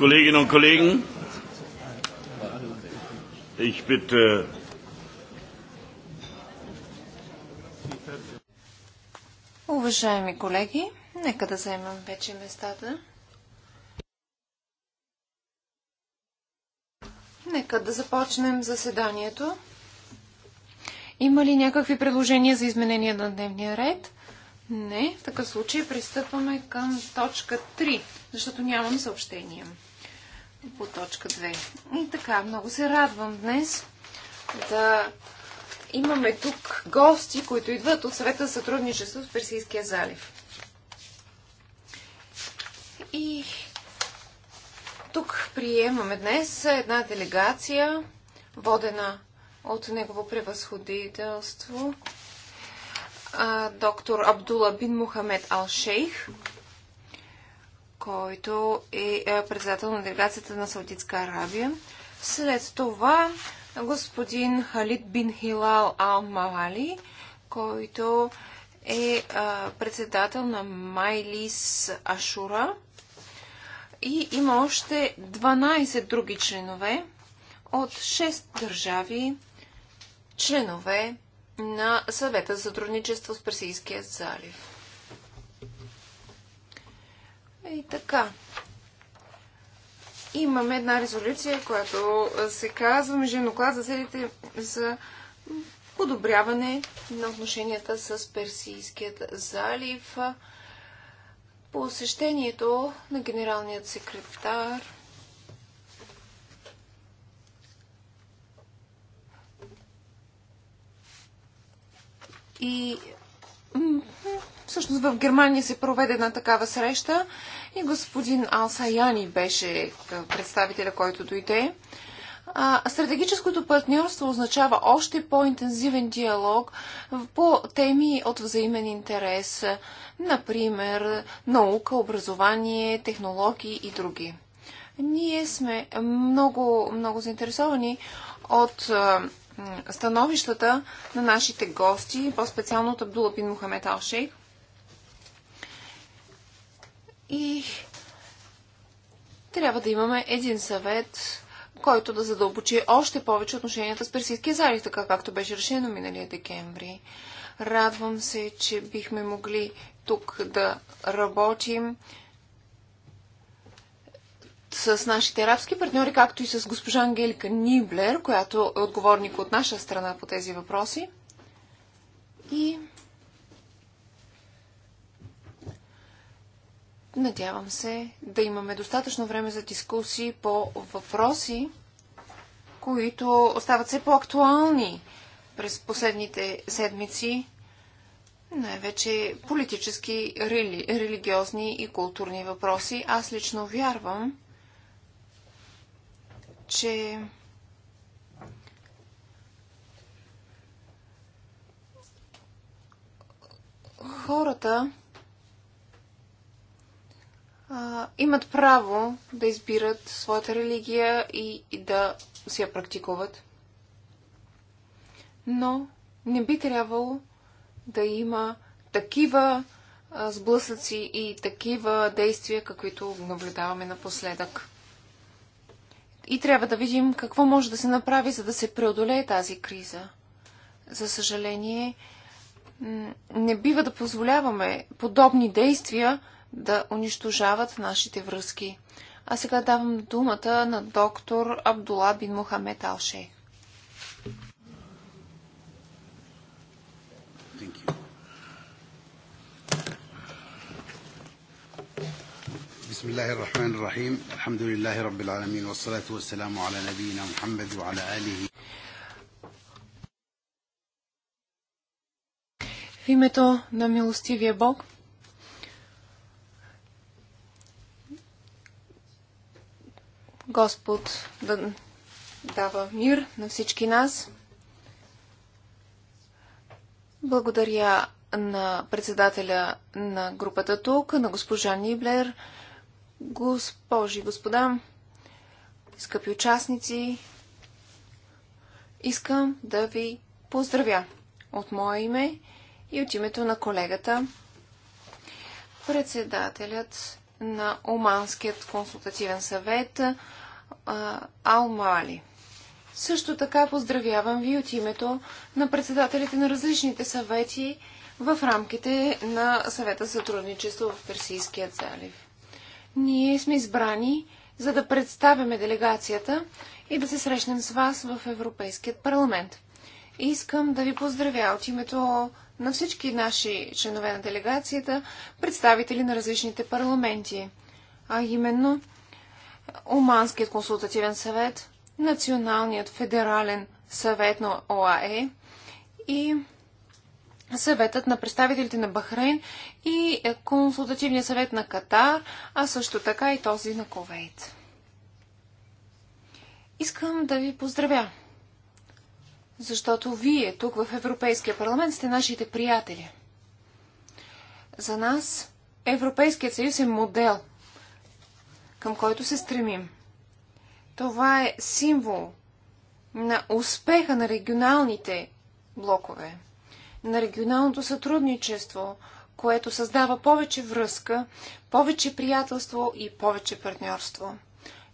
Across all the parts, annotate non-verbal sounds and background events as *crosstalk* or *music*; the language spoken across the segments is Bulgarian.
Kolleginnen und Kollegen, ich bitte. Уважаеми колеги, нека да заемам вече местата. Нека да започнем заседанието. Има ли някакви предложения за изменение на дневния ред? Не, в такъв случай пристъпваме към точка 3, защото нямам съобщения по точка 2. И така, много се радвам днес да имаме тук гости, които идват от съвета за сътрудничество в Персийския залив. И тук приемаме днес една делегация, водена от негово превъзходителство доктор Абдула бин Мухамед Алшейх. – който е, е председател на делегацията на Саудитска Арабия. След това господин Халид бин Хилал Ал Мавали, който е, е председател на Майлис Ашура. И има още 12 други членове от 6 държави, членове на съвета за сътрудничество с Персийския залив. И така. Имаме една резолюция, която се казва Междинно за целите за подобряване на отношенията с Персийският залив. Посещението на генералният секретар и всъщност в Германия се проведе една такава среща и господин Алсаяни беше представителя, който дойде. А, стратегическото партньорство означава още по-интензивен диалог по теми от взаимен интерес, например наука, образование, технологии и други. Ние сме много, много заинтересовани от становищата на нашите гости, по-специално от Абдула бин Мухамед Алшейх, и трябва да имаме един съвет, който да задълбочи още повече отношенията с Персийския залив, така както беше решено миналия декември. Радвам се, че бихме могли тук да работим с нашите арабски партньори, както и с госпожа Ангелика Ниблер, която е отговорник от наша страна по тези въпроси. И Надявам се да имаме достатъчно време за дискусии по въпроси, които остават все по-актуални през последните седмици, най-вече политически, рели, религиозни и културни въпроси. Аз лично вярвам, че хората а, имат право да избират своята религия и, и да си я практикуват. Но не би трябвало да има такива а, сблъсъци и такива действия, каквито наблюдаваме напоследък. И трябва да видим какво може да се направи, за да се преодолее тази криза. За съжаление, не бива да позволяваме подобни действия да унищожават нашите връзки. А сега давам думата на доктор Абдула бин Мохамед Алшей. بسم الله الرحمن الرحيم الحمد لله رب العالمين والصلاة والسلام على نبينا محمد وعلى آله في името на милостивия Бог Господ да дава мир на всички нас. Благодаря на председателя на групата тук, на госпожа Ниблер, госпожи, господа, скъпи участници, искам да ви поздравя от мое име и от името на колегата. Председателят на Оманският консултативен съвет Алмали. Също така поздравявам ви от името на председателите на различните съвети в рамките на съвета сътрудничество в Персийския залив. Ние сме избрани за да представяме делегацията и да се срещнем с вас в Европейският парламент. Искам да ви поздравя от името на всички наши членове на делегацията, представители на различните парламенти, а именно Оманският консултативен съвет, Националният федерален съвет на ОАЕ и съветът на представителите на Бахрейн и консултативния съвет на Катар, а също така и този на Ковейт. Искам да ви поздравя защото вие тук в Европейския парламент сте нашите приятели. За нас Европейският съюз е модел, към който се стремим. Това е символ на успеха на регионалните блокове, на регионалното сътрудничество, което създава повече връзка, повече приятелство и повече партньорство.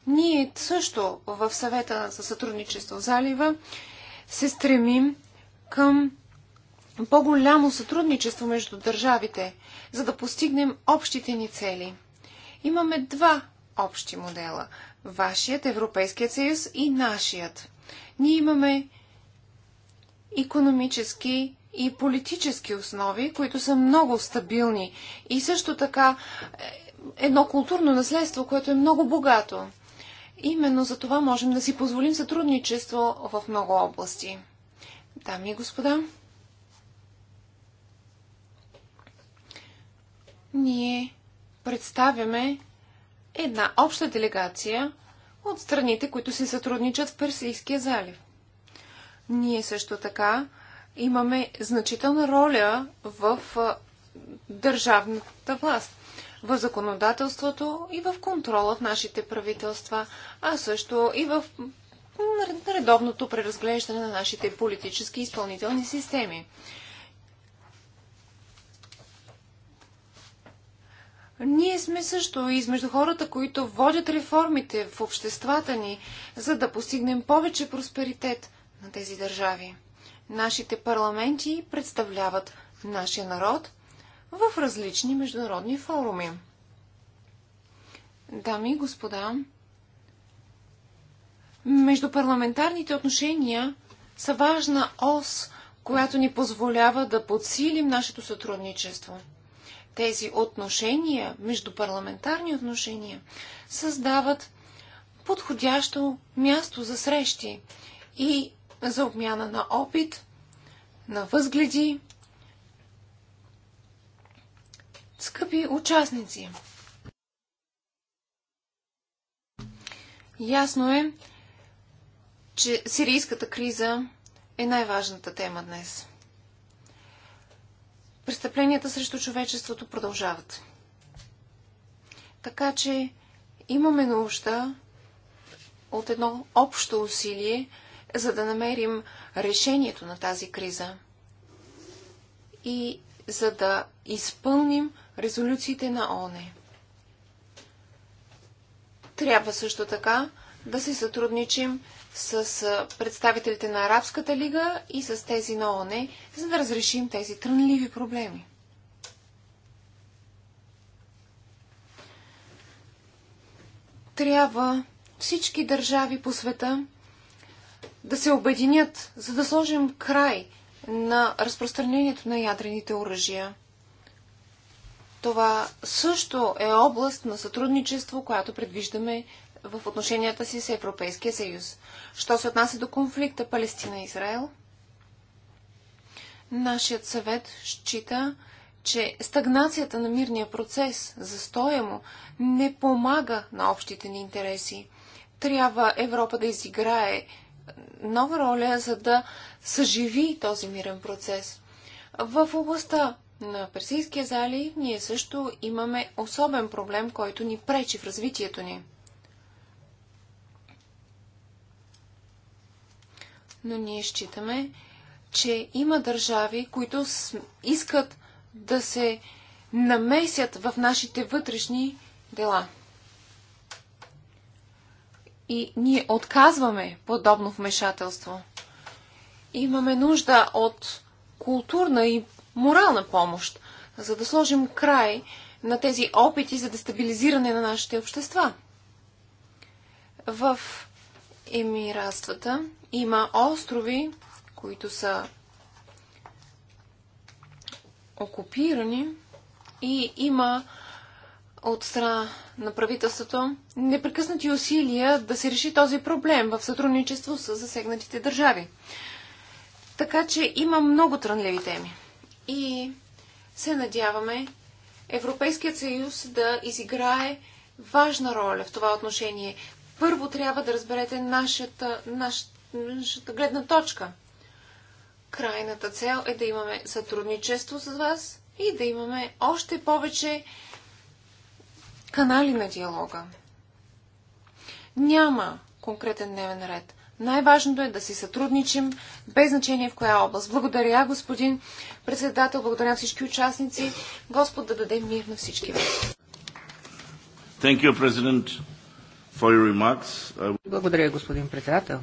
Ние също в съвета за сътрудничество в залива се стремим към по-голямо сътрудничество между държавите, за да постигнем общите ни цели. Имаме два общи модела вашият Европейският съюз и нашият. Ние имаме економически и политически основи, които са много стабилни и също така е, едно културно наследство, което е много богато. Именно за това можем да си позволим сътрудничество в много области. Дами и господа, ние представяме една обща делегация от страните, които се сътрудничат в Персийския залив. Ние също така имаме значителна роля в държавната власт в законодателството и в контрола в нашите правителства, а също и в редовното преразглеждане на нашите политически изпълнителни системи. Ние сме също измежду хората, които водят реформите в обществата ни, за да постигнем повече просперитет на тези държави. Нашите парламенти представляват нашия народ – в различни международни форуми. Дами и господа, междупарламентарните отношения са важна ос, която ни позволява да подсилим нашето сътрудничество. Тези отношения, междупарламентарни отношения, създават подходящо място за срещи и за обмяна на опит, на възгледи, Скъпи участници, ясно е, че сирийската криза е най-важната тема днес. Престъпленията срещу човечеството продължават. Така че имаме нужда от едно общо усилие, за да намерим решението на тази криза и за да изпълним резолюциите на ОНЕ. Трябва също така да се сътрудничим с представителите на Арабската лига и с тези на ОНЕ, за да разрешим тези трънливи проблеми. Трябва всички държави по света да се обединят, за да сложим край на разпространението на ядрените оръжия. Това също е област на сътрудничество, която предвиждаме в отношенията си с Европейския съюз. Що се отнася до конфликта Палестина-Израел, нашият съвет счита, че стагнацията на мирния процес, застоя му, не помага на общите ни интереси. Трябва Европа да изиграе нова роля, за да съживи този мирен процес. В областта на Персийския залив, ние също имаме особен проблем, който ни пречи в развитието ни. Но ние считаме, че има държави, които искат да се намесят в нашите вътрешни дела. И ние отказваме подобно вмешателство. Имаме нужда от културна и морална помощ, за да сложим край на тези опити за дестабилизиране на нашите общества. В Емиратствата има острови, които са окупирани и има от страна на правителството непрекъснати усилия да се реши този проблем в сътрудничество с засегнатите държави. Така че има много трънливи теми и се надяваме Европейският съюз да изиграе важна роля в това отношение. Първо трябва да разберете нашата, нашата, нашата гледна точка. Крайната цел е да имаме сътрудничество с вас и да имаме още повече канали на диалога. Няма конкретен дневен ред. Най-важното е да си сътрудничим, без значение в коя област. Благодаря, господин председател, благодаря на всички участници. Господ да даде мир на всички вас. You, Благодаря, господин председател,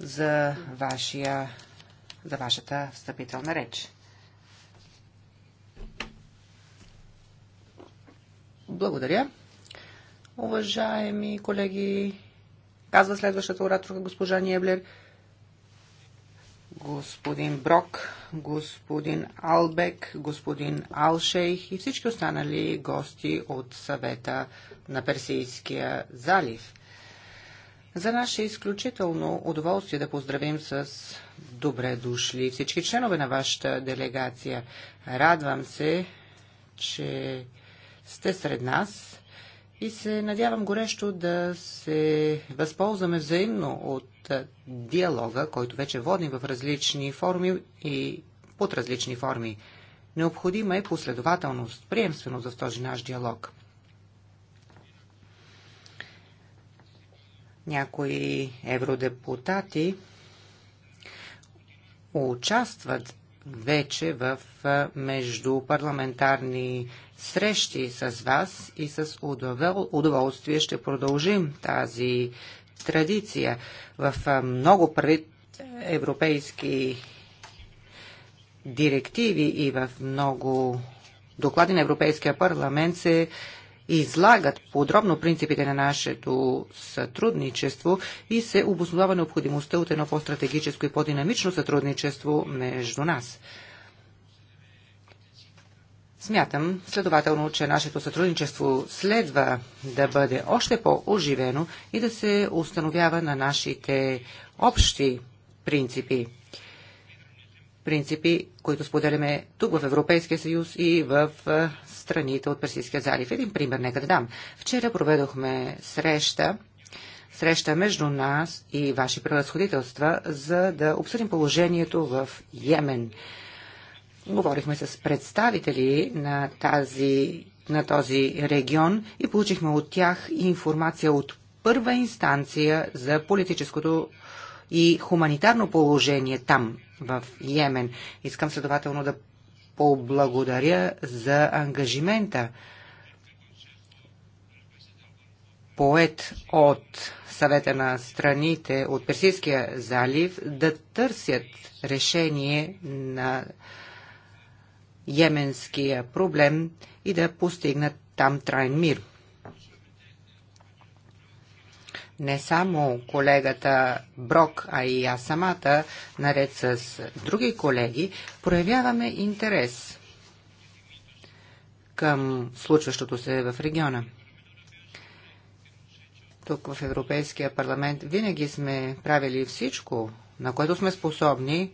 за, вашия, за вашата встъпителна реч. Благодаря. Уважаеми колеги, казва следващата ораторка госпожа Ниеблер. Господин Брок, господин Албек, господин Алшейх и всички останали гости от съвета на Персийския залив. За наше изключително удоволствие да поздравим с добре дошли всички членове на вашата делегация. Радвам се, че сте сред нас и се надявам горещо да се възползваме взаимно от диалога, който вече водим в различни форми и под различни форми. Необходима е последователност, приемственост в този наш диалог. Някои евродепутати участват вече в междупарламентарни срещи с вас и с удовол... удоволствие ще продължим тази традиция. В много пред европейски директиви и в много доклади на Европейския парламент се излагат подробно принципите на нашето сътрудничество и се обоснова необходимостта от едно по-стратегическо и по-динамично сътрудничество между нас. Смятам, следователно, че нашето сътрудничество следва да бъде още по-оживено и да се установява на нашите общи принципи. Принципи, които споделяме тук в Европейския съюз и в страните от Персийския залив. Един пример нека да дам. Вчера проведохме среща среща между нас и ваши превъзходителства, за да обсъдим положението в Йемен. Говорихме с представители на, тази, на този регион и получихме от тях информация от първа инстанция за политическото и хуманитарно положение там, в Йемен. Искам следователно да поблагодаря за ангажимента поет от съвета на страните от Персийския залив да търсят решение на йеменския проблем и да постигнат там трайен мир. Не само колегата Брок, а и аз самата, наред с други колеги, проявяваме интерес към случващото се в региона. Тук в Европейския парламент винаги сме правили всичко, на което сме способни,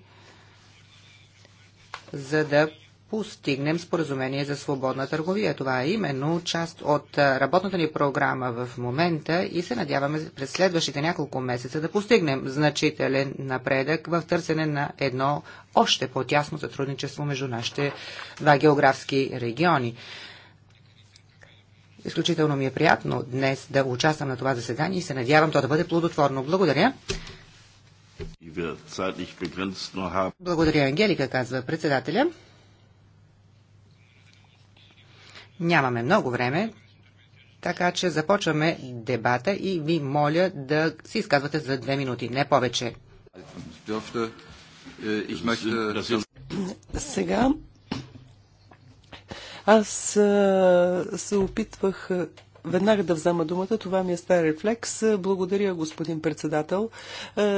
за да постигнем споразумение за свободна търговия. Това е именно част от работната ни програма в момента и се надяваме през следващите няколко месеца да постигнем значителен напредък в търсене на едно още по-тясно сътрудничество между нашите два географски региони. Изключително ми е приятно днес да участвам на това заседание и се надявам то да бъде плодотворно. Благодаря. Благодаря, Ангелика, казва председателя. Нямаме много време, така че започваме дебата и ви моля да се изказвате за две минути, не повече. Е, Сега аз е, се опитвах е, веднага да взема думата. Това ми е стар рефлекс. Благодаря, господин председател.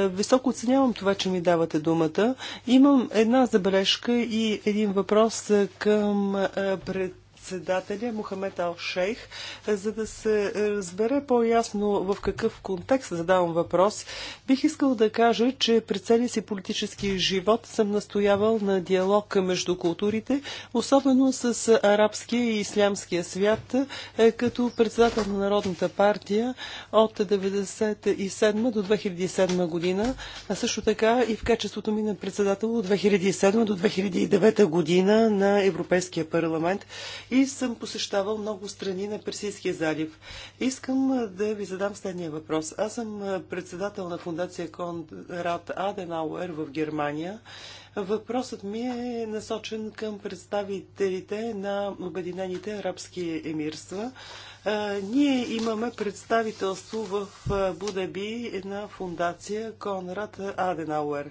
Високо оценявам това, че ми давате думата. Имам една забележка и един въпрос към пред председателя Мухамед Ал Шейх, за да се разбере по-ясно в какъв контекст задавам въпрос. Бих искал да кажа, че при целия си политически живот съм настоявал на диалог между културите, особено с арабския и ислямския свят, е, като председател на Народната партия от 1997 до 2007 година, а също така и в качеството ми на председател от 2007 до 2009 година на Европейския парламент. И и съм посещавал много страни на Персийския залив. Искам да ви задам следния въпрос. Аз съм председател на фундация Конрад Аденауер в Германия. Въпросът ми е насочен към представителите на Обединените арабски емирства. Ние имаме представителство в Будаби на фундация Конрад Аденауер.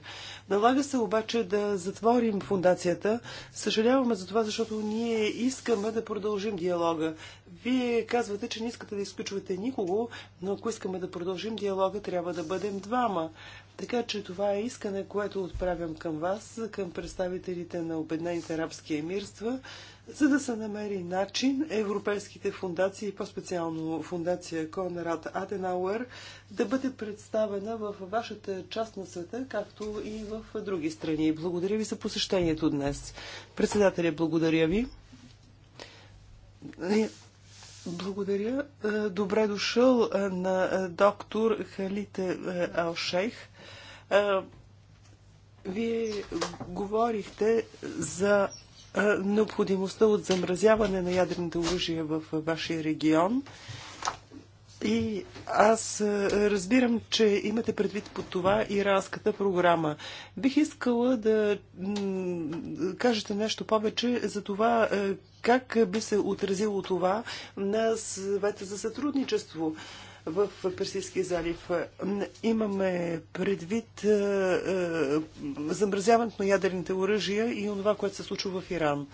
Налага се обаче да затворим фундацията. Съжаляваме за това, защото ние искаме да продължим диалога. Вие казвате, че не искате да изключвате никого, но ако искаме да продължим диалога, трябва да бъдем двама. Така че това е искане, което отправям към вас, към представителите на Обеднените арабски емирства, за да се намери начин европейските фундации, по-специално фундация Конрад Аденауер, да бъде представена в вашата част на света, както и в други страни. Благодаря ви за посещението днес. Председателя, благодаря ви. Е, благодаря. Е, добре дошъл е, на доктор Халите Алшейх. Вие говорихте за необходимостта от замразяване на ядрените оръжия в вашия регион. И аз разбирам, че имате предвид по това иранската програма. Бих искала да кажете нещо повече за това как би се отразило това на съвета за сътрудничество в Персийския залив. Имаме предвид е, е, замразяването на ядерните оръжия и това, което се случва в Иран.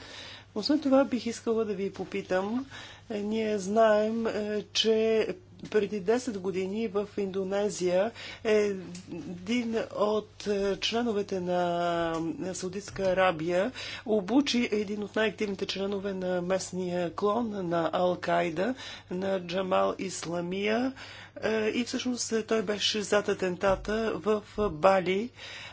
Освен това, бих искала да ви попитам. Е, ние знаем, че преди 10 години в Индонезия един от е, членовете на Саудитска Арабия обучи един от най-активните членове на местния клон на Ал-Кайда, на Джамал Исламия. Е, и всъщност той беше зад атентата в Бали.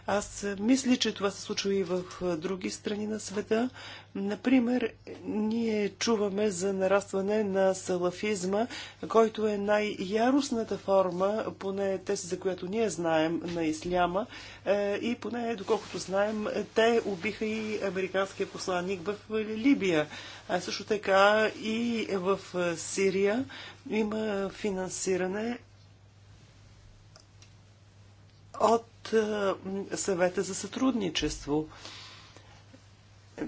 Аз мисля, че това се случва и в други страни на света. Например, ние чуваме за нарастване на салафизма, който е най-яростната форма, поне тези, за която ние знаем на исляма. Е, и поне, доколкото знаем, те убиха и американския посланник в Либия. А също така и в Сирия има финансиране от от съвета за сътрудничество.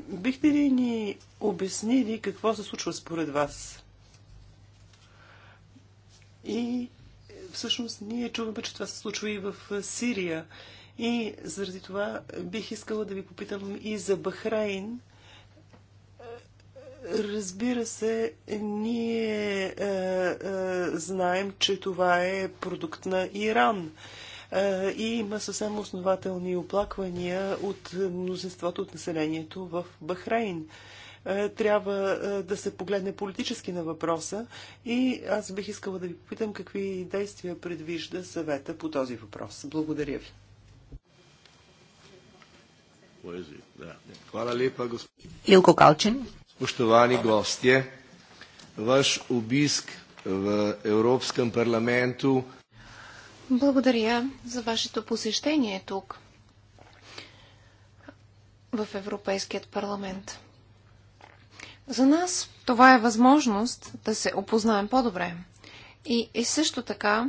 Бихте ли ни обяснили какво се случва според вас? И всъщност ние чуваме, че това се случва и в Сирия. И заради това бих искала да ви попитам и за Бахрейн. Разбира се, ние е, е, знаем, че това е продукт на Иран. Е, и има съвсем основателни оплаквания от мнозинството от населението в Бахрейн трябва да се погледне политически на въпроса и аз бих искала да ви попитам какви действия предвижда съвета по този въпрос. Благодаря ви. Илко Калчин. Spoštovani гости, ваш обиск в Европском парламенту благодаря за вашето посещение тук в Европейският парламент. За нас това е възможност да се опознаем по-добре и е също така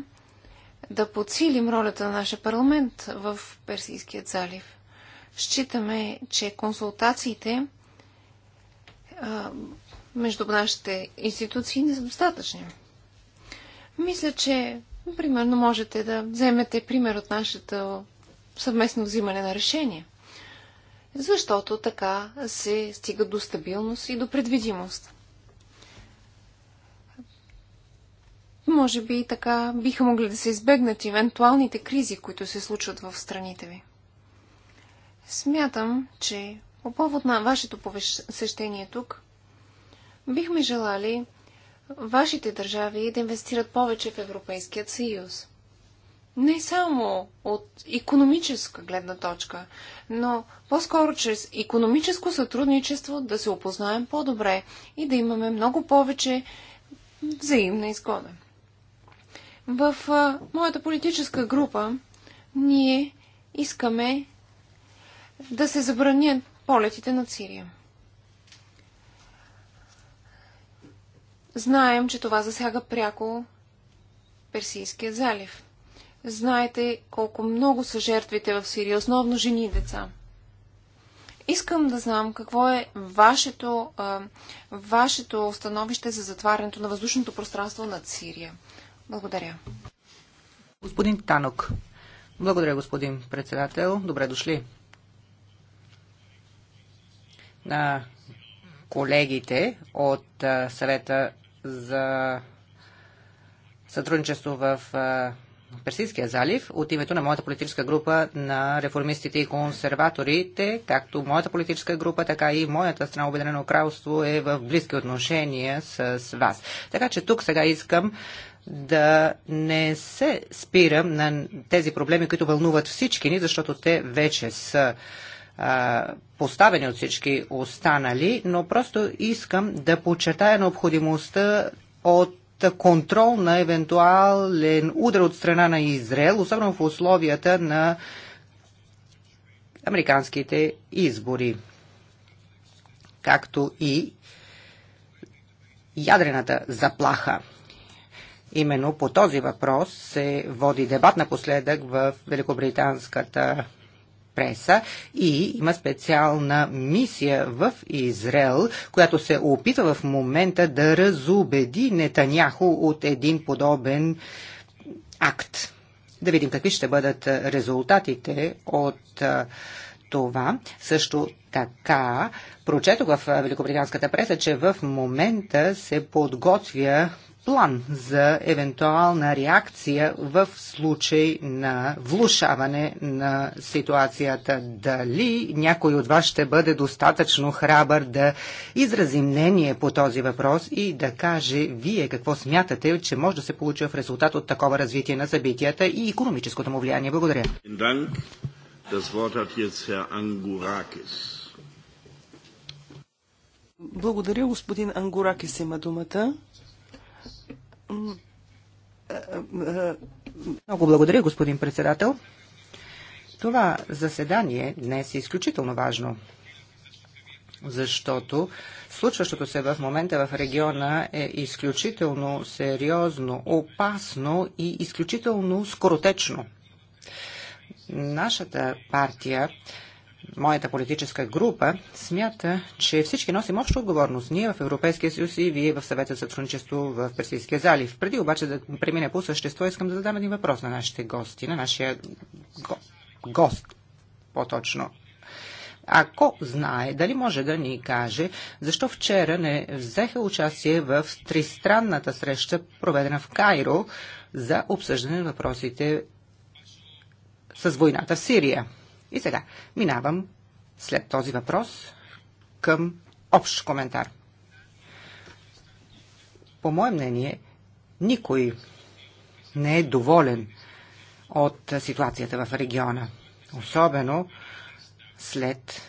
да подсилим ролята на нашия парламент в Персийският залив. Считаме, че консултациите а, между нашите институции не са достатъчни. Мисля, че Примерно можете да вземете пример от нашето съвместно взимане на решение. Защото така се стига до стабилност и до предвидимост. Може би и така биха могли да се избегнат евентуалните кризи, които се случват в страните ви. Смятам, че по повод на вашето посещение тук, бихме желали вашите държави да инвестират повече в Европейският съюз. Не само от економическа гледна точка, но по-скоро чрез економическо сътрудничество да се опознаем по-добре и да имаме много повече взаимна изгода. В а, моята политическа група ние искаме да се забранят полетите на Сирия. Знаем, че това засяга пряко Персийския залив. Знаете колко много са жертвите в Сирия, основно жени и деца. Искам да знам какво е вашето, а, вашето становище за затварянето на въздушното пространство над Сирия. Благодаря. Господин Танок. Благодаря, господин председател. Добре дошли. На колегите от съвета за сътрудничество в Персийския залив от името на моята политическа група на реформистите и консерваторите, както моята политическа група, така и моята страна Обединено кралство е в близки отношения с вас. Така че тук сега искам да не се спирам на тези проблеми, които вълнуват всички ни, защото те вече са поставени от всички останали, но просто искам да подчертая необходимостта от контрол на евентуален удар от страна на Израел, особено в условията на американските избори, както и ядрената заплаха. Именно по този въпрос се води дебат напоследък в Великобританската преса и има специална мисия в Израел, която се опитва в момента да разубеди Нетаняхо от един подобен акт. Да видим какви ще бъдат резултатите от това. Също така, прочетох в Великобританската преса, че в момента се подготвя план за евентуална реакция в случай на влушаване на ситуацията. Дали някой от вас ще бъде достатъчно храбър да изрази мнение по този въпрос и да каже вие какво смятате, че може да се получи в резултат от такова развитие на събитията и економическото му влияние. Благодаря. Благодаря, господин Ангуракис има думата. Много благодаря, господин председател. Това заседание днес е изключително важно, защото случващото се в момента в региона е изключително сериозно, опасно и изключително скоротечно. Нашата партия моята политическа група смята, че всички носим обща отговорност. Ние в Европейския съюз и вие в съвета за сътрудничество в Персийския залив. Преди обаче да премине по същество, искам да задам един въпрос на нашите гости, на нашия го... гост, по-точно. Ако знае, дали може да ни каже, защо вчера не взеха участие в тристранната среща, проведена в Кайро, за обсъждане на въпросите с войната в Сирия? И сега минавам след този въпрос към общ коментар. По мое мнение, никой не е доволен от ситуацията в региона, особено след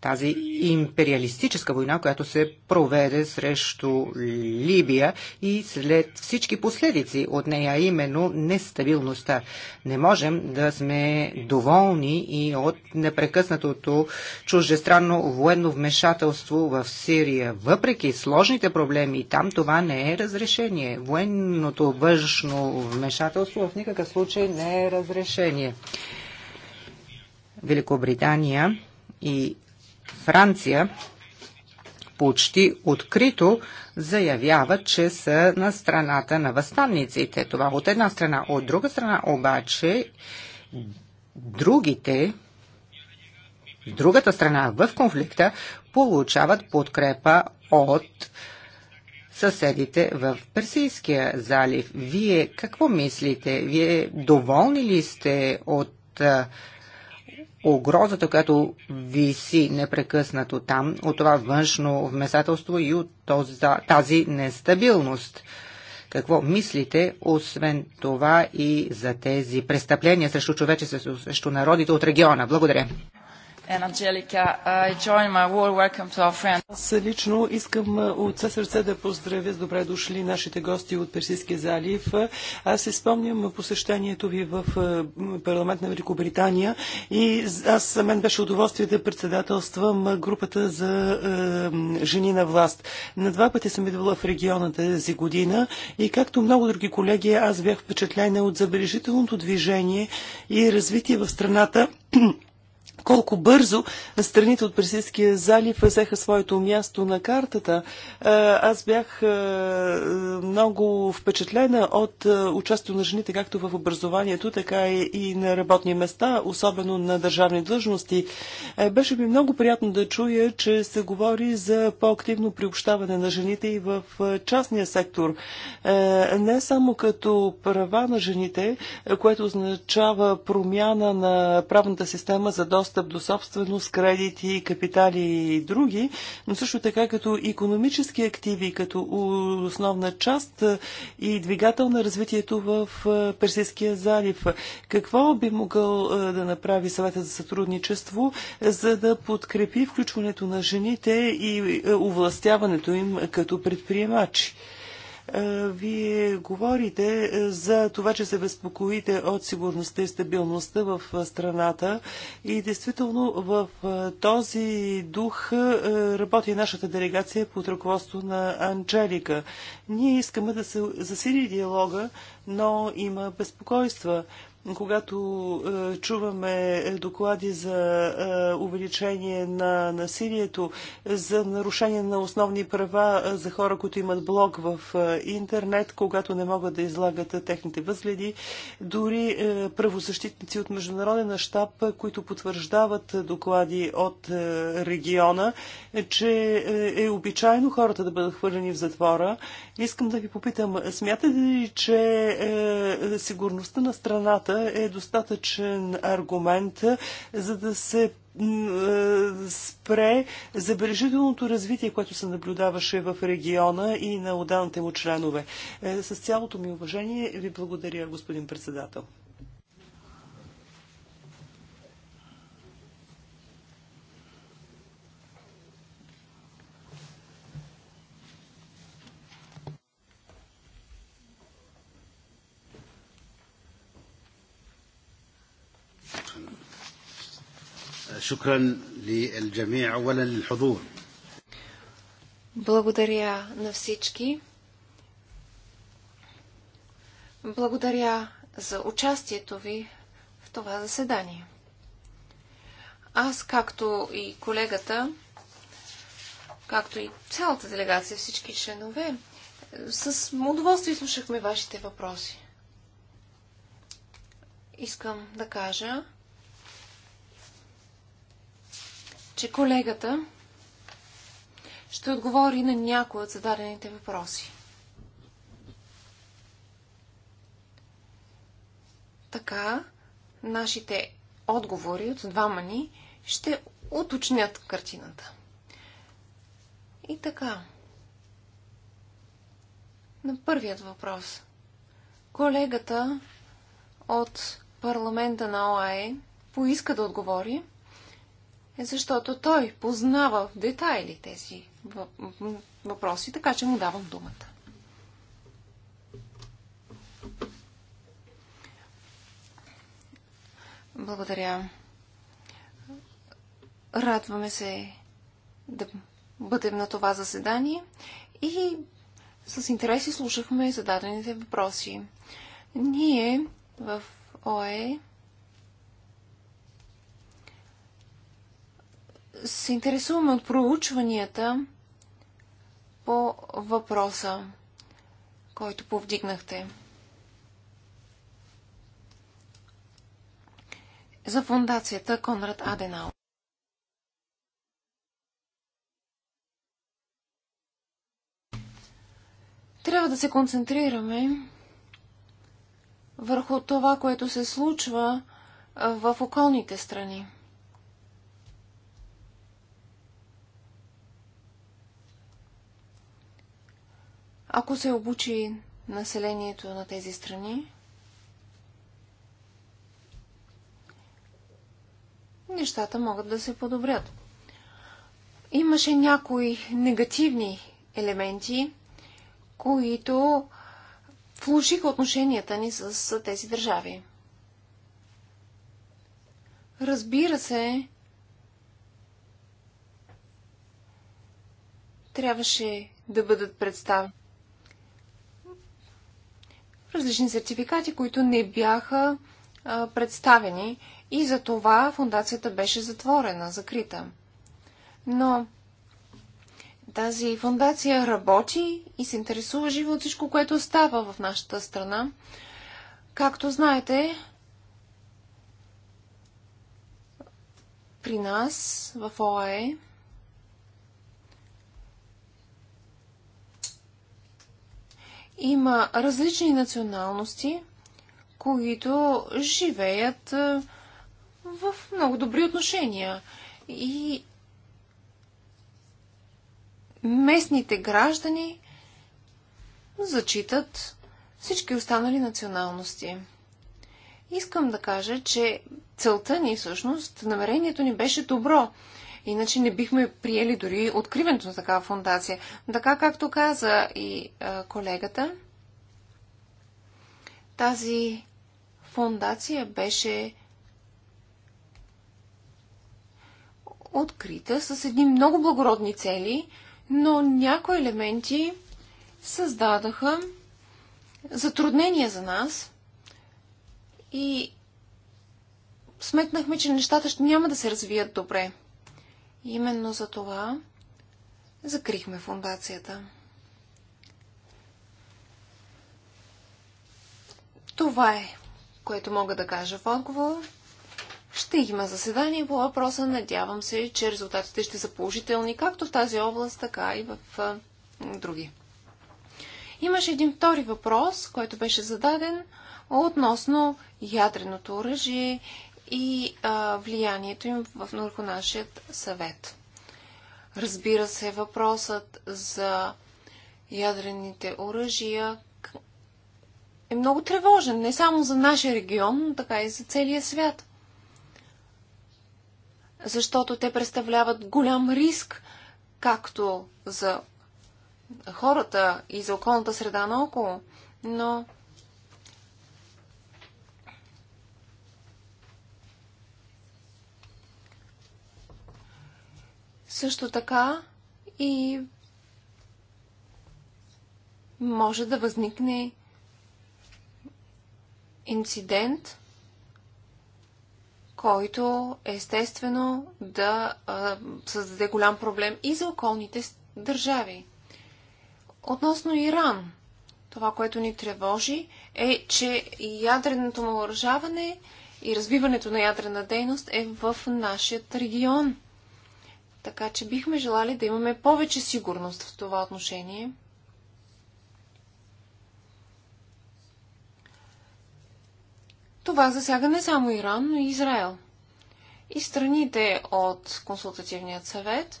тази империалистическа война, която се проведе срещу Либия и след всички последици от нея, именно нестабилността. Не можем да сме доволни и от непрекъснатото чуждестранно военно вмешателство в Сирия. Въпреки сложните проблеми там, това не е разрешение. Военното външно вмешателство в никакъв случай не е разрешение. Великобритания и Франция почти открито заявяват, че са на страната на възстанниците. Това от една страна. От друга страна обаче другите другата страна в конфликта получават подкрепа от съседите в Персийския залив. Вие какво мислите? Вие доволни ли сте от угрозата, която виси непрекъснато там, от това външно вмесателство и от този, тази нестабилност. Какво мислите, освен това и за тези престъпления срещу човечеството, срещу народите от региона? Благодаря and Angelica. I join my warm welcome to our Аз лично искам от все сърце да поздравя с добре дошли нашите гости от Персийския залив. Аз се спомням посещението ви в парламент на Великобритания и аз за мен беше удоволствие да председателствам групата за е, жени на власт. На два пъти съм идвала в региона тази година и както много други колеги, аз бях впечатлена от забележителното движение и развитие в страната колко бързо страните от Персидския залив взеха своето място на картата. Аз бях много впечатлена от участието на жените както в образованието, така и на работни места, особено на държавни длъжности. Е, беше ми много приятно да чуя, че се говори за по-активно приобщаване на жените и в частния сектор. Е, не само като права на жените, което означава промяна на правната система за доста достъп до собственост, кредити, капитали и други, но също така като економически активи, като основна част е, и двигател на развитието в е, Персийския залив. Какво би могъл е, да направи съвета за сътрудничество, за да подкрепи включването на жените и овластяването им като предприемачи? Е, вие говорите е, за това, че се безпокоите от сигурността и стабилността в е, страната и действително в този дух работи нашата делегация под ръководство на Анджелика. Ние искаме да се засили диалога, но има безпокойства когато е, чуваме доклади за е, увеличение на насилието, за нарушение на основни права е, за хора, които имат блог в интернет, когато не могат да излагат техните възгледи, дори правозащитници от международен щаб, които потвърждават доклади от региона, че е обичайно хората да бъдат хвърлени в затвора. Искам да ви попитам, смятате ли, че сигурността на страната правилата е достатъчен аргумент, за да се е, спре забележителното развитие, което се наблюдаваше в региона и на отделните му членове. Е, с цялото ми уважение ви благодаря, господин председател. شكرا للجميع للحضور Благодаря на всички. Благодаря за участието ви в това заседание. Аз, както и колегата, както и цялата делегация, всички членове, с удоволствие слушахме вашите въпроси. Искам да кажа, че колегата ще отговори на някои от зададените въпроси. Така, нашите отговори от двама ни ще уточнят картината. И така. На първият въпрос. Колегата от парламента на ОАЕ поиска да отговори е, защото той познава в детайли тези въпроси, така че му давам думата. Благодаря. Радваме се да бъдем на това заседание и с интерес слушахме зададените въпроси. Ние в ОЕ се интересуваме от проучванията по въпроса, който повдигнахте. За фундацията Конрад Аденал. Трябва да се концентрираме върху това, което се случва в околните страни. Ако се обучи населението на тези страни, нещата могат да се подобрят. Имаше някои негативни елементи, които влушиха отношенията ни с тези държави. Разбира се, трябваше да бъдат представени различни сертификати, които не бяха а, представени и за това фундацията беше затворена, закрита. Но тази фундация работи и се интересува живо от всичко, което става в нашата страна. Както знаете, при нас в ОАЕ Има различни националности, които живеят в много добри отношения. И местните граждани зачитат всички останали националности. Искам да кажа, че целта ни всъщност, намерението ни беше добро, Иначе не бихме приели дори откриването на такава фундация. Така както каза и колегата, тази фундация беше открита с едни много благородни цели, но някои елементи създадаха затруднения за нас и сметнахме, че нещата ще няма да се развият добре. Именно за това закрихме фундацията. Това е, което мога да кажа в отговор. Ще има заседание по въпроса. Надявам се, че резултатите ще са положителни, както в тази област, така и в други. Имаше един втори въпрос, който беше зададен относно ядреното оръжие и а, влиянието им върху нашия съвет. Разбира се, въпросът за ядрените оръжия е много тревожен, не само за нашия регион, но така и за целия свят. Защото те представляват голям риск, както за хората и за околната среда наоколо, но Също така и може да възникне инцидент, който естествено да а, създаде голям проблем и за околните държави. Относно Иран, това, което ни тревожи, е, че ядреното му и развиването на ядрена дейност е в нашия регион. Така че бихме желали да имаме повече сигурност в това отношение. Това засяга не само Иран, но и Израел. И страните от консултативният съвет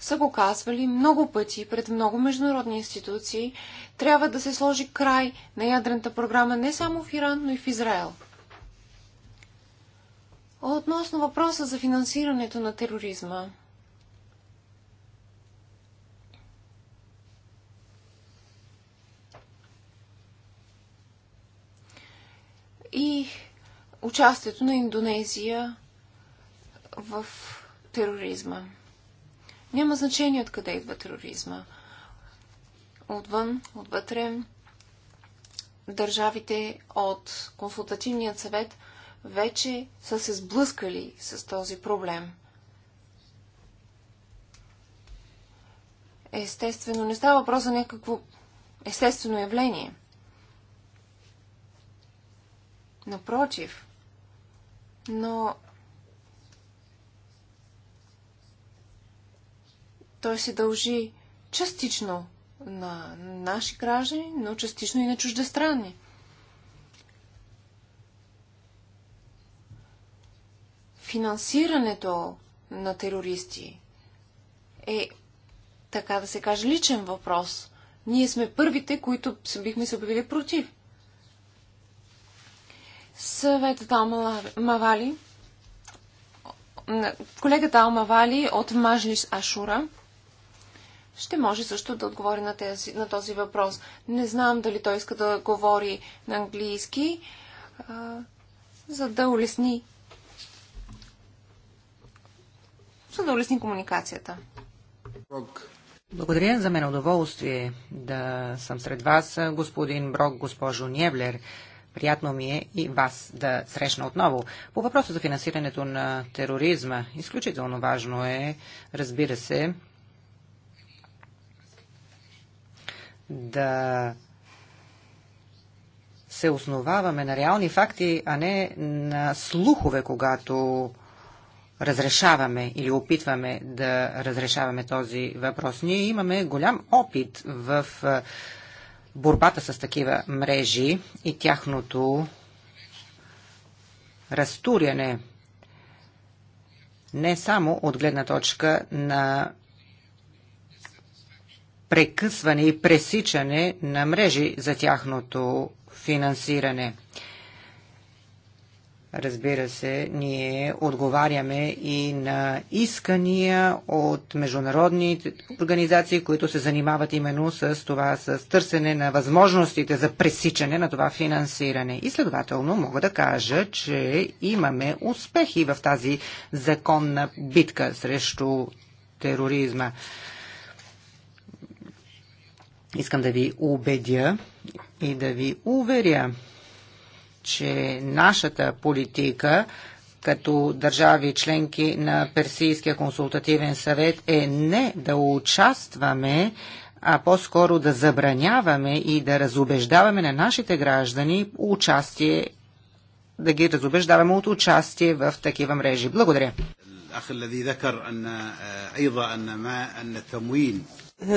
са го казвали много пъти пред много международни институции. Трябва да се сложи край на ядрената програма не само в Иран, но и в Израел. Относно въпроса за финансирането на тероризма. И участието на Индонезия в тероризма. Няма значение откъде идва тероризма. Отвън, отвътре, държавите от консултативният съвет – вече са се сблъскали с този проблем. Естествено, не става въпрос за някакво естествено явление. Напротив, но той се дължи частично на наши граждани, но частично и на чуждестранни. финансирането на терористи е, така да се каже, личен въпрос. Ние сме първите, които бихме се обявили против. Съветът Алмавали, колегата Алмавали от Мажлис Ашура, ще може също да отговори на, тези, на този въпрос. Не знам дали той иска да говори на английски, а, за да улесни за да улесни комуникацията. Благодаря. За мен е удоволствие да съм сред вас, господин Брок, госпожо Ньевлер. Приятно ми е и вас да срещна отново. По въпроса за финансирането на тероризма, изключително важно е, разбира се, да се основаваме на реални факти, а не на слухове, когато разрешаваме или опитваме да разрешаваме този въпрос. Ние имаме голям опит в борбата с такива мрежи и тяхното разтуряне не само от гледна точка на прекъсване и пресичане на мрежи за тяхното финансиране. Разбира се, ние отговаряме и на искания от международни организации, които се занимават именно с това, с търсене на възможностите за пресичане на това финансиране. И следователно мога да кажа, че имаме успехи в тази законна битка срещу тероризма. Искам да ви убедя и да ви уверя, че нашата политика като държави членки на Персийския консултативен съвет е не да участваме, а по-скоро да забраняваме и да разобеждаваме на нашите граждани участие, да ги разобеждаваме от участие в такива мрежи. Благодаря.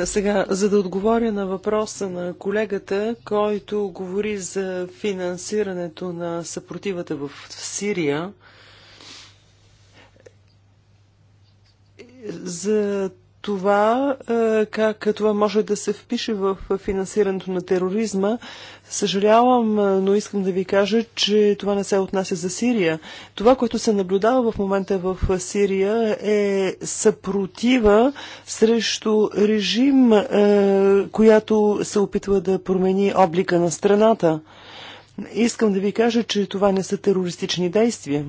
Сега, за да отговоря на въпроса на колегата, който говори за финансирането на съпротивата в Сирия, за това, е, как това може да се впише в финансирането на тероризма, Съжалявам, но искам да ви кажа, че това не се отнася за Сирия. Това, което се наблюдава в момента в Сирия е съпротива срещу режим, която се опитва да промени облика на страната. Искам да ви кажа, че това не са терористични действия.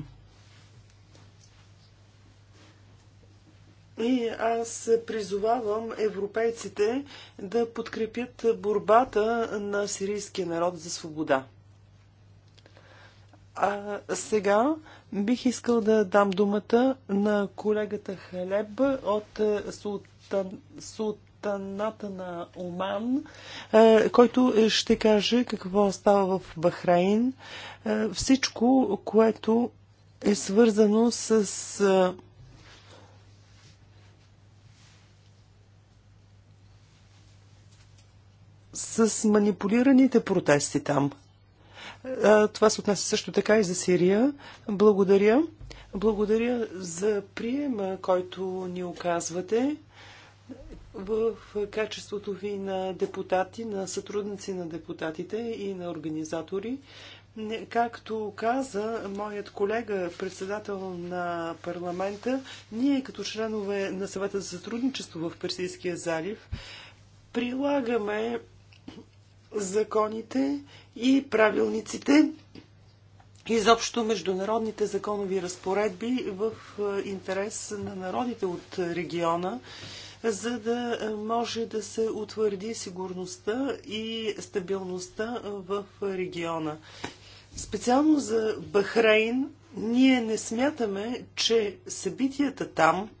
И аз призовавам европейците да подкрепят борбата на сирийския народ за свобода. А сега бих искал да дам думата на колегата Халеб от Султан, Султаната на Оман, е, който ще каже какво става в Бахрейн. Е, всичко, което е свързано с е, с манипулираните протести там. Това се отнася също така и за Сирия. Благодаря. Благодаря за приема, който ни оказвате в качеството ви на депутати, на сътрудници на депутатите и на организатори. Както каза моят колега, председател на парламента, ние като членове на съвета за сътрудничество в Персийския залив прилагаме законите и правилниците, изобщо международните законови разпоредби в е, интерес на народите от региона, за да е, може да се утвърди сигурността и стабилността в региона. Специално за Бахрейн ние не смятаме, че събитията там –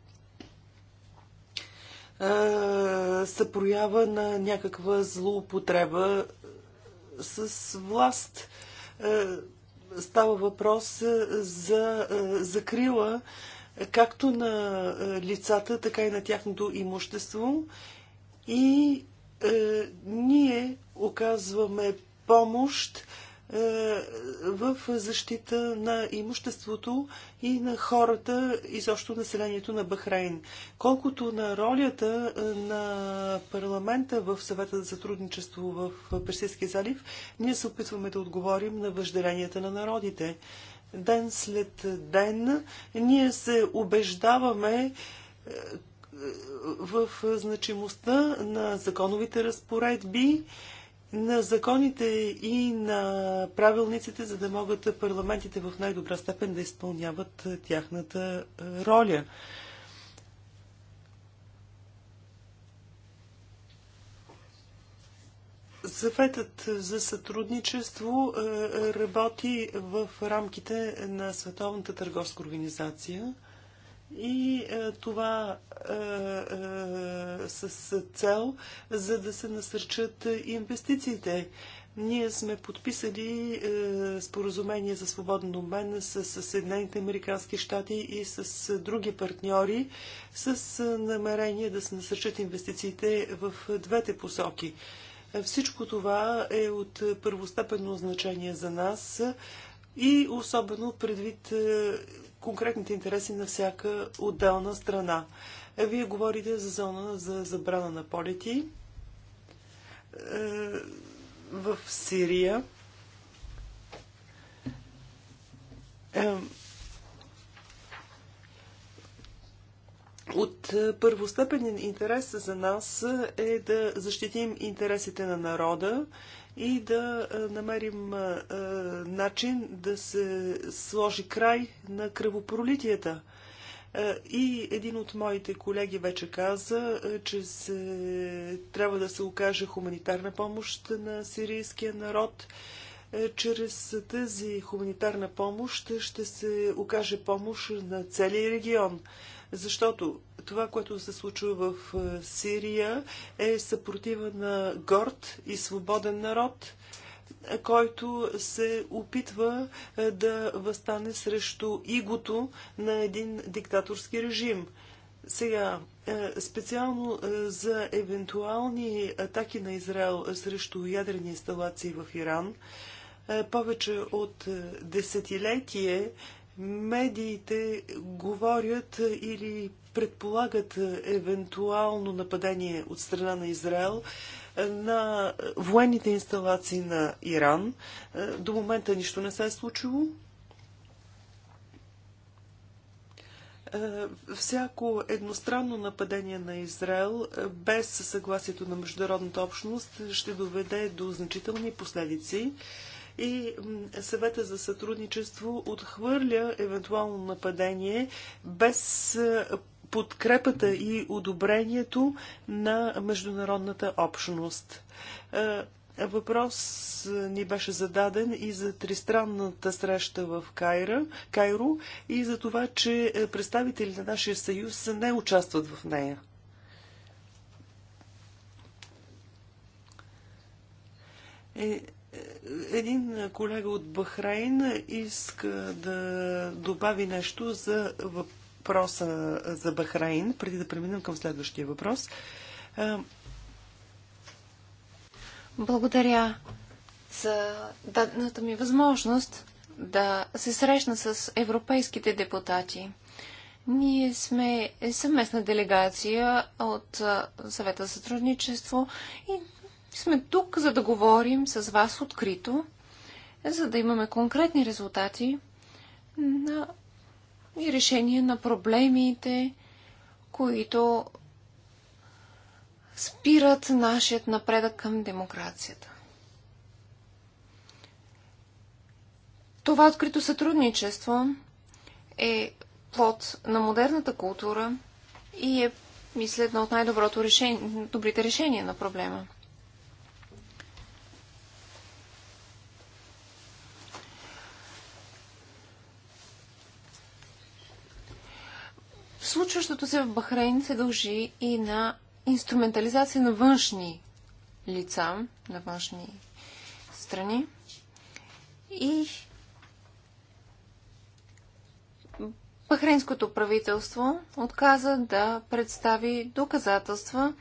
са проява на някаква злоупотреба с власт. Става въпрос за закрила както на лицата, така и на тяхното имущество. И ние оказваме помощ е, в защита на имуществото и на хората, изобщо населението на Бахрейн. Колкото на ролята е, на парламента в съвета за сътрудничество в Персийския залив, ние се опитваме да отговорим на въжделенията на народите. Ден след ден ние се убеждаваме, е, в значимостта на законовите разпоредби, на законите и на правилниците, за да могат парламентите в най-добра степен да изпълняват тяхната е, роля. Съветът за сътрудничество е, работи в рамките на Световната търговска организация и е, това е, е, с цел, за да се насърчат инвестициите. Ние сме подписали е, споразумение за свободен обмен с, Съединените Американски щати и с други партньори с е, намерение да се насърчат инвестициите в двете посоки. Всичко това е от първостепенно значение за нас и особено предвид е, конкретните интереси на всяка отделна страна. Е, вие говорите за зона за забрана на полети е, в Сирия. Е, от първостепенен интерес за нас е да защитим интересите на народа и да намерим начин да се сложи край на кръвопролитията. И един от моите колеги вече каза, че се, трябва да се окаже хуманитарна помощ на сирийския народ. Чрез тази хуманитарна помощ ще се окаже помощ на целия регион, защото това, което се случва в е, Сирия, е съпротива на горд и свободен народ, който се опитва е, да възстане срещу игото на един диктаторски режим. Сега, е, специално за евентуални атаки на Израел срещу ядрени инсталации в Иран, повече от десетилетие медиите говорят или предполагат е, евентуално нападение от страна на Израел е, на военните инсталации на Иран. Е, до момента нищо не се е случило. всяко едностранно нападение на Израел без съгласието на международната общност ще доведе до значителни последици и съвета за сътрудничество отхвърля евентуално нападение без подкрепата и одобрението на международната общност. Е, въпрос е, ни беше зададен и за тристранната среща в Кайра, Кайро и за това, че е, представители на нашия съюз не участват в нея. Е, един колега от Бахрейн иска да добави нещо за въпроса въпроса за Бахрейн, преди да преминем към следващия въпрос. Благодаря за дадената ми възможност да се срещна с европейските депутати. Ние сме съвместна делегация от съвета за сътрудничество и сме тук, за да говорим с вас открито, за да имаме конкретни резултати на и решение на проблемите, които спират нашият напредък към демокрацията. Това открито сътрудничество е плод на модерната култура и е, мисля, едно от най-добрите решения на проблема. Случващото се в Бахрейн се дължи и на инструментализация на външни лица, на външни страни. И Бахрейнското правителство отказа да представи доказателства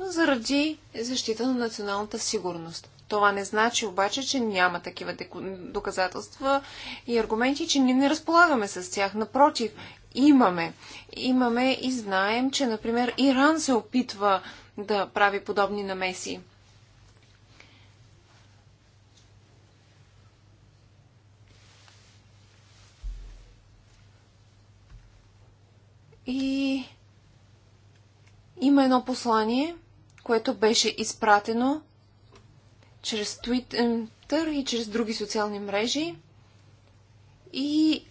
заради защита на националната сигурност. Това не значи обаче, че няма такива доказателства и аргументи, че ние не разполагаме с тях. Напротив, имаме. Имаме и знаем, че, например, Иран се опитва да прави подобни намеси. И има едно послание, което беше изпратено чрез Twitter и чрез други социални мрежи. И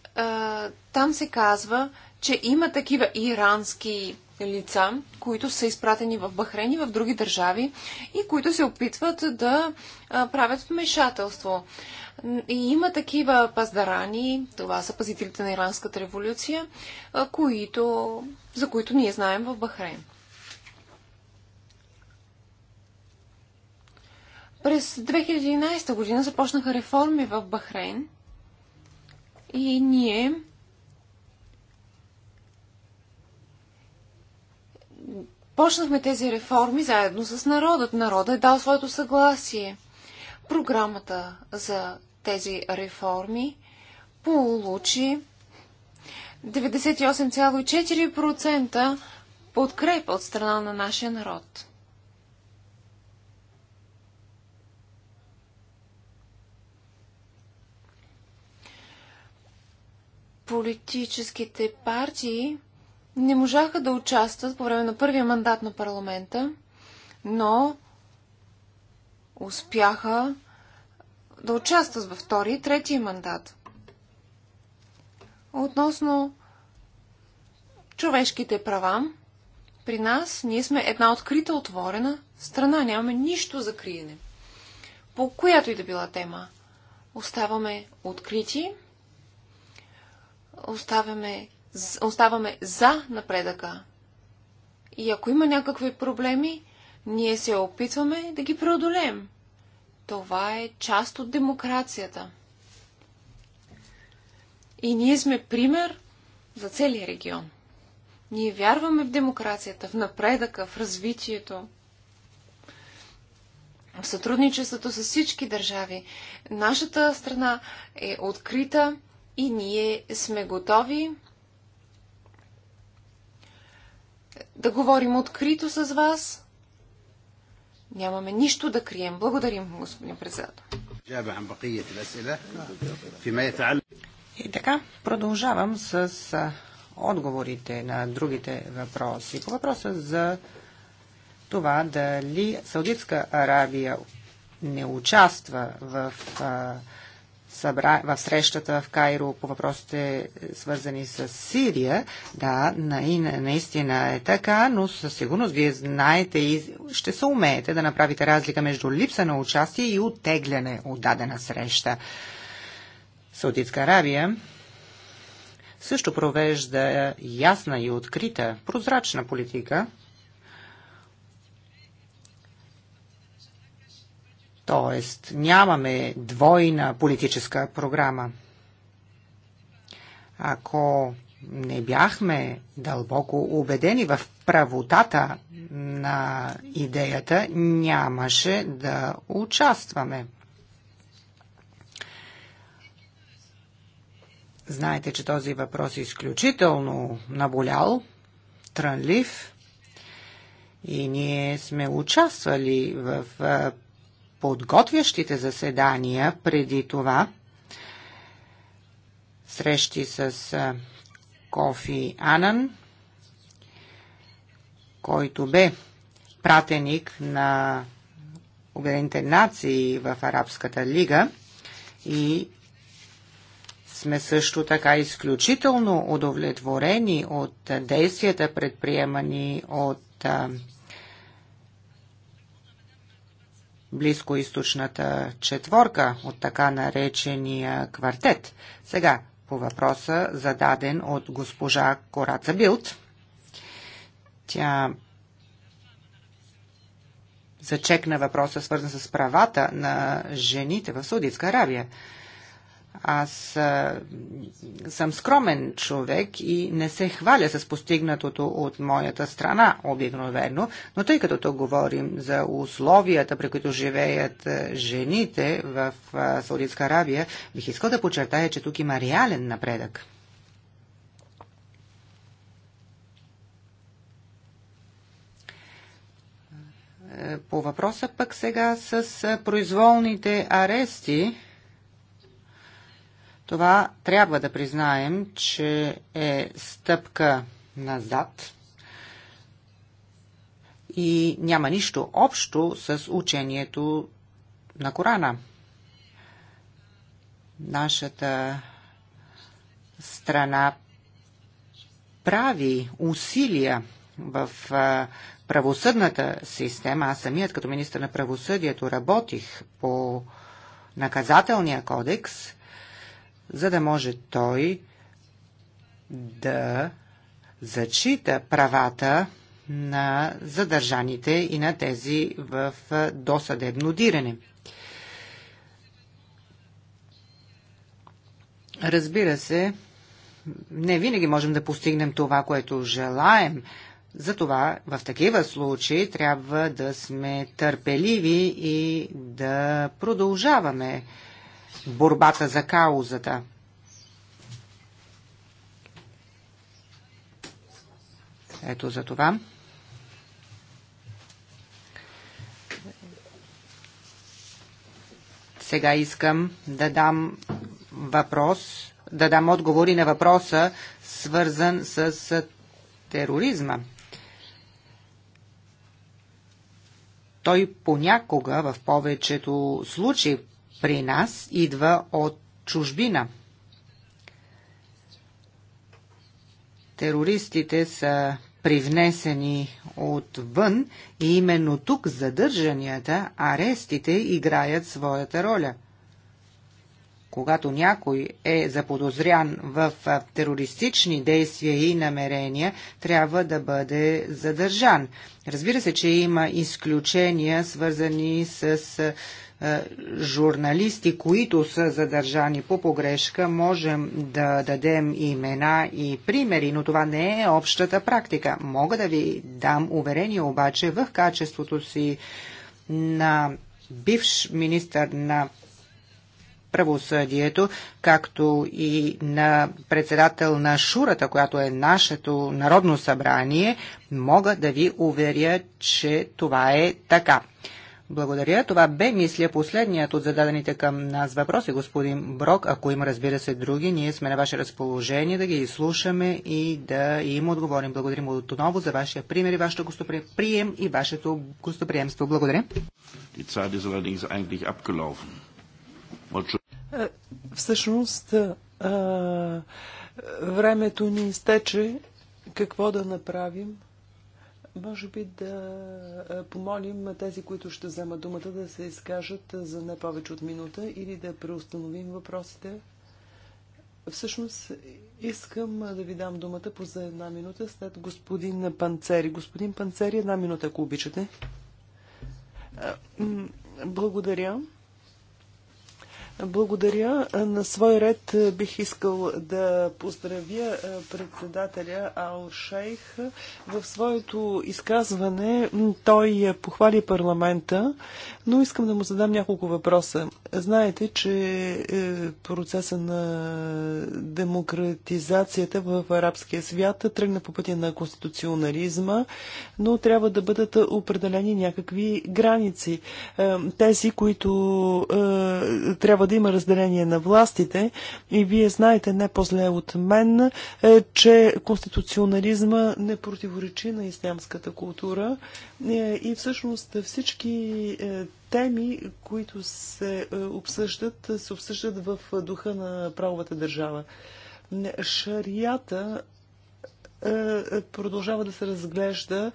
там се казва, че има такива ирански лица, които са изпратени в Бахрени, и в други държави и които се опитват да правят вмешателство. И има такива паздарани, това са пазителите на Иранската революция, които, за които ние знаем в Бахрейн. През 2011 година започнаха реформи в Бахрейн – и ние почнахме тези реформи заедно с народът. Народът е дал своето съгласие. Програмата за тези реформи получи 98,4% подкрепа от страна на нашия народ. политическите партии не можаха да участват по време на първия мандат на парламента, но успяха да участват във втори и третия мандат. Относно човешките права, при нас ние сме една открита, отворена страна. Нямаме нищо за криене. По която и да била тема. Оставаме открити оставяме, оставаме за напредъка. И ако има някакви проблеми, ние се опитваме да ги преодолеем. Това е част от демокрацията. И ние сме пример за целия регион. Ние вярваме в демокрацията, в напредъка, в развитието, в сътрудничеството с всички държави. Нашата страна е открита и ние сме готови да говорим открито с вас. Нямаме нищо да крием. Благодарим, господин председател. Е и така, продължавам с отговорите на другите въпроси. По въпроса за това дали Саудитска Аравия не участва в в срещата в Кайро по въпросите е, свързани с Сирия. Да, наистина е така, но със сигурност вие знаете и ще се умеете да направите разлика между липса на участие и оттегляне от дадена среща. Саудитска Арабия също провежда ясна и открита, прозрачна политика – Тоест, нямаме двойна политическа програма. Ако не бяхме дълбоко убедени в правотата на идеята, нямаше да участваме. Знаете, че този въпрос е изключително наболял, трънлив и ние сме участвали в подготвящите заседания преди това, срещи с Кофи Анан, който бе пратеник на Обединените нации в Арабската лига и сме също така изключително удовлетворени от действията предприемани от близкоисточната четворка от така наречения квартет. Сега по въпроса, зададен от госпожа Кораца Билт. Тя зачекна въпроса, свързан с правата на жените в Саудитска Аравия. Аз а, съм скромен човек и не се хваля с постигнатото от моята страна обикновено, но тъй като тук говорим за условията, при които живеят жените в а, Саудитска Арабия, бих искал да подчертая, че тук има реален напредък. Е, по въпроса пък сега с произволните арести – това трябва да признаем, че е стъпка назад и няма нищо общо с учението на Корана. Нашата страна прави усилия в правосъдната система. Аз самият като министр на правосъдието работих по наказателния кодекс – за да може той да зачита правата на задържаните и на тези в досъдебно диране. Разбира се, не винаги можем да постигнем това, което желаем. Затова в такива случаи трябва да сме търпеливи и да продължаваме борбата за каузата. Ето за това. Сега искам да дам въпрос, да дам отговори на въпроса, свързан с тероризма. Той понякога, в повечето случаи, при нас идва от чужбина. Терористите са привнесени отвън и именно тук задържанията, арестите играят своята роля – когато някой е заподозрян в терористични действия и намерения, трябва да бъде задържан. Разбира се, че има изключения, свързани с журналисти, които са задържани по погрешка, можем да дадем имена и примери, но това не е общата практика. Мога да ви дам уверение обаче в качеството си на бивш министър на правосъдието, както и на председател на Шурата, която е нашето народно събрание, мога да ви уверя, че това е така. Благодаря. Това бе, мисля, последният от зададените към нас въпроси, господин Брок. Ако има, разбира се, други, ние сме на ваше разположение да ги изслушаме и да им отговорим. Благодарим отново за вашия пример и вашето гостоприем и вашето гостоприемство. Благодаря. Die Zeit ist allerdings eigentlich abgelaufen. Е, всъщност, е, времето ни изтече. Какво да направим? Може би да е, помолим тези, които ще вземат думата, да се изкажат за не повече от минута или да преустановим въпросите. Всъщност искам да ви дам думата по за една минута след господин Панцери. Господин Панцери, една минута, ако обичате. Благодаря. Благодаря. На свой ред бих искал да поздравя председателя Ал Шейх. В своето изказване той похвали парламента, но искам да му задам няколко въпроса. Знаете, че е, процеса на демократизацията в арабския свят тръгна по пътя на конституционализма, но трябва да бъдат определени някакви граници. Е, тези, които е, трябва да да има разделение на властите и вие знаете не по-зле от мен, е, че конституционализма не противоречи на ислямската култура е, и всъщност всички е, теми, които се обсъждат, се обсъждат в духа на правовата държава. Шарията продължава да се разглежда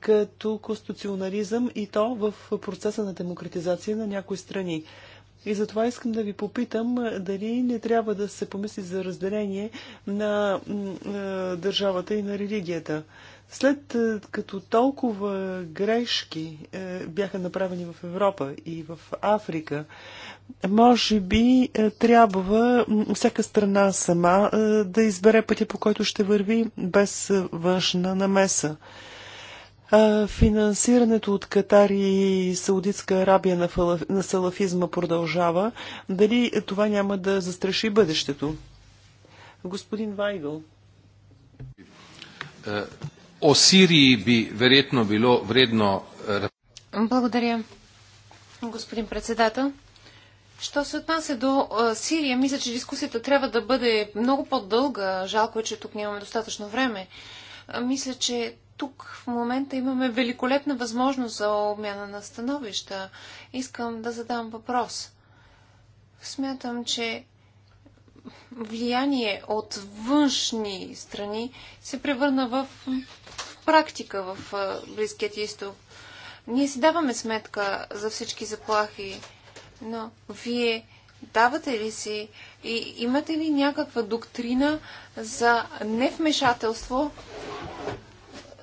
като конституционализъм и то в процеса на демократизация на някои страни. И затова искам да ви попитам дали не трябва да се помисли за разделение на държавата и на религията. След като толкова грешки бяха направени в Европа и в Африка, може би трябва всяка страна сама да избере пътя, по който ще върви без външна намеса. Финансирането от Катар и Саудитска Арабия на, фалаф... на салафизма продължава. Дали това няма да застраши бъдещето? Господин Вайгъл. Е, о Сирии би вероятно било вредно. Е, Благодаря, господин председател. Що се отнася до е, Сирия, мисля, че дискусията трябва да бъде много по-дълга. Жалко е, че тук нямаме достатъчно време. Мисля, че тук в момента имаме великолепна възможност за обмяна на становища. Искам да задам въпрос. Смятам, че влияние от външни страни се превърна в практика в Близкият изток. Ние си даваме сметка за всички заплахи, но вие давате ли си и имате ли някаква доктрина за невмешателство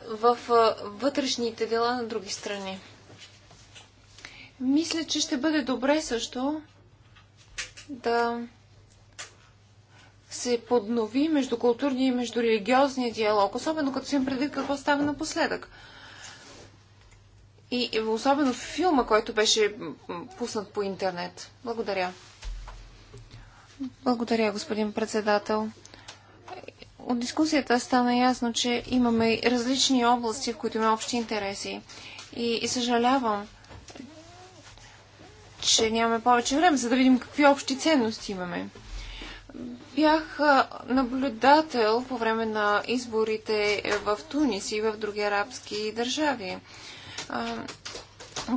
в вътрешните дела на други страни. Мисля, че ще бъде добре също да се поднови междукултурния и междурелигиозния диалог, особено като си им предвид какво става напоследък. И особено в филма, който беше пуснат по интернет. Благодаря. Благодаря, господин председател. От дискусията стана ясно, че имаме различни области, в които има общи интереси. И, и съжалявам, че нямаме повече време, за да видим какви общи ценности имаме. Бях наблюдател по време на изборите в Тунис и в други арабски държави.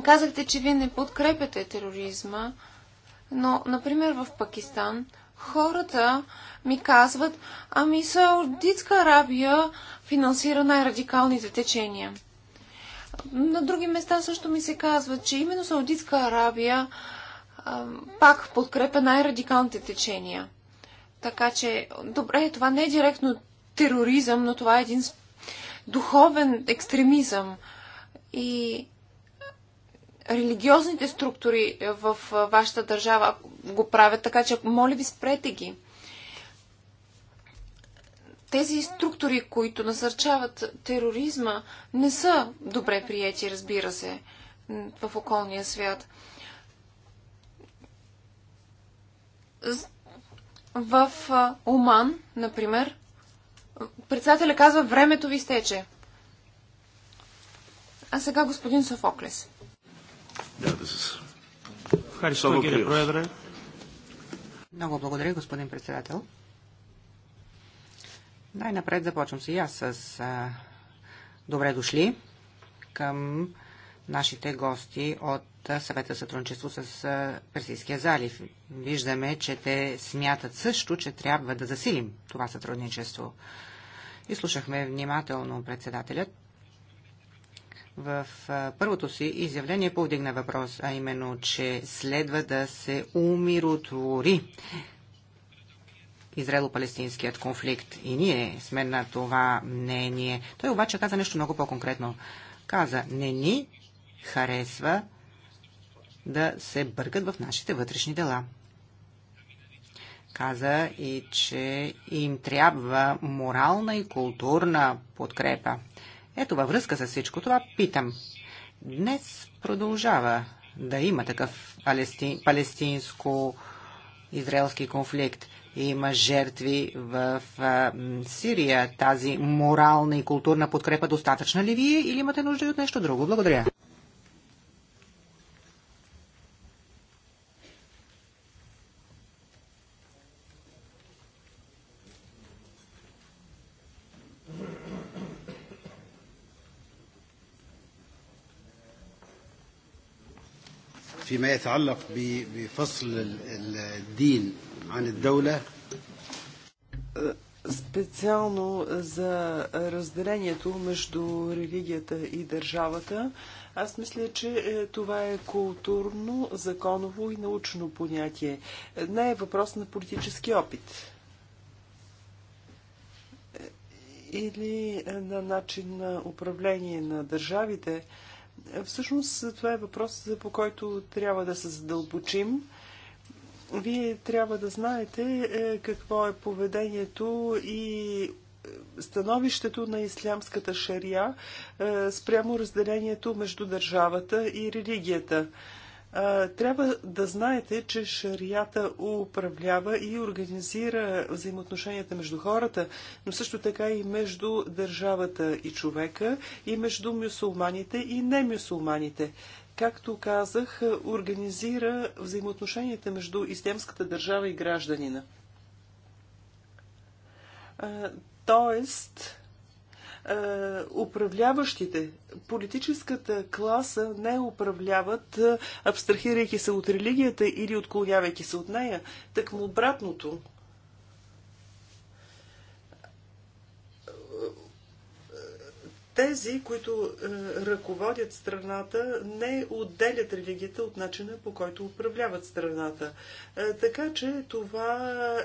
Казахте, че вие не подкрепяте тероризма, но, например, в Пакистан хората ми казват, ами Саудитска Арабия финансира най-радикалните течения. На други места също ми се казва, че именно Саудитска Арабия а, пак подкрепя най-радикалните течения. Така че, добре, това не е директно тероризъм, но това е един духовен екстремизъм. И религиозните структури в вашата държава го правят, така че моля ви спрете ги тези структури, които насърчават тероризма, не са добре приети, разбира се, в околния свят. В Оман, например, председателя казва, времето ви стече. А сега господин Софоклес. Много благодаря, господин председател. Най-напред започвам аз с а, добре дошли към нашите гости от съвета сътрудничество с Персийския залив. Виждаме, че те смятат също, че трябва да засилим това сътрудничество. И слушахме внимателно председателят. В първото си изявление повдигна въпрос, а именно, че следва да се умиротвори израело-палестинският конфликт. И ние сме на това мнение. Той обаче каза нещо много по-конкретно. Каза, не ни харесва да се бъркат в нашите вътрешни дела. Каза и, че им трябва морална и културна подкрепа. Ето във връзка с всичко това питам. Днес продължава да има такъв палестинско израелски конфликт. Има жертви в а, Сирия. Тази морална и културна подкрепа достатъчна ли вие или имате нужда от нещо друго? Благодаря. يتعلق بفصل الدين عن الدولة специално за разделението между религията и държавата. Аз мисля, че е, това е културно, законово и научно понятие. Не е въпрос на политически опит. Е, или е, на начин на управление на държавите. Всъщност това е въпрос, по който трябва да се задълбочим. Вие трябва да знаете е, какво е поведението и становището на ислямската шария е, спрямо разделението между държавата и религията. Трябва да знаете, че шарията управлява и организира взаимоотношенията между хората, но също така и между държавата и човека, и между мюсулманите и немюсулманите както казах, организира взаимоотношенията между Истемската държава и гражданина. Тоест, е, управляващите, политическата класа не управляват, е, абстрахирайки се от религията или отклонявайки се от нея. Так му обратното. Тези, които е, ръководят страната, не отделят религията от начина по който управляват страната. така че това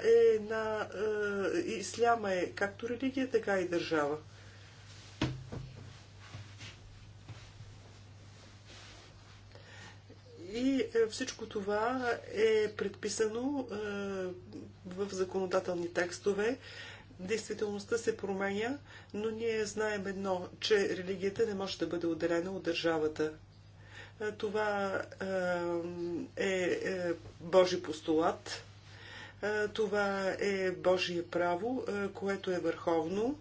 е на. исляма е както религия, така и държава. И е, всичко това е предписано е, в законодателни текстове. Действителността се променя, но ние знаем едно, че религията не може да бъде отделена от държавата. Е, това е Божи постулат, това е Божие право, което е върховно,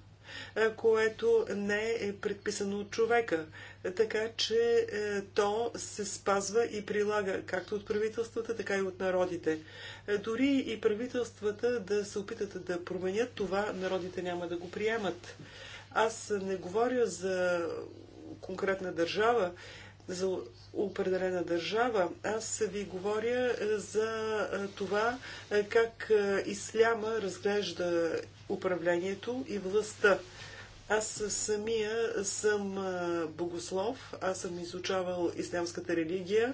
което не е предписано от човека така че е, то се спазва и прилага както от правителствата, така и от народите. Е, дори и правителствата да се опитат да променят това, народите няма да го приемат. Аз не говоря за конкретна държава, за определена държава. Аз ви говоря е, за това как исляма разглежда управлението и властта. Аз самия съм богослов, аз съм изучавал ислямската религия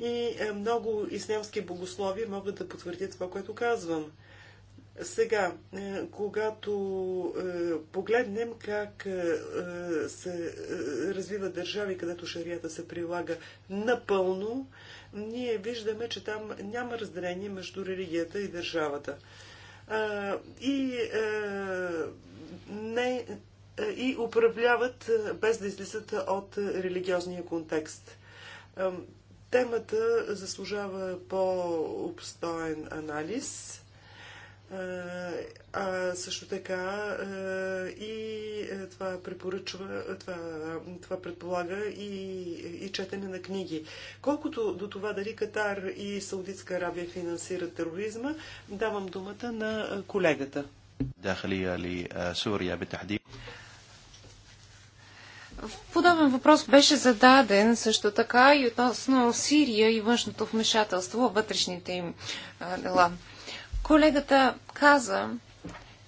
и е, много ислямски богослови могат да потвърдят това, което казвам. Сега, е, когато е, погледнем как се развива държави, където шарията се прилага напълно, ние виждаме, че там няма разделение между религията и държавата. И не и управляват е, без да излизат от религиозния контекст. Темата заслужава по-обстоен анализ, е, а също така е, и това препоръчва, това, това предполага и, и четене на книги. Колкото до това дали Катар и Саудитска Арабия финансират тероризма, давам думата на колегата. داخلية لسوريا بالتحديد Подобен въпрос беше зададен също така и относно Сирия и външното вмешателство във вътрешните им дела. Колегата каза,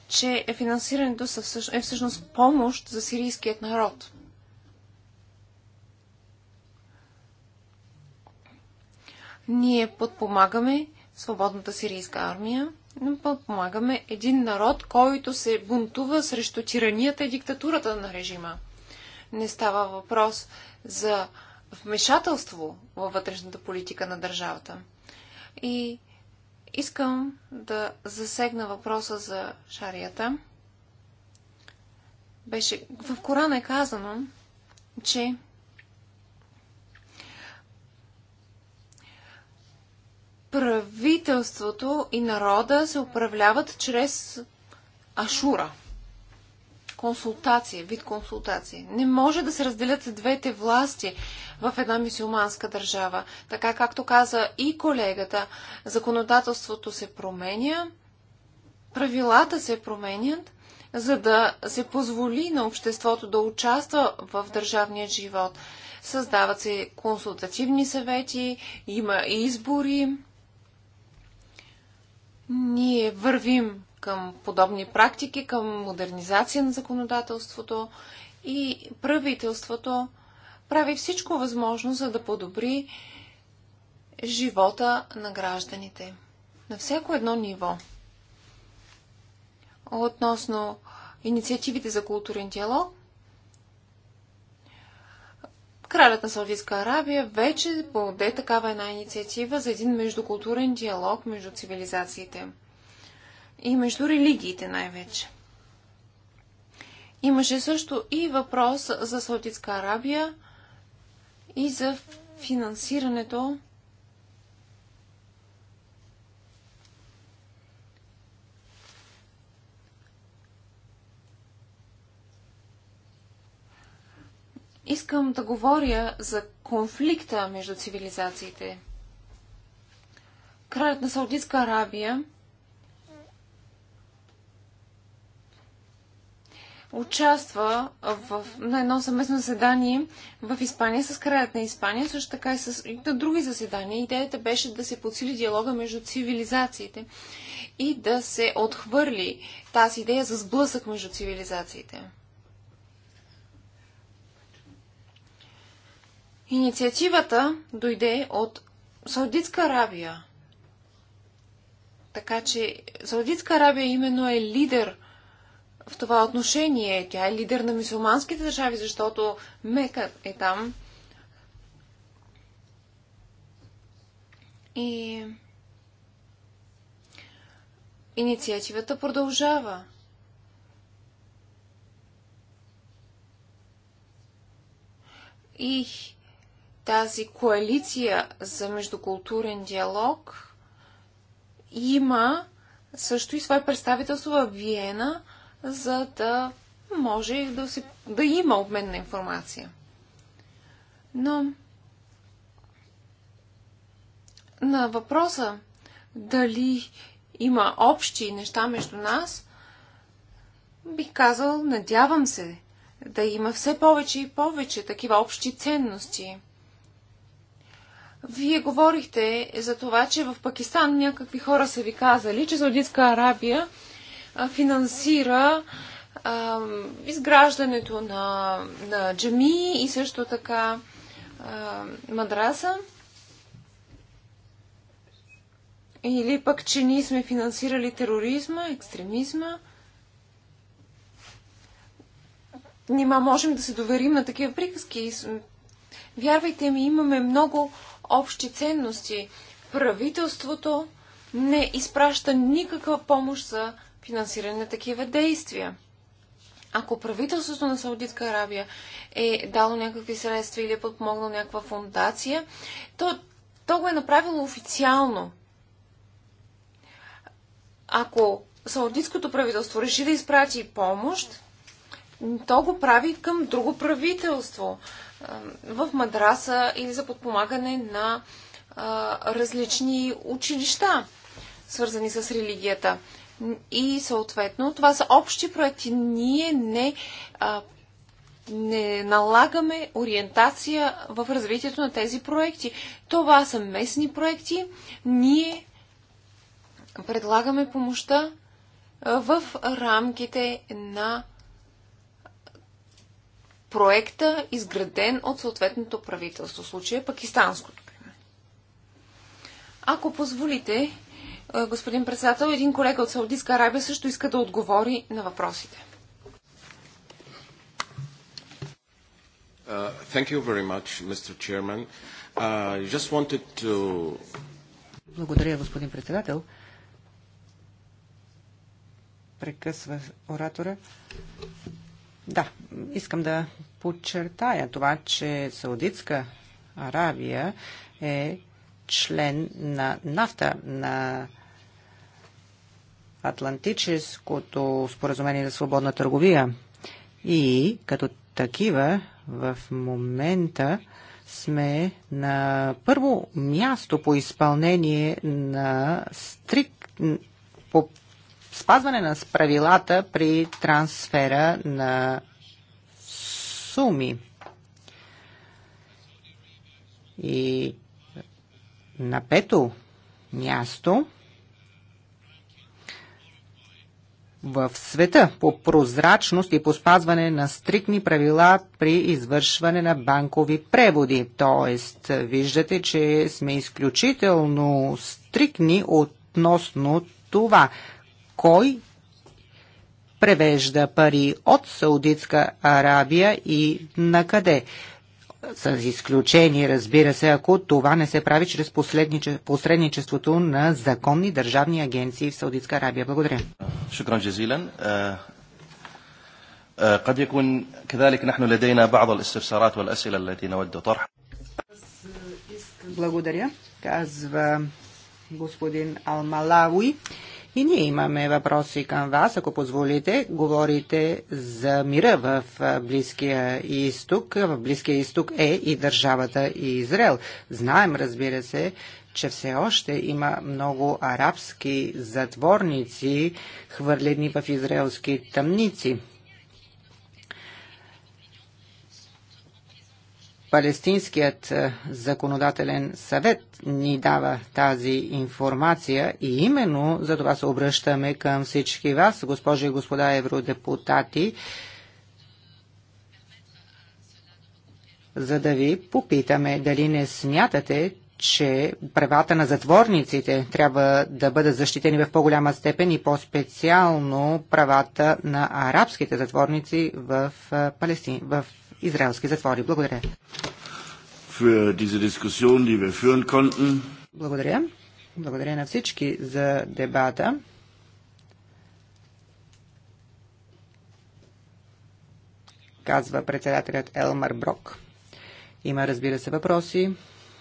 че е финансирането е всъщност помощ за сирийският народ. Ние подпомагаме свободната сирийска армия, но подпомагаме един народ, който се бунтува срещу тиранията и диктатурата на режима не става въпрос за вмешателство във вътрешната политика на държавата. И искам да засегна въпроса за шарията. Беше, в Корана е казано, че правителството и народа се управляват чрез Ашура – консултация, вид консултация. Не може да се разделят двете власти в една мисиоманска държава. Така както каза и колегата, законодателството се променя, правилата се променят, за да се позволи на обществото да участва в държавния живот. Създават се консултативни съвети, има избори. Ние вървим към подобни практики, към модернизация на законодателството и правителството прави всичко възможно, за да подобри живота на гражданите. На всяко едно ниво. Относно инициативите за културен диалог, Кралят на Саудитска Арабия вече поде такава една инициатива за един междукултурен диалог между цивилизациите – и между религиите най-вече. Имаше също и въпрос за Саудитска Арабия и за финансирането Искам да говоря за конфликта между цивилизациите. Краят на Саудитска Арабия участва в, на едно съместно заседание в Испания с краят на Испания, също така и, с, и на други заседания. Идеята беше да се подсили диалога между цивилизациите и да се отхвърли тази идея за сблъсък между цивилизациите. Инициативата дойде от Саудитска Арабия. Така че Саудитска Арабия именно е лидер в това отношение. Тя е лидер на мусулманските държави, защото Мека е там. И инициативата продължава. И тази коалиция за междукултурен диалог има също и свое представителство в Виена за да може да, се, да има обмен на информация. Но на въпроса дали има общи неща между нас, бих казал, надявам се да има все повече и повече такива общи ценности. Вие говорихте за това, че в Пакистан някакви хора са ви казали, че Саудитска Арабия финансира а, изграждането на, на джами и също така а, мадраса. Или пък, че ние сме финансирали тероризма, екстремизма. Нима можем да се доверим на такива приказки. Вярвайте ми, имаме много общи ценности. Правителството не изпраща никаква помощ за финансиране на такива действия. Ако правителството на Саудитска Арабия е дало някакви средства или е подмогнало някаква фундация, то, то го е направило официално. Ако Саудитското правителство реши да изпрати помощ, то го прави към друго правителство в мадраса или за подпомагане на а, различни училища, свързани с религията. И съответно, това са общи проекти. Ние не, а, не налагаме ориентация в развитието на тези проекти. Това са местни проекти. Ние предлагаме помощта в рамките на проекта, изграден от съответното правителство. В случая е пакистанското. Ако позволите, е, господин председател. Един колега от Саудитска Арабия също иска да отговори на въпросите. Uh, thank you very much, Mr. Chairman. Uh, just wanted to... Благодаря, господин председател. Прекъсва оратора. Да, искам да подчертая това, че Саудитска Аравия е член на нафта, на Атлантическото споразумение за свободна търговия. И като такива в момента сме на първо място по изпълнение на стрик, по спазване на правилата при трансфера на суми. И на пето място в света по прозрачност и по спазване на стрикни правила при извършване на банкови преводи. Тоест, виждате, че сме изключително стрикни относно това, кой превежда пари от Саудитска Арабия и на къде с изключение, разбира се, ако това не се прави чрез посредничеството на законни държавни агенции в Саудитска Арабия. Благодаря. Шукран джазилен. Е, е, قد يكون كذلك نحن لدينا بعض الاستفسارات والأسئلة التي نود طرحها. Благодаря, казва господин Алмалауи. И ние имаме въпроси към вас, ако позволите. Говорите за мира в Близкия изток. В Близкия изток е и държавата и Израел. Знаем, разбира се, че все още има много арабски затворници, хвърлени в израелски тъмници. Палестинският е, законодателен съвет ни дава тази информация и именно за това се обръщаме към всички вас, госпожи и господа евродепутати, за да ви попитаме дали не смятате, че правата на затворниците трябва да бъдат защитени в по-голяма степен и по-специално правата на арабските затворници в, е, Палестин, в израелски затвори. Благодаря. Благодаря. Благодаря на всички за дебата. казва председателят Елмар Брок. Има, разбира се, въпроси,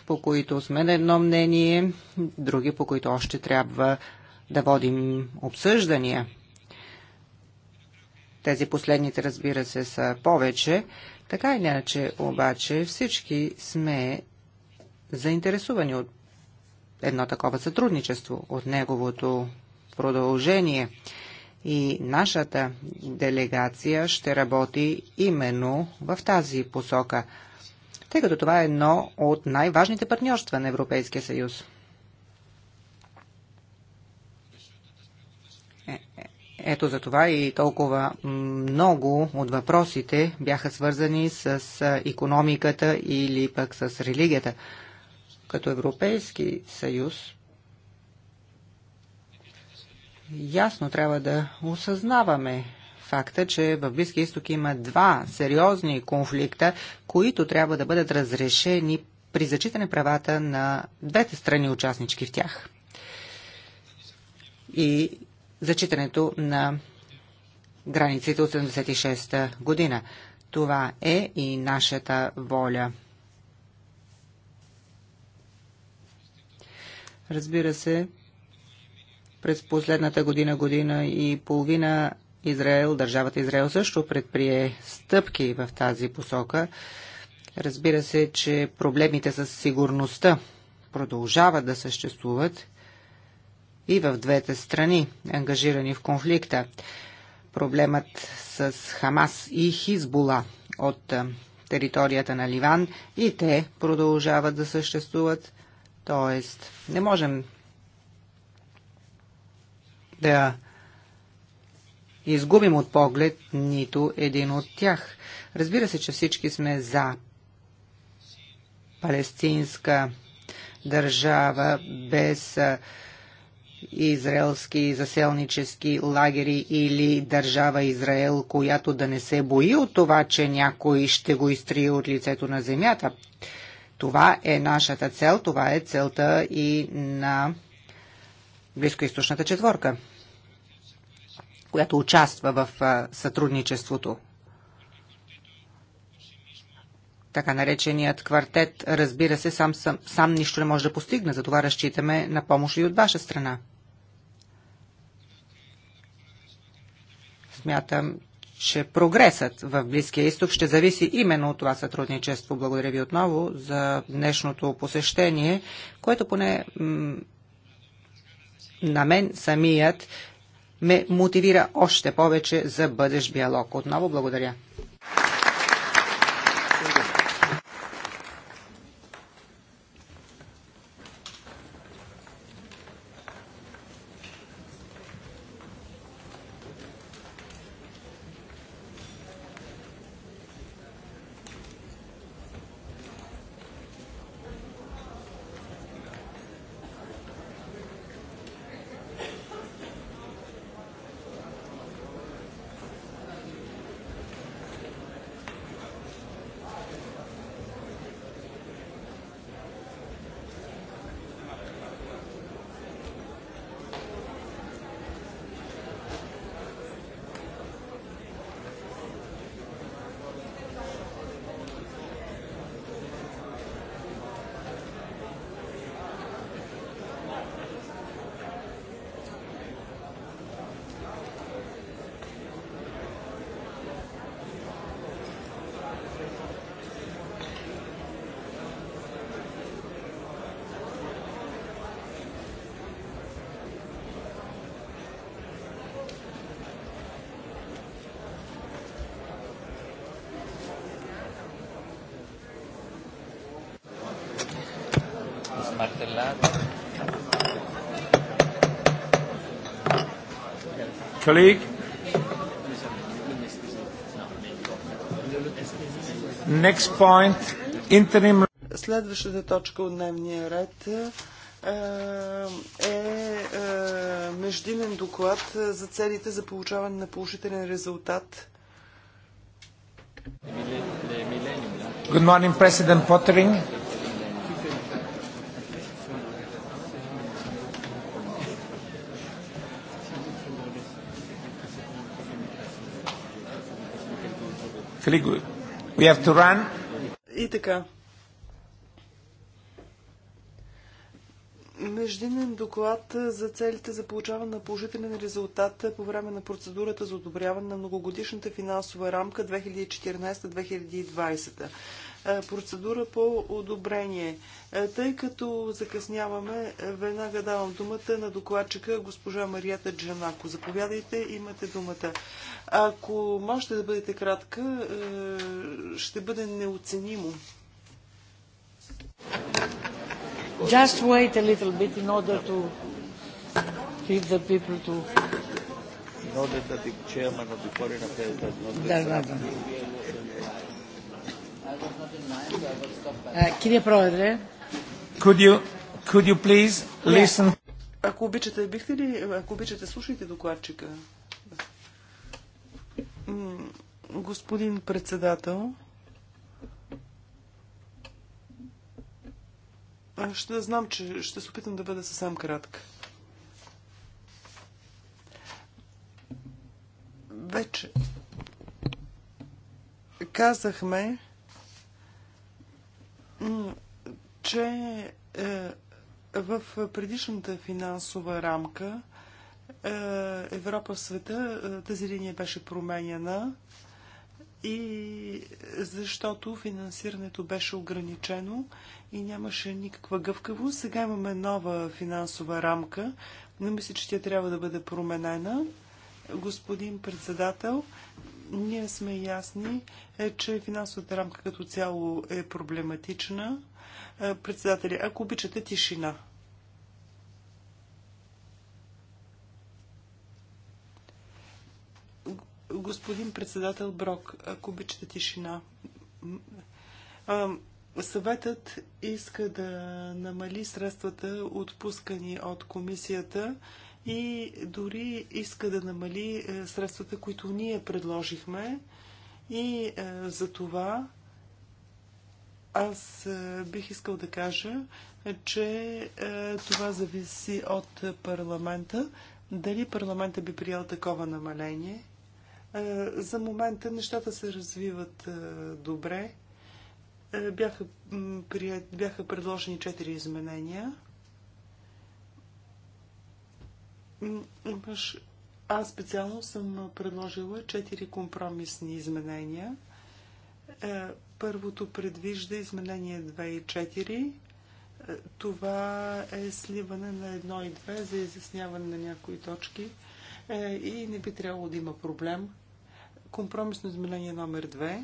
по които сме на едно мнение, други, по които още трябва да водим обсъждания. Тези последните, разбира се, са повече, така или иначе, обаче, всички сме заинтересувани от едно такова сътрудничество, от неговото продължение. И нашата делегация ще работи именно в тази посока, тъй като това е едно от най-важните партньорства на Европейския съюз. Ето за това и толкова много от въпросите бяха свързани с економиката или пък с религията. Като Европейски съюз ясно трябва да осъзнаваме факта, че в Близки изток има два сериозни конфликта, които трябва да бъдат разрешени при зачитане правата на двете страни участнички в тях. И зачитането на границите от 76-та година. Това е и нашата воля. Разбира се, през последната година, година и половина Израел, държавата Израел също предприе стъпки в тази посока. Разбира се, че проблемите с сигурността продължават да съществуват – и в двете страни, ангажирани в конфликта. Проблемът с Хамас и Хизбула от територията на Ливан и те продължават да съществуват. Тоест, не можем да изгубим от поглед нито един от тях. Разбира се, че всички сме за палестинска държава без израелски заселнически лагери или държава Израел, която да не се бои от това, че някой ще го изтрие от лицето на земята. Това е нашата цел, това е целта и на Близкоисточната четворка, която участва в сътрудничеството. Така нареченият квартет, разбира се, сам, сам, сам нищо не може да постигне, затова разчитаме на помощ и от ваша страна. смятам, че прогресът в Близкия изток ще зависи именно от това сътрудничество. Благодаря ви отново за днешното посещение, което поне на мен самият ме мотивира още повече за бъдещ диалог. Отново благодаря. colleague. Next point, interim... Следващата точка от дневния ред е, е, е междинен доклад за целите за получаване на положителен резултат. Good morning, President Pottering. quickly. We have to run. И така. Междинен доклад за целите за получаване на положителен резултат по време на процедурата за одобряване на многогодишната финансова рамка 2014-2020. Е, процедура по одобрение. Е, тъй като закъсняваме, е, веднага давам думата на докладчика госпожа Марията Джанако. Заповядайте, имате думата. Ако можете да бъдете кратка, ще бъде неоценимо. Just wait a little bit in order to give the people to... In order that the chairman of the Foreign Affairs does not... Да, да, да. Е, кирия Πρόεδρε, could you, could you please listen? Ако обичате, бихте ли, ако обичате, слушайте докладчика. Господин председател, ще знам, че ще се опитам да бъда съвсем кратка. Вече казахме, че е, в предишната финансова рамка е, Европа в света е, тази линия беше променена и защото финансирането беше ограничено и нямаше никаква гъвкавост. Сега имаме нова финансова рамка, но мисля, че тя трябва да бъде променена. Господин председател, ние сме ясни, е, че финансовата рамка като цяло е проблематична. Е, председатели, ако обичате тишина. Господин председател Брок, ако обичате тишина. Съветът иска да намали средствата, отпускани от комисията и дори иска да намали е, средствата, които ние предложихме. И е, за това аз е, бих искал да кажа, че това зависи от парламента. Дали парламента би приел такова намаление? За момента нещата се развиват добре. Бяха, бяха предложени четири изменения. Имаш... Аз специално съм предложила четири компромисни изменения. Е, първото предвижда изменение 2 и 4. Е, това е сливане на 1 и 2 за изясняване на някои точки е, и не би трябвало да има проблем. Компромисно изменение номер 2.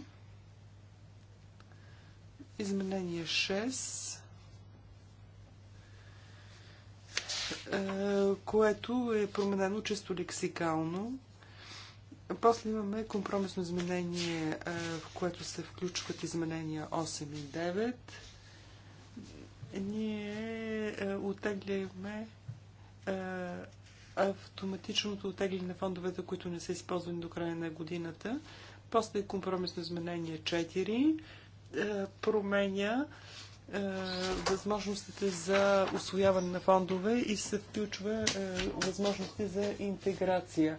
Изменение 6 Е, което е променено чисто лексикално. После имаме компромисно изменение, е, в което се включват изменения 8 и 9. Ние е, отегляме автоматичното отегляне на фондовете, които не са използвани до края на годината. После компромисно изменение 4 променя е, възможностите за освояване на фондове и се включва е, възможности за интеграция.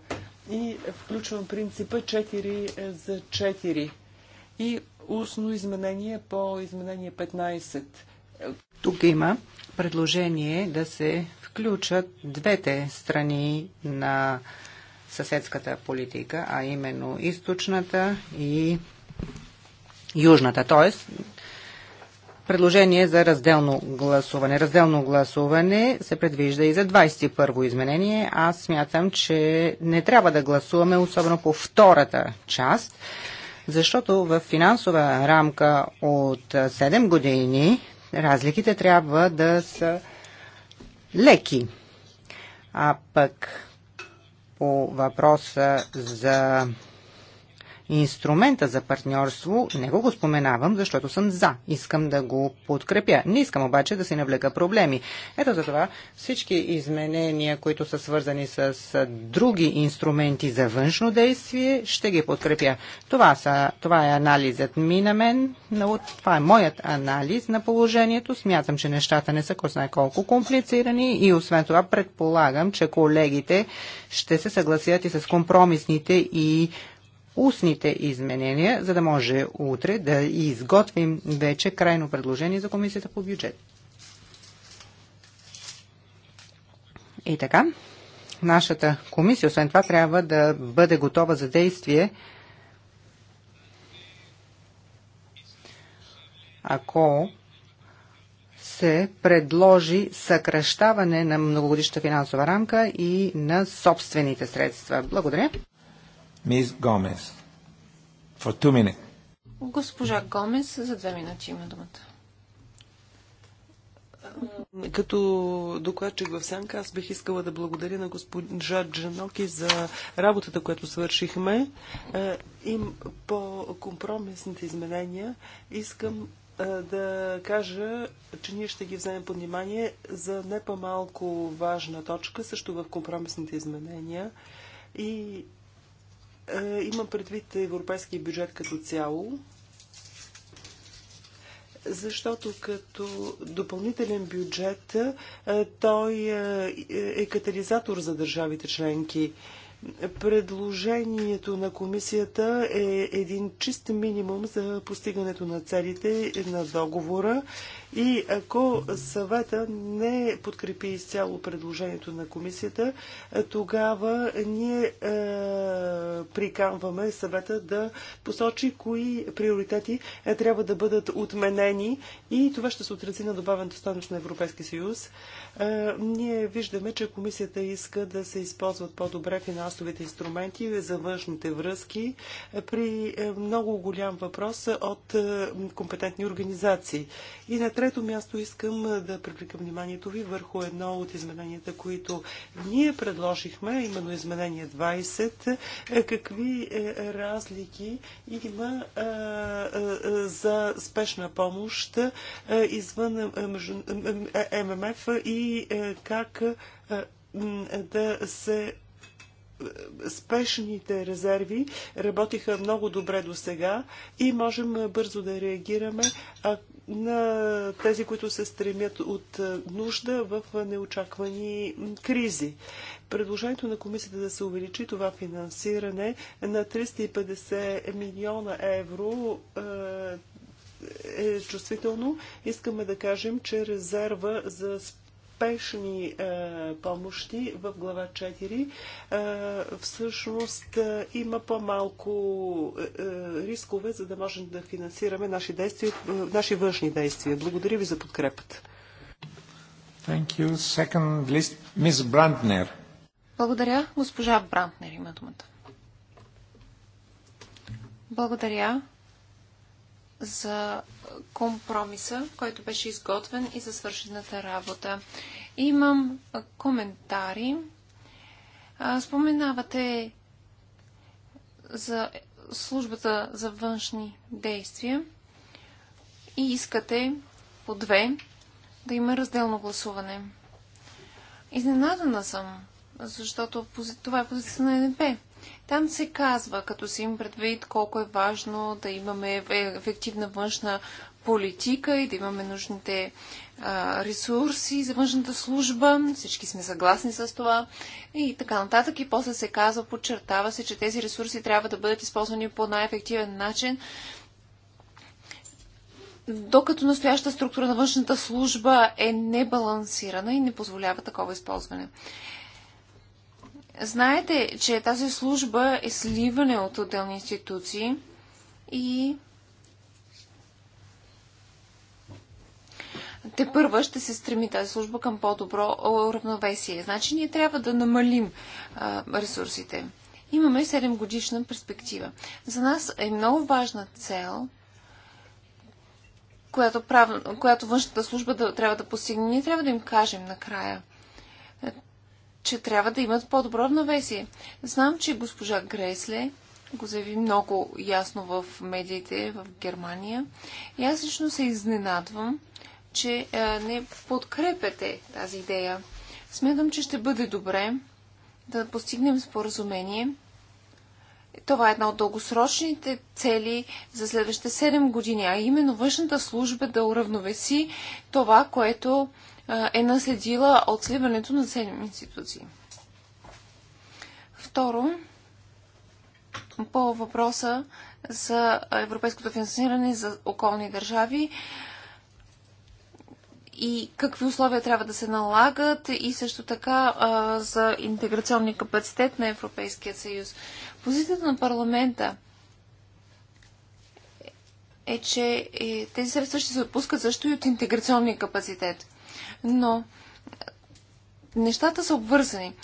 И включвам принципа 4 е, за 4 и устно изменение по изменение 15. Тук има предложение да се включат двете страни на съседската политика, а именно източната и южната, т.е предложение за разделно гласуване. Разделно гласуване се предвижда и за 21-во изменение. Аз смятам, че не трябва да гласуваме, особено по втората част, защото в финансова рамка от 7 години разликите трябва да са леки. А пък по въпроса за Инструмента за партньорство не го, го споменавам, защото съм за. Искам да го подкрепя. Не искам обаче да си навлека проблеми. Ето за това всички изменения, които са свързани с други инструменти за външно действие, ще ги подкрепя. Това, са, това е анализът ми на мен. но Това е моят анализ на положението. Смятам, че нещата не са кой знае колко комплицирани и освен това предполагам, че колегите ще се съгласят и с компромисните и устните изменения, за да може утре да изготвим вече крайно предложение за комисията по бюджет. И така, нашата комисия, освен това, трябва да бъде готова за действие, ако се предложи съкръщаване на многогодишната финансова рамка и на собствените средства. Благодаря. Мис Гомес. For two minutes. Госпожа Гомес за две минути има думата. Като докладчик в Сянка, аз бих искала да благодаря на госпожа Джаноки за работата, която свършихме. Е, И по компромисните изменения искам е, да кажа, че ние ще ги вземем под внимание за не по-малко важна точка, също в компромисните изменения. И е, има предвид европейския бюджет като цяло, защото като допълнителен бюджет е, той е, е катализатор за държавите членки. Предложението на комисията е един чист минимум за постигането на целите на договора и ако съвета не подкрепи изцяло предложението на комисията, тогава ние е, приканваме съвета да посочи кои приоритети е, трябва да бъдат отменени и това ще се отрази на добавената стойност на Европейски съюз. Е, ние виждаме, че комисията иска да се използват по-добре финансовите инструменти за външните връзки е, при е, много голям въпрос от е, компетентни организации. И на трето място искам да привлека вниманието ви върху едно от измененията, които ние предложихме, именно изменение 20. Е, какви е, разлики има за спешна помощ извън ММФ и как да се спешните резерви работиха много добре до сега и можем бързо да реагираме, на тези, които се стремят от нужда в неочаквани кризи. Предложението на комисията да се увеличи това финансиране на 350 милиона евро е, е чувствително. Искаме да кажем, че резерва за спешни е, помощи в глава 4 е, всъщност е, има по-малко е, е, рискове, за да можем да финансираме наши, действия, е, наши външни действия. Благодаря ви за подкрепата. Thank you. Second list, Ms. Brandner. Благодаря. Госпожа Брантнер има думата. Благодаря за компромиса, който беше изготвен и за свършената работа. Имам коментари. Споменавате за службата за външни действия и искате по две да има разделно гласуване. Изненадана съм, защото това е позиция на НП. Там се казва, като си им предвид колко е важно да имаме е, ефективна външна политика и да имаме нужните а, ресурси за външната служба. Всички сме съгласни с това. И така нататък. И после се казва, подчертава се, че тези ресурси трябва да бъдат използвани по най-ефективен начин. Докато настоящата структура на външната служба е небалансирана и не позволява такова използване. Знаете, че тази служба е сливане от отделни институции и те първа ще се стреми тази служба към по-добро равновесие. Значи ние трябва да намалим а, ресурсите. Имаме 7 годишна перспектива. За нас е много важна цел, която, прав... която външната служба да, трябва да постигне. Ние трябва да им кажем накрая – че трябва да имат по-добро равновесие. Знам, че госпожа Гресле го заяви много ясно в медиите в Германия. И аз лично се изненадвам, че е, не подкрепяте тази идея. Смятам, че ще бъде добре да постигнем споразумение. Това е една от дългосрочните цели за следващите 7 години, а именно външната служба да уравновеси това, което е наследила от сливането на 7 институции. Второ, по въпроса за европейското финансиране за околни държави и какви условия трябва да се налагат и също така а, за интеграционния капацитет на Европейския съюз. Позицията на парламента е, че е, тези средства ще се отпускат също и от интеграционния капацитет но нещата са обвързани.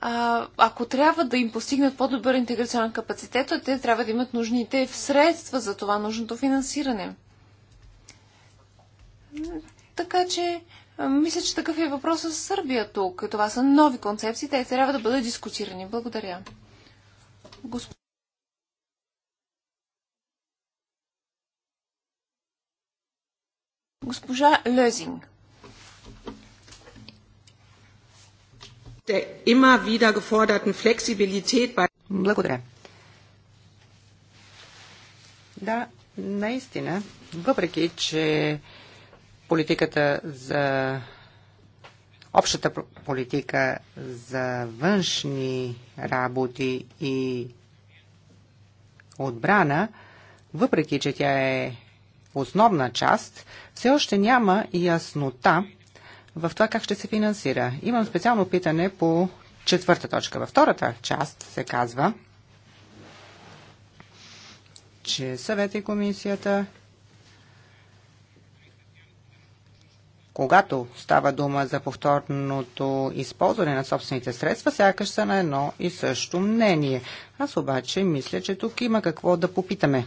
А, ако трябва да им постигнат по-добър интеграционен капацитет, то те трябва да имат нужните средства за това нужното финансиране. Така че, мисля, че такъв е въпросът с Сърбия тук. Това са нови концепции, те трябва да бъдат дискутирани. Благодаря. Госп... Госпожа Лезинг. Благодаря. Да, наистина, въпреки, че политиката за общата политика за външни работи и отбрана, въпреки, че тя е основна част, все още няма яснота в това как ще се финансира. Имам специално питане по четвърта точка. Във втората част се казва, че съвет и комисията, когато става дума за повторното използване на собствените средства, сякаш са на едно и също мнение. Аз обаче мисля, че тук има какво да попитаме.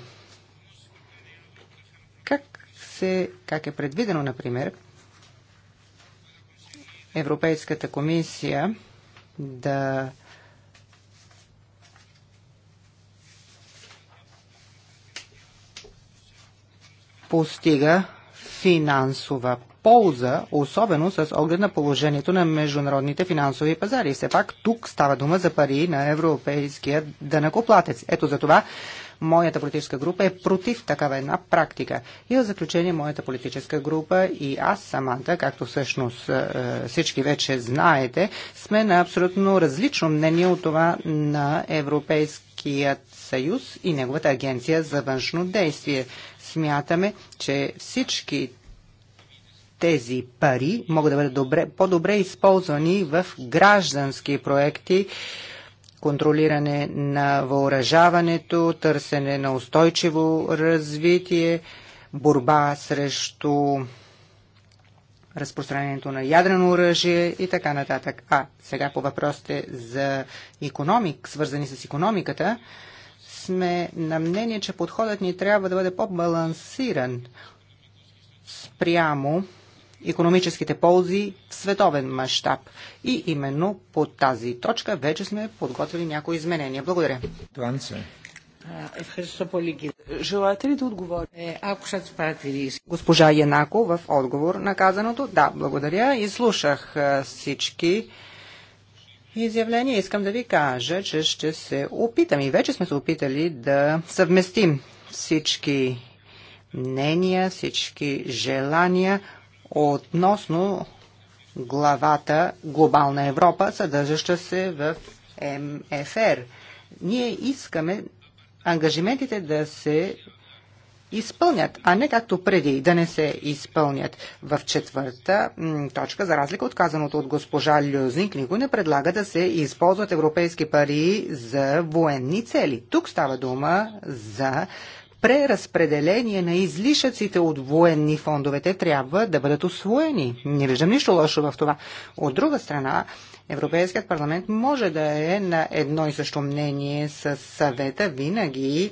Как, се, как е предвидено, например, Европейската комисия да постига финансова полза, особено с оглед на положението на международните финансови пазари. Все пак тук става дума за пари на европейския дънакоплатец. Ето за това Моята политическа група е против такава една практика. И в заключение, моята политическа група и аз самата, както всъщност е, всички вече знаете, сме на абсолютно различно мнение от това на Европейският съюз и неговата агенция за външно действие. Смятаме, че всички тези пари могат да бъдат добре, по-добре използвани в граждански проекти, контролиране на въоръжаването, търсене на устойчиво развитие, борба срещу разпространението на ядрено оръжие и така нататък. А сега по въпросите за економик, свързани с економиката, сме на мнение, че подходът ни трябва да бъде по-балансиран спрямо економическите ползи в световен мащаб. И именно по тази точка вече сме подготвили някои изменения. Благодаря. Желаете ли да отговорите? Е, ако ще спратили. Госпожа Янако в отговор на казаното. Да, благодаря. И слушах всички изявления. Искам да ви кажа, че ще се опитам и вече сме се опитали да съвместим всички мнения, всички желания относно главата Глобална Европа, съдържаща се в МФР. Ние искаме ангажиментите да се изпълнят, а не както преди да не се изпълнят. В четвърта точка, за разлика от казаното от госпожа Люзник, никой не предлага да се използват европейски пари за военни цели. Тук става дума за преразпределение на излишъците от военни фондовете трябва да бъдат освоени. Не виждам нищо лошо в това. От друга страна, Европейският парламент може да е на едно и също мнение с съвета винаги,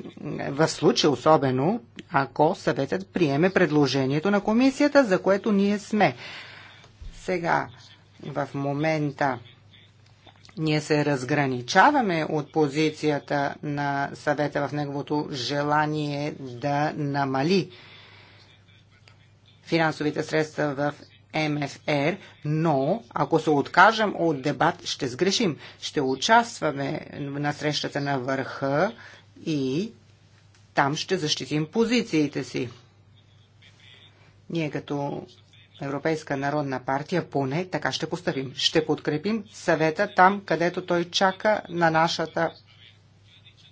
в случай особено, ако съветът приеме предложението на комисията, за което ние сме. Сега, в момента ние се разграничаваме от позицията на съвета в неговото желание да намали финансовите средства в МФР, но ако се откажем от дебат, ще сгрешим. Ще участваме на срещата на върха и там ще защитим позициите си. Ние като Европейска народна партия, поне така ще поставим, Ще подкрепим съвета там, където той чака на нашата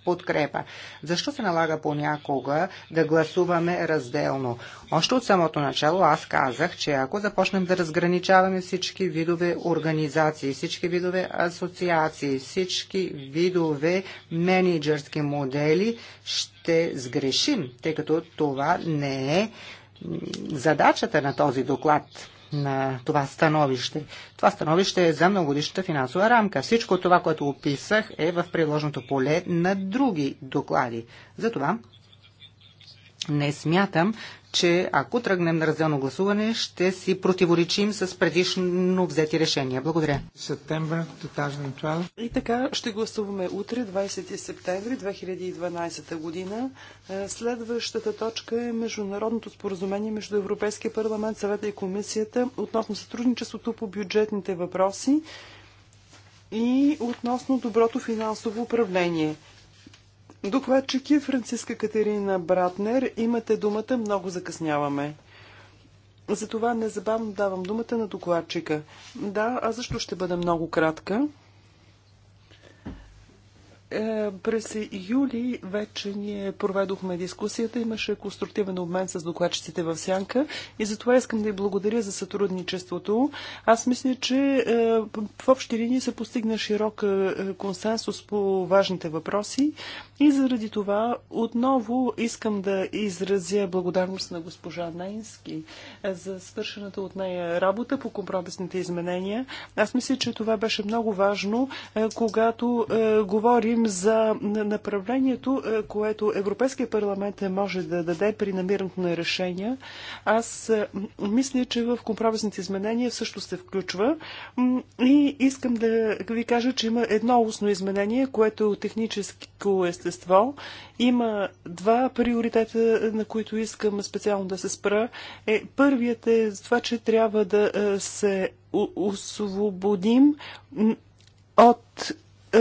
подкрепа. Защо се налага понякога да гласуваме разделно? Още от самото начало аз казах, че ако започнем да разграничаваме всички видове организации, всички видове асоциации, всички видове менеджерски модели, ще сгрешим, тъй като това не е задачата на този доклад на това становище. Това становище е за многогодишната финансова рамка. Всичко това, което описах, е в приложното поле на други доклади. Затова не смятам, че ако тръгнем на разделно гласуване, ще си противоречим с предишно взети решения. Благодаря. Септември 2012. И така ще гласуваме утре, 20 септември 2012 година. Е, следващата точка е Международното споразумение между Европейския парламент, съвета и комисията относно сътрудничеството по бюджетните въпроси и относно доброто финансово управление. Докладчики е Франциска Катерина Братнер, имате думата, много закъсняваме. Затова незабавно давам думата на докладчика. Да, аз също ще бъда много кратка. Е, през юли вече ние проведохме дискусията, имаше конструктивен обмен с докладчиците в Сянка и затова искам да ви благодаря за сътрудничеството. Аз мисля, че е, в общи линии се постигна широк е, консенсус по важните въпроси и заради това отново искам да изразя благодарност на госпожа Найнски за свършената от нея работа по компромисните изменения. Аз мисля, че това беше много важно, когато говорим говорим за направлението, е, което Европейския парламент може да даде при намирането на решения. Аз е, мисля, че в компромисните изменения също се включва и искам да ви кажа, че има едно устно изменение, което е техническо естество. Има два приоритета, на които искам специално да се спра. Е, първият е за това, че трябва да е, се освободим от е,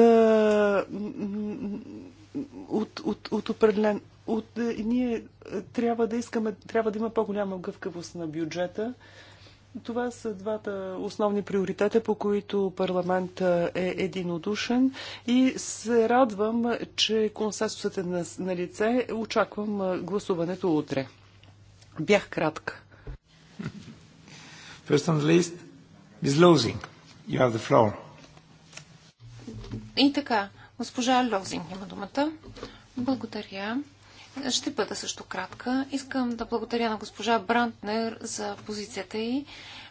от, от, от определен. От, е, ние трябва да искаме, трябва да има по-голяма гъвкавост на бюджета. Това са двата основни приоритета, по които парламент е, е единодушен и се радвам, че консенсусът е на, на лице. Очаквам гласуването утре. Бях кратка. First on the list, Ms. Losing, you have the floor. И така, госпожа Лозинг има думата. Благодаря. Ще бъда също кратка. Искам да благодаря на госпожа Брантнер за позицията й.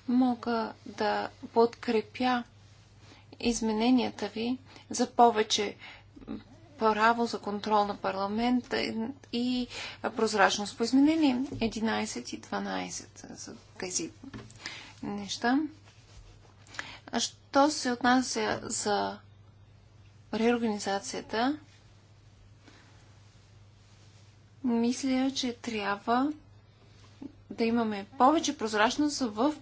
Мога да подкрепя измененията ви за повече право за контрол на парламент и прозрачност по изменение 11 и 12 за тези неща. Що се отнася за реорганизацията, мисля, че трябва да имаме повече прозрачност в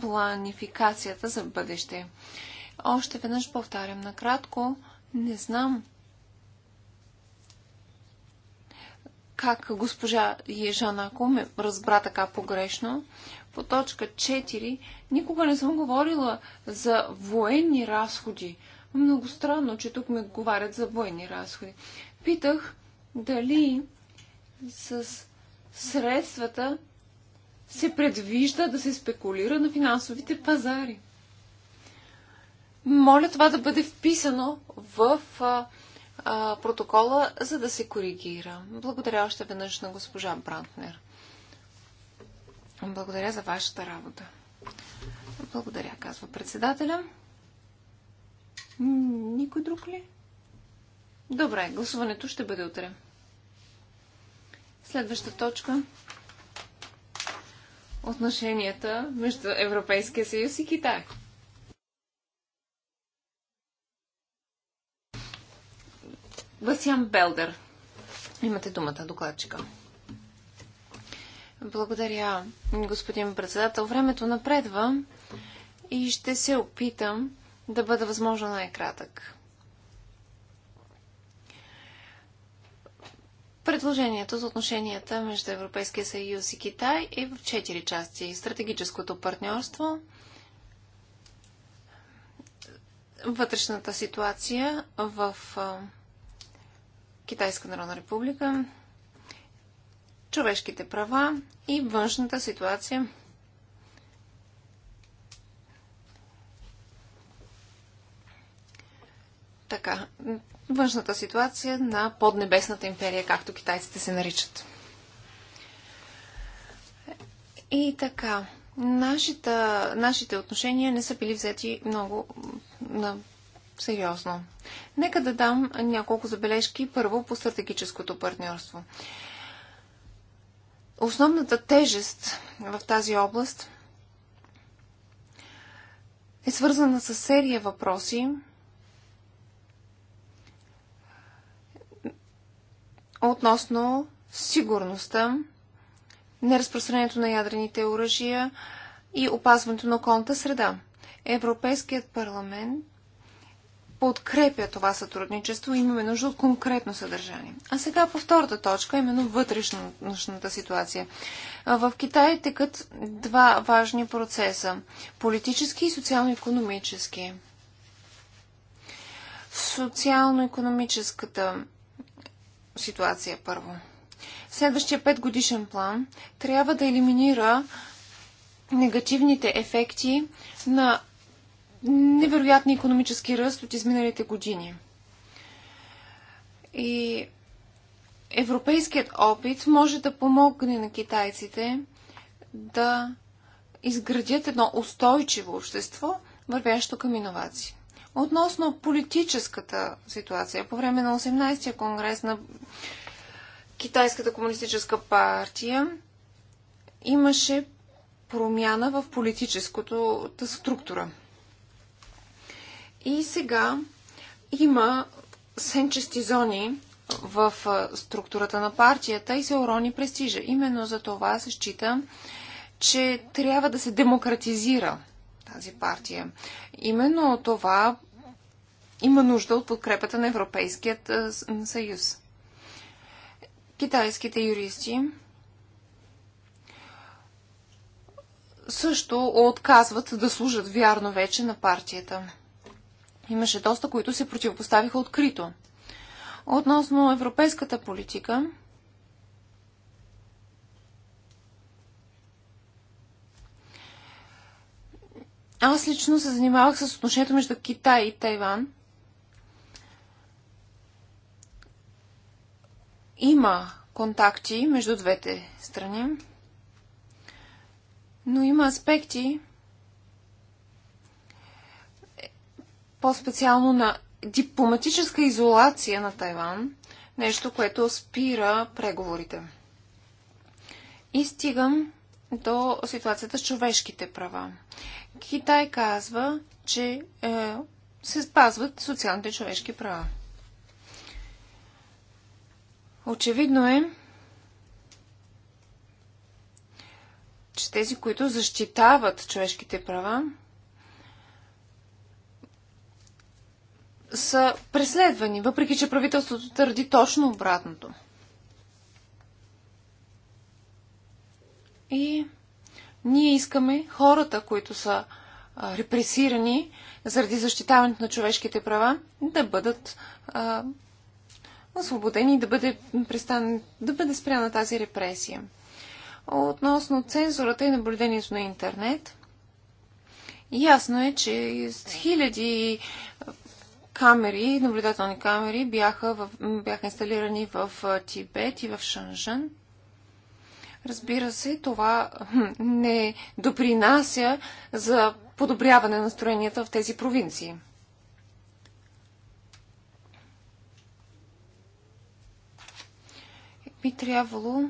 планификацията за бъдеще. Още веднъж повтарям накратко, не знам как госпожа Ежана ме разбра така погрешно. По точка 4 никога не съм говорила за военни разходи. Много странно, че тук ме говорят за военни разходи. Питах дали с средствата се предвижда да се спекулира на финансовите пазари. Моля това да бъде вписано в а, а, протокола, за да се коригира. Благодаря още веднъж на госпожа Брантнер. Благодаря за вашата работа. Благодаря, казва председателя. Никой друг ли? Добре, гласуването ще бъде утре. Следваща точка. Отношенията между Европейския съюз и Китай. Васян Белдер. Имате думата, докладчика. Благодаря, господин председател. Времето напредва и ще се опитам да бъда възможно най-кратък. Предложението за отношенията между Европейския съюз и Китай е в четири части. Стратегическото партньорство, вътрешната ситуация в Китайска Народна република, човешките права и външната ситуация Така, външната ситуация на поднебесната империя, както китайците се наричат. И така, нашите, нашите отношения не са били взети много на сериозно. Нека да дам няколко забележки първо по стратегическото партньорство. Основната тежест в тази област е свързана с серия въпроси, относно сигурността, неразпространението на ядрените оръжия и опазването на околната среда. Европейският парламент подкрепя това сътрудничество и имаме нужда от конкретно съдържание. А сега по втората точка, именно вътрешната ситуация. В Китай текат два важни процеса политически и социално-економически. Социално-економическата ситуация първо. Следващия петгодишен план трябва да елиминира негативните ефекти на невероятни економически ръст от изминалите години. И европейският опит може да помогне на китайците да изградят едно устойчиво общество, вървящо към иновации. Относно политическата ситуация, по време на 18-я конгрес на Китайската комунистическа партия имаше промяна в политическото структура. И сега има сенчести зони в структурата на партията и се урони престижа. Именно за това се счита, че трябва да се демократизира тази партия. Именно това има нужда от подкрепата на Европейският съюз. Китайските юристи също отказват да служат вярно вече на партията. Имаше доста, които се противопоставиха открито. Относно европейската политика, аз лично се занимавах с отношението между Китай и Тайван – Има контакти между двете страни, но има аспекти, по-специално на дипломатическа изолация на Тайван, нещо, което спира преговорите. И стигам до ситуацията с човешките права. Китай казва, че е, се спазват социалните човешки права. Очевидно е, че тези, които защитават човешките права, са преследвани, въпреки че правителството твърди точно обратното. И ние искаме хората, които са репресирани заради защитаването на човешките права, да бъдат освободени и да бъде, престан, да бъде спряна тази репресия. Относно цензурата и наблюдението на интернет, ясно е, че хиляди камери, наблюдателни камери бяха, в, бяха инсталирани в Тибет и в Шанжан. Разбира се, това не допринася за подобряване на настроенията в тези провинции. би трябвало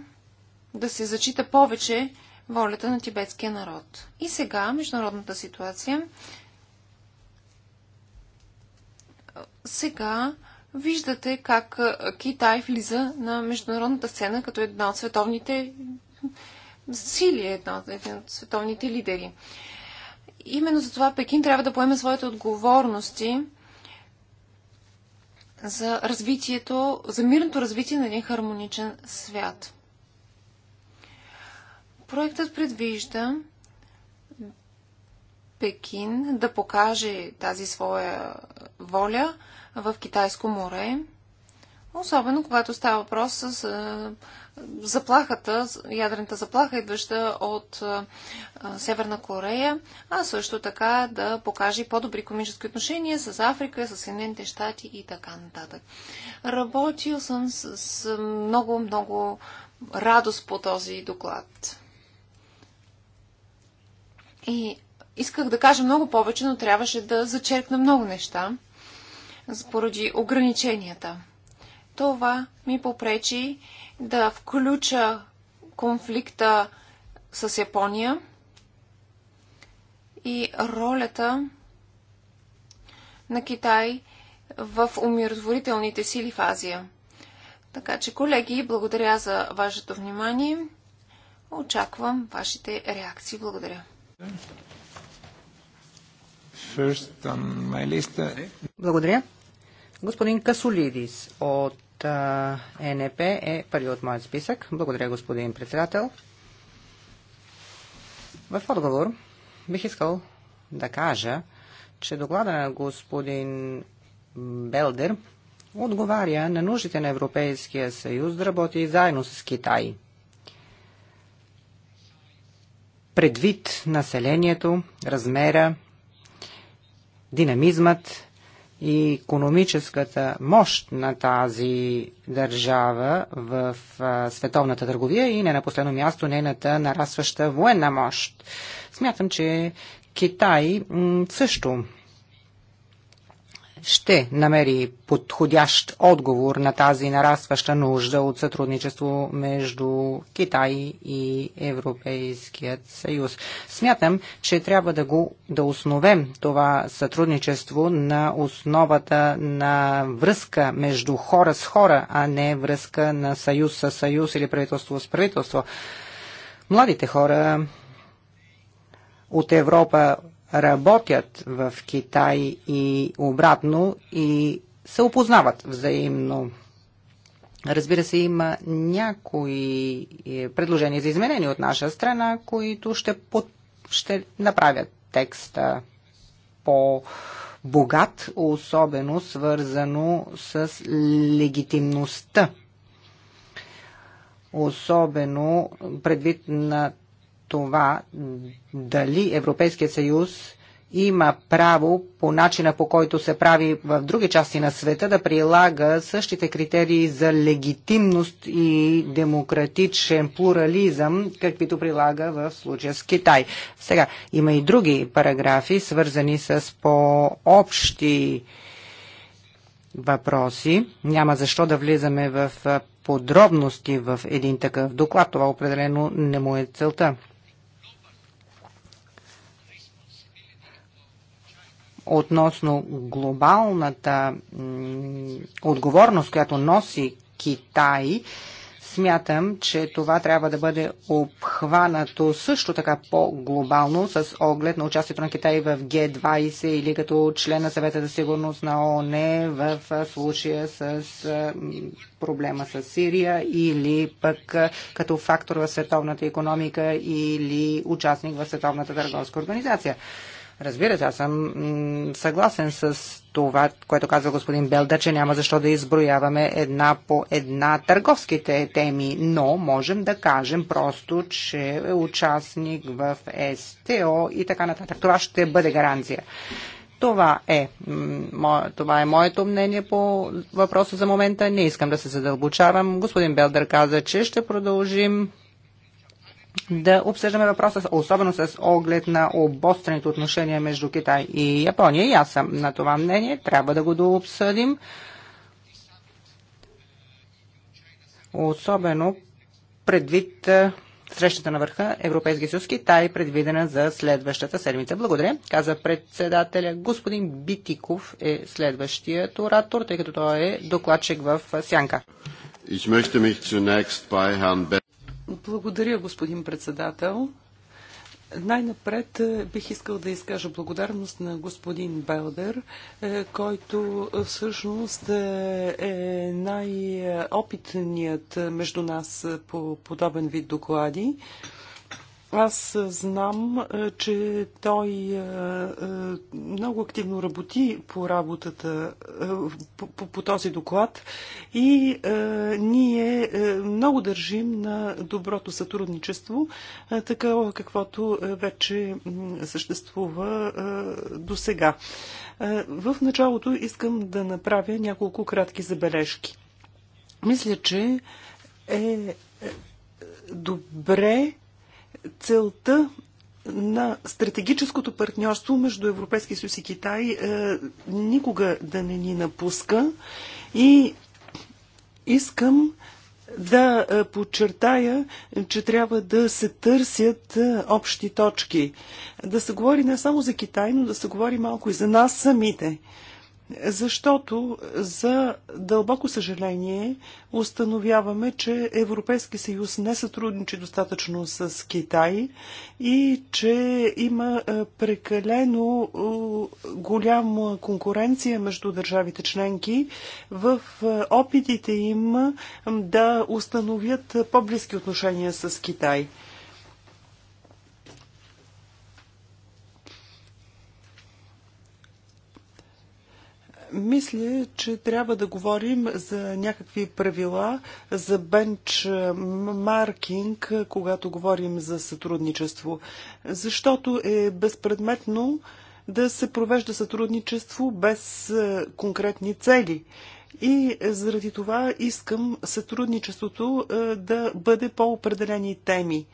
да се зачита повече волята на тибетския народ. И сега международната ситуация. Сега виждате как Китай влиза на международната сцена като една от световните сили, една от, една от световните лидери. Именно за това Пекин трябва да поеме своите отговорности за развитието, за мирното развитие на един хармоничен свят. Проектът предвижда Пекин да покаже тази своя воля в Китайско море, особено когато става въпрос за заплахата, ядрената заплаха, идваща от Северна Корея, а също така да покаже по-добри комически отношения с Африка, с Съединените щати и така нататък. Работил съм с много-много радост по този доклад. И исках да кажа много повече, но трябваше да зачеркна много неща поради ограниченията. Това ми попречи да включа конфликта с Япония и ролята на Китай в умиротворителните сили в Азия. Така че, колеги, благодаря за вашето внимание. Очаквам вашите реакции. Благодаря. Uh, благодаря. Господин Касулидис, от НП ЕНП е, е първи от моят списък. Благодаря, господин председател. В отговор бих искал да кажа, че доклада на господин Белдер отговаря на нуждите на Европейския съюз да работи заедно с Китай. Предвид населението, размера, динамизмът и економическата мощ на тази държава в световната търговия и не на последно място нейната нарастваща военна мощ. Смятам, че Китай също ще намери подходящ отговор на тази нарастваща нужда от сътрудничество между Китай и Европейският съюз. Смятам, че трябва да го да основем това сътрудничество на основата на връзка между хора с хора, а не връзка на съюз с съюз или правителство с правителство. Младите хора от Европа работят в Китай и обратно и се опознават взаимно. Разбира се, има някои е, предложения за изменения от наша страна, които ще, под... ще направят текста по богат, особено свързано с легитимността. Особено предвид на това дали Европейският съюз има право по начина по който се прави в други части на света да прилага същите критерии за легитимност и демократичен плурализъм, каквито прилага в случая с Китай. Сега, има и други параграфи, свързани с по-общи въпроси. Няма защо да влизаме в подробности в един такъв доклад. Това определено не му е целта. относно глобалната отговорност, която носи Китай, смятам, че това трябва да бъде обхванато също така по-глобално с оглед на участието на Китай в Г-20 или като член на съвета за сигурност на ООН в случая с проблема с Сирия или пък като фактор в световната економика или участник в Световната търговска организация. Разбира се, аз съм съгласен с това, което каза господин Белда, че няма защо да изброяваме една по една търговските теми, но можем да кажем просто, че е участник в СТО и така нататък. Това ще бъде гаранция. Това е, това е моето мнение по въпроса за момента. Не искам да се задълбочавам. Господин Белдър каза, че ще продължим да обсъждаме въпроса, особено с оглед на обострените отношения между Китай и Япония. И аз съм на това мнение. Трябва да го дообсъдим. Особено предвид срещата на върха Европейски съюз Китай, предвидена за следващата седмица. Благодаря, каза председателя. Господин Битиков е следващият оратор, тъй като той е докладчик в Сянка. Ich möchte mich zunächst bei Herrn благодаря, господин председател. Най-напред е, бих искал да изкажа благодарност на господин Белдер, е, който е, всъщност е най-опитният между нас по подобен вид доклади. Аз знам, е, че той е, е, много активно работи по работата, по, по, по този доклад и ние много държим на доброто сътрудничество, така каквото вече съществува до сега. В началото искам да направя няколко кратки забележки. Мисля, че е добре целта на стратегическото партньорство между Европейски съюз и Китай е, никога да не ни напуска и искам да е, подчертая, че трябва да се търсят е, общи точки. Да се говори не само за Китай, но да се говори малко и за нас самите защото за дълбоко съжаление установяваме, че Европейски съюз не сътрудничи достатъчно с Китай и че има е, прекалено е, голяма конкуренция между държавите членки в е, опитите им да установят по-близки отношения с Китай. Мисля, че трябва да говорим за някакви правила, за бенч маркинг, когато говорим за сътрудничество. Защото е безпредметно да се провежда сътрудничество без е, конкретни цели. И заради това искам сътрудничеството е, да бъде по определени теми.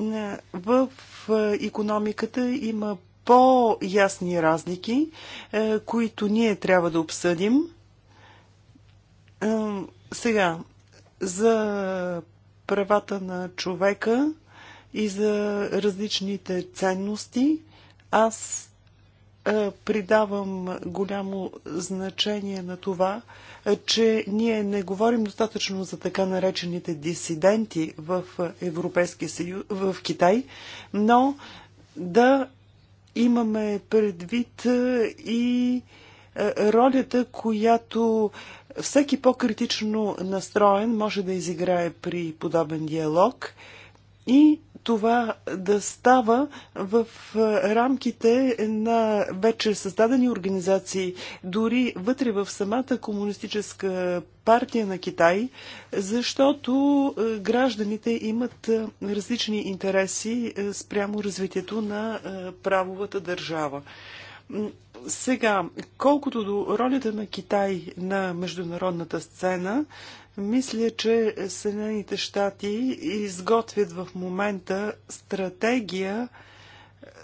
Е, в економиката има по-ясни разлики, е, които ние трябва да обсъдим. Е, сега, за правата на човека и за различните ценности, аз е, придавам голямо значение на това, че ние не говорим достатъчно за така наречените дисиденти в Европейския съюз, в Китай, но да имаме предвид и ролята, която всеки по-критично настроен може да изиграе при подобен диалог и това да става в рамките на вече създадени организации, дори вътре в самата комунистическа партия на Китай, защото гражданите имат различни интереси спрямо развитието на правовата държава. Сега, колкото до ролята на Китай на международната сцена, мисля, че Съединените щати изготвят в момента стратегия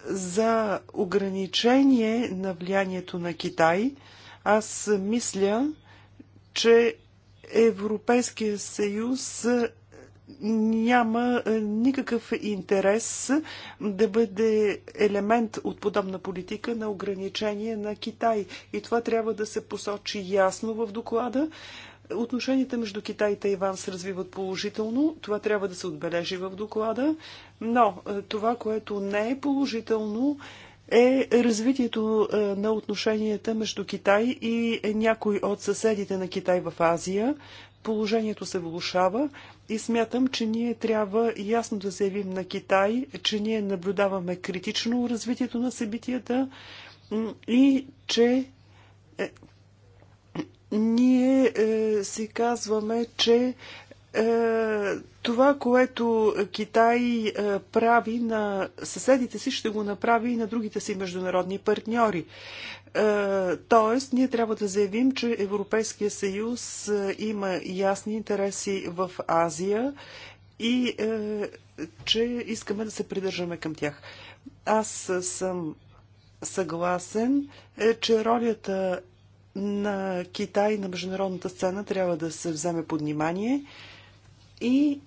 за ограничение на влиянието на Китай. Аз мисля, че Европейския съюз няма е, никакъв интерес да бъде елемент от подобна политика на ограничение на Китай. И това трябва да се посочи ясно в доклада. Отношенията между Китай и Тайван се развиват положително. Това трябва да се отбележи в доклада. Но е, това, което не е положително, е развитието е, на отношенията между Китай и някои от съседите на Китай в Азия. Положението се влушава и смятам, че ние трябва ясно да заявим на Китай, че ние наблюдаваме критично развитието на събитията и че е, ние е, си казваме, че е, това, което Китай е, прави на съседите си, ще го направи и на другите си международни партньори. Е, тоест, ние трябва да заявим, че Европейския съюз е, има ясни интереси в Азия и е, че искаме да се придържаме към тях. Аз съм съгласен, че ролята на Китай на международната сцена трябва да се вземе под внимание и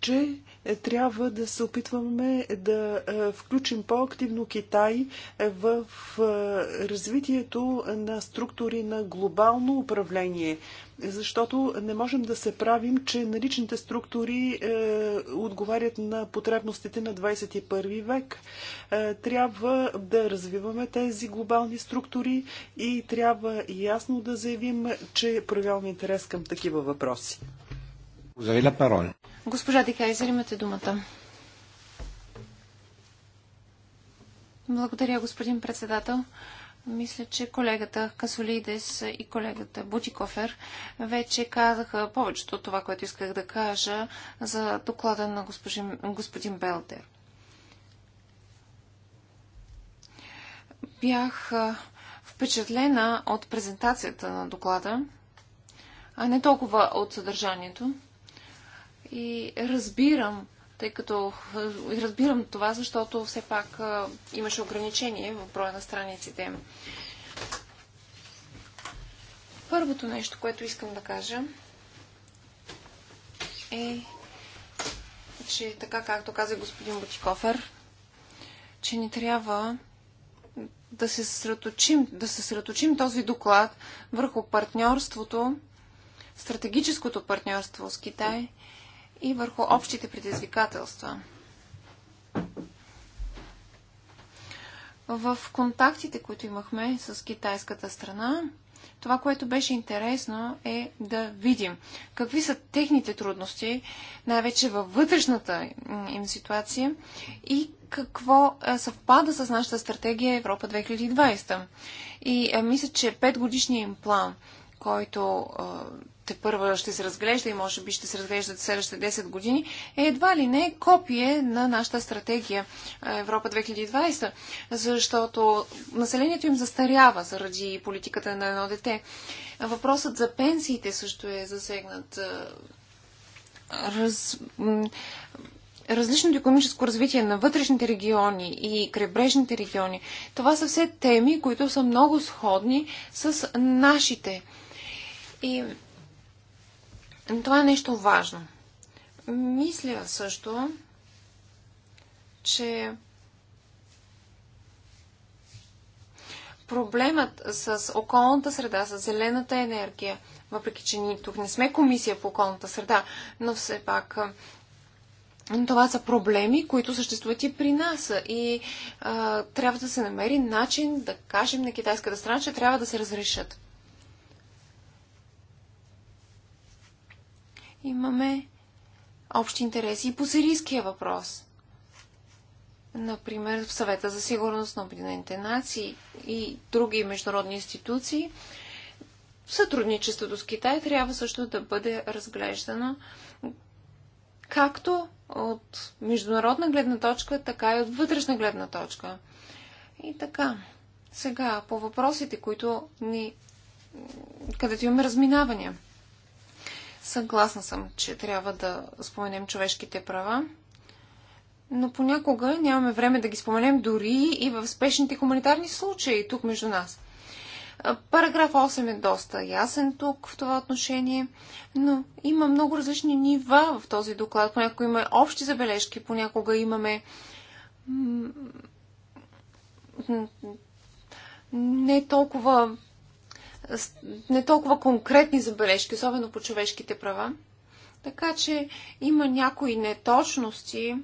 че трябва да се опитваме да е, включим по-активно Китай в е, развитието на структури на глобално управление, защото не можем да се правим, че наличните структури е, отговарят на потребностите на 21 век. Е, трябва да развиваме тези глобални структури и трябва ясно да заявим, че проявяваме интерес към такива въпроси. Завила пароль. Госпожа Дикайзер, имате думата. Благодаря, господин председател. Мисля, че колегата Касолидес и колегата Бутикофер вече казаха повечето от това, което исках да кажа за доклада на господин, господин Белдер. Бях впечатлена от презентацията на доклада, а не толкова от съдържанието. И разбирам, тъй като разбирам това, защото все пак имаше ограничение в броя на страниците. Първото нещо, което искам да кажа е, че така както каза господин Бутикофер, че ни трябва да се съсредоточим, да се съсредоточим този доклад върху партньорството, стратегическото партньорство с Китай – и върху общите предизвикателства. В контактите, които имахме с китайската страна, това, което беше интересно е да видим какви са техните трудности, най-вече във вътрешната им ситуация и какво съвпада с нашата стратегия Европа 2020. И мисля, че петгодишният им план, който те първа ще се разглежда и може би ще се разглеждат следващите 10 години, е едва ли не копие на нашата стратегия Европа 2020, защото населението им застарява заради политиката на едно дете. Въпросът за пенсиите също е засегнат. Раз... Различното економическо развитие на вътрешните региони и крайбрежните региони, това са все теми, които са много сходни с нашите. И но това е нещо важно. Мисля също, че проблемът с околната среда, с зелената енергия, въпреки че ние тук не сме комисия по околната среда, но все пак това са проблеми, които съществуват и при нас. И а, трябва да се намери начин да кажем на китайската страна, че трябва да се разрешат. имаме общи интереси и по сирийския въпрос. Например, в съвета за сигурност на Обединените нации и други международни институции, сътрудничеството с Китай трябва също да бъде разглеждано както от международна гледна точка, така и от вътрешна гледна точка. И така, сега по въпросите, които ни... където имаме разминавания – Съгласна съм, че трябва да споменем човешките права, но понякога нямаме време да ги споменем дори и в спешните хуманитарни случаи тук между нас. Параграф 8 е доста ясен тук в това отношение, но има много различни нива в този доклад. Понякога има общи забележки, понякога имаме не толкова не толкова конкретни забележки, особено по човешките права. Така че има някои неточности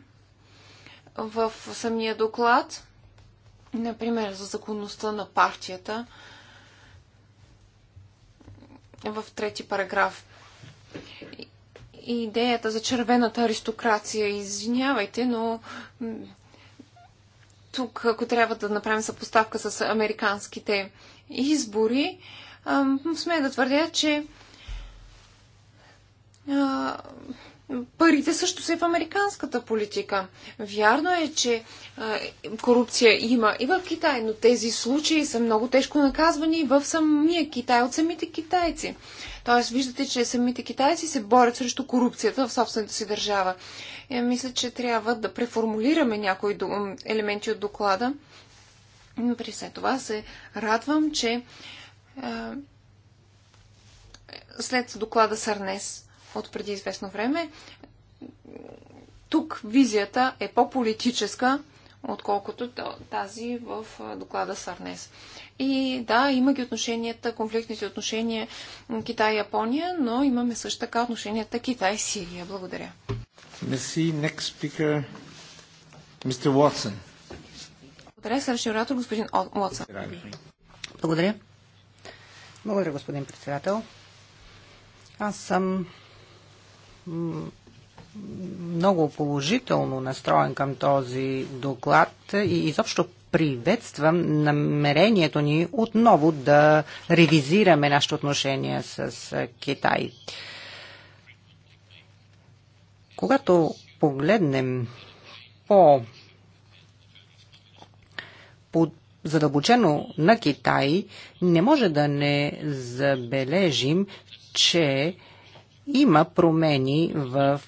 в самия доклад, например за законността на партията в трети параграф. И идеята за червената аристокрация, извинявайте, но тук, ако трябва да направим съпоставка с американските избори, смея да твърдя, че а, парите също са и в американската политика. Вярно е, че а, корупция има и в Китай, но тези случаи са много тежко наказвани в самия Китай от самите китайци. Тоест, виждате, че самите китайци се борят срещу корупцията в собствената си държава. Я е, мисля, че трябва да преформулираме някои елементи от доклада. При след това се радвам, че след доклада Сарнес от преди известно време. Тук визията е по-политическа, отколкото тази в доклада Сарнес. И да, има ги отношенията, конфликтните отношения Китай-Япония, но имаме също така отношенията Китай-Сирия. Благодаря. Merci. Next speaker, Mr. Watson. Благодаря, следващия оратор, господин Уотсън. Благодаря. Благодаря, господин председател. Аз съм много положително настроен към този доклад и изобщо приветствам намерението ни отново да ревизираме нашите отношения с Китай. Когато погледнем по, задълбочено на Китай, не може да не забележим, че има промени в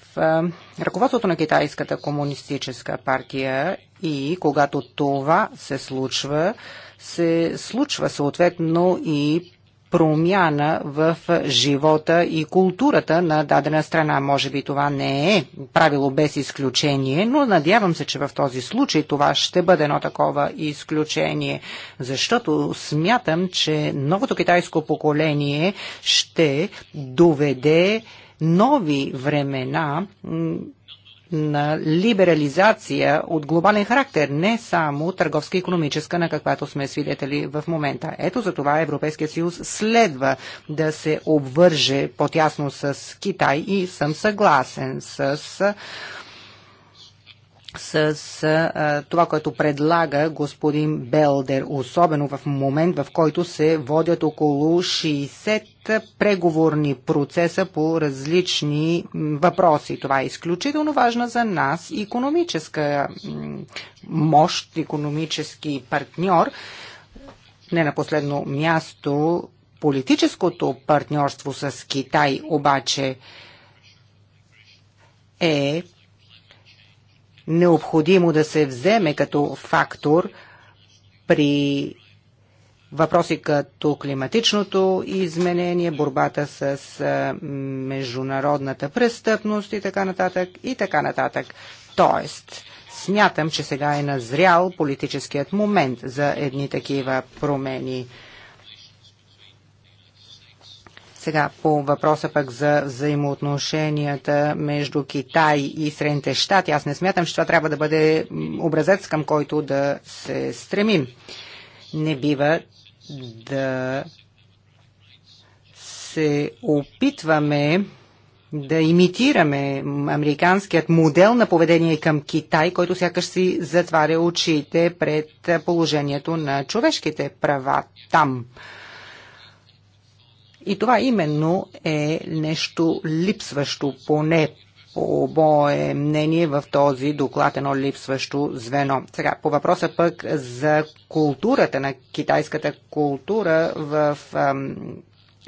ръководството на Китайската комунистическа партия и когато това се случва, се случва съответно и промяна в живота и културата на дадена страна. Може би това не е правило без изключение, но надявам се, че в този случай това ще бъде едно такова изключение, защото смятам, че новото китайско поколение ще доведе нови времена на либерализация от глобален характер, не само търговска и економическа, на каквато сме свидетели в момента. Ето за това Европейския съюз следва да се обвърже по-тясно с Китай и съм съгласен с с а, това, което предлага господин Белдер, особено в момент, в който се водят около 60 преговорни процеса по различни въпроси. Това е изключително важна за нас економическа мощ, економически партньор. Не на последно място, политическото партньорство с Китай обаче е необходимо да се вземе като фактор при въпроси като климатичното изменение, борбата с международната престъпност и така нататък и така нататък. Тоест, смятам, че сега е назрял политическият момент за едни такива промени. Сега по въпроса пък за взаимоотношенията между Китай и Средните щати. Аз не смятам, че това трябва да бъде образец, към който да се стремим. Не бива да се опитваме да имитираме американският модел на поведение към Китай, който сякаш си затваря очите пред положението на човешките права там. И това именно е нещо липсващо, поне по мое мнение в този доклад едно липсващо звено. Сега, по въпроса пък за културата на китайската култура в ам,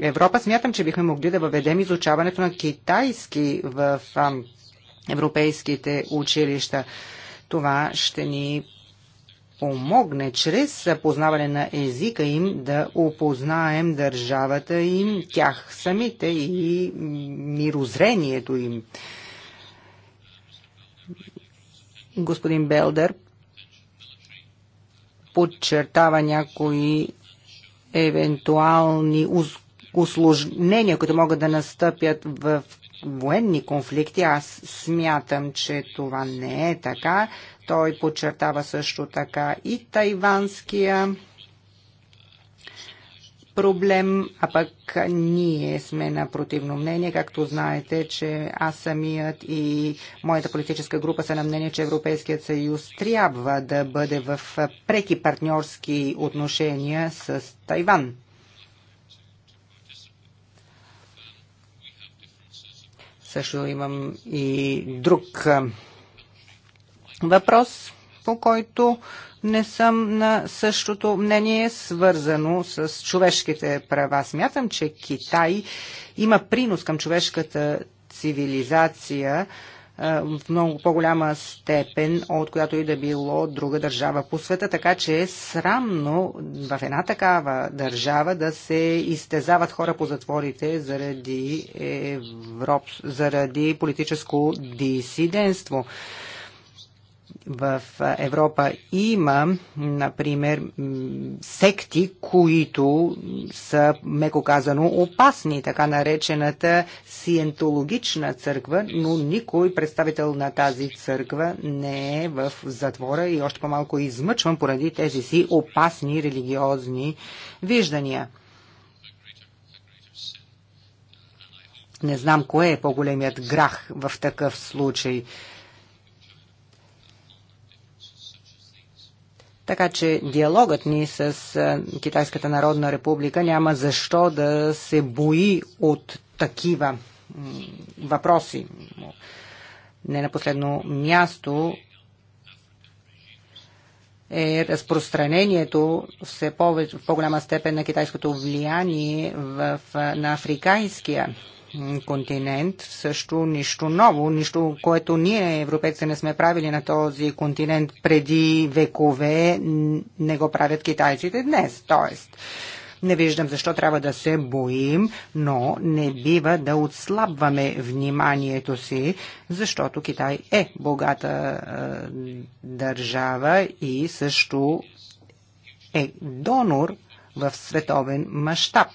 Европа, смятам, че бихме могли да въведем изучаването на китайски в ам, европейските училища. Това ще ни помогне чрез познаване на езика им да опознаем държавата им, тях самите и мирозрението им. Господин Белдер подчертава някои евентуални усложнения, които могат да настъпят в военни конфликти. Аз смятам, че това не е така. Той подчертава също така и тайванския проблем, а пък ние сме на противно мнение. Както знаете, че аз самият и моята политическа група са на мнение, че Европейският съюз трябва да бъде в преки партньорски отношения с Тайван. Също имам и друг въпрос, по който не съм на същото мнение, свързано с човешките права. Смятам, че Китай има принос към човешката цивилизация в много по-голяма степен, от която и да било друга държава по света. Така че е срамно в една такава държава да се изтезават хора по затворите заради, Европ... заради политическо дисиденство в Европа има, например, секти, които са, меко казано, опасни, така наречената сиентологична църква, но никой представител на тази църква не е в затвора и още по-малко измъчван поради тези си опасни религиозни виждания. Не знам кое е по-големият грах в такъв случай. Така че диалогът ни с Китайската народна република няма защо да се бои от такива въпроси. Не на последно място е разпространението все повече, в по-голяма степен на китайското влияние в, на африканския континент също нищо ново, нищо, което ние, европейци, не сме правили на този континент преди векове, не го правят китайците днес. Тоест, не виждам защо трябва да се боим, но не бива да отслабваме вниманието си, защото Китай е богата е, държава и също е донор в световен мащаб.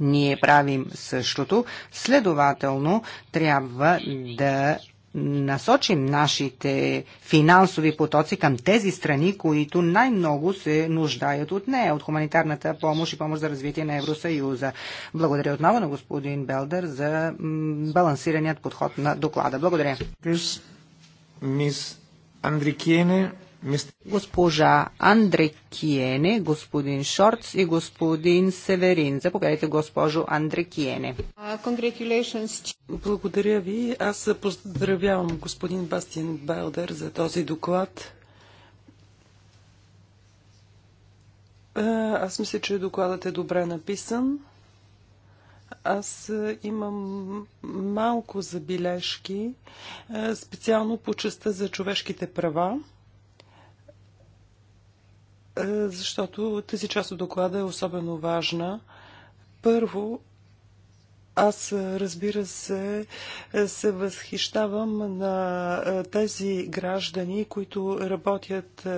Ние правим същото. Следователно, трябва да насочим нашите финансови потоци към тези страни, които най-много се нуждаят от нея, от хуманитарната помощ и помощ за развитие на Евросъюза. Благодаря отново на господин Белдер за балансираният подход на доклада. Благодаря. Мис Андрикиене госпожа Андре Киене, господин Шорц и господин Северин. Заповядайте, госпожо Андре Киене. Благодаря ви. Аз поздравявам господин Бастин Байлдер за този доклад. Аз мисля, че докладът е добре написан. Аз имам малко забележки, специално по частта за човешките права. Е, защото тази част от доклада е особено важна. Първо, аз, разбира се, се възхищавам на е, тези граждани, които работят е,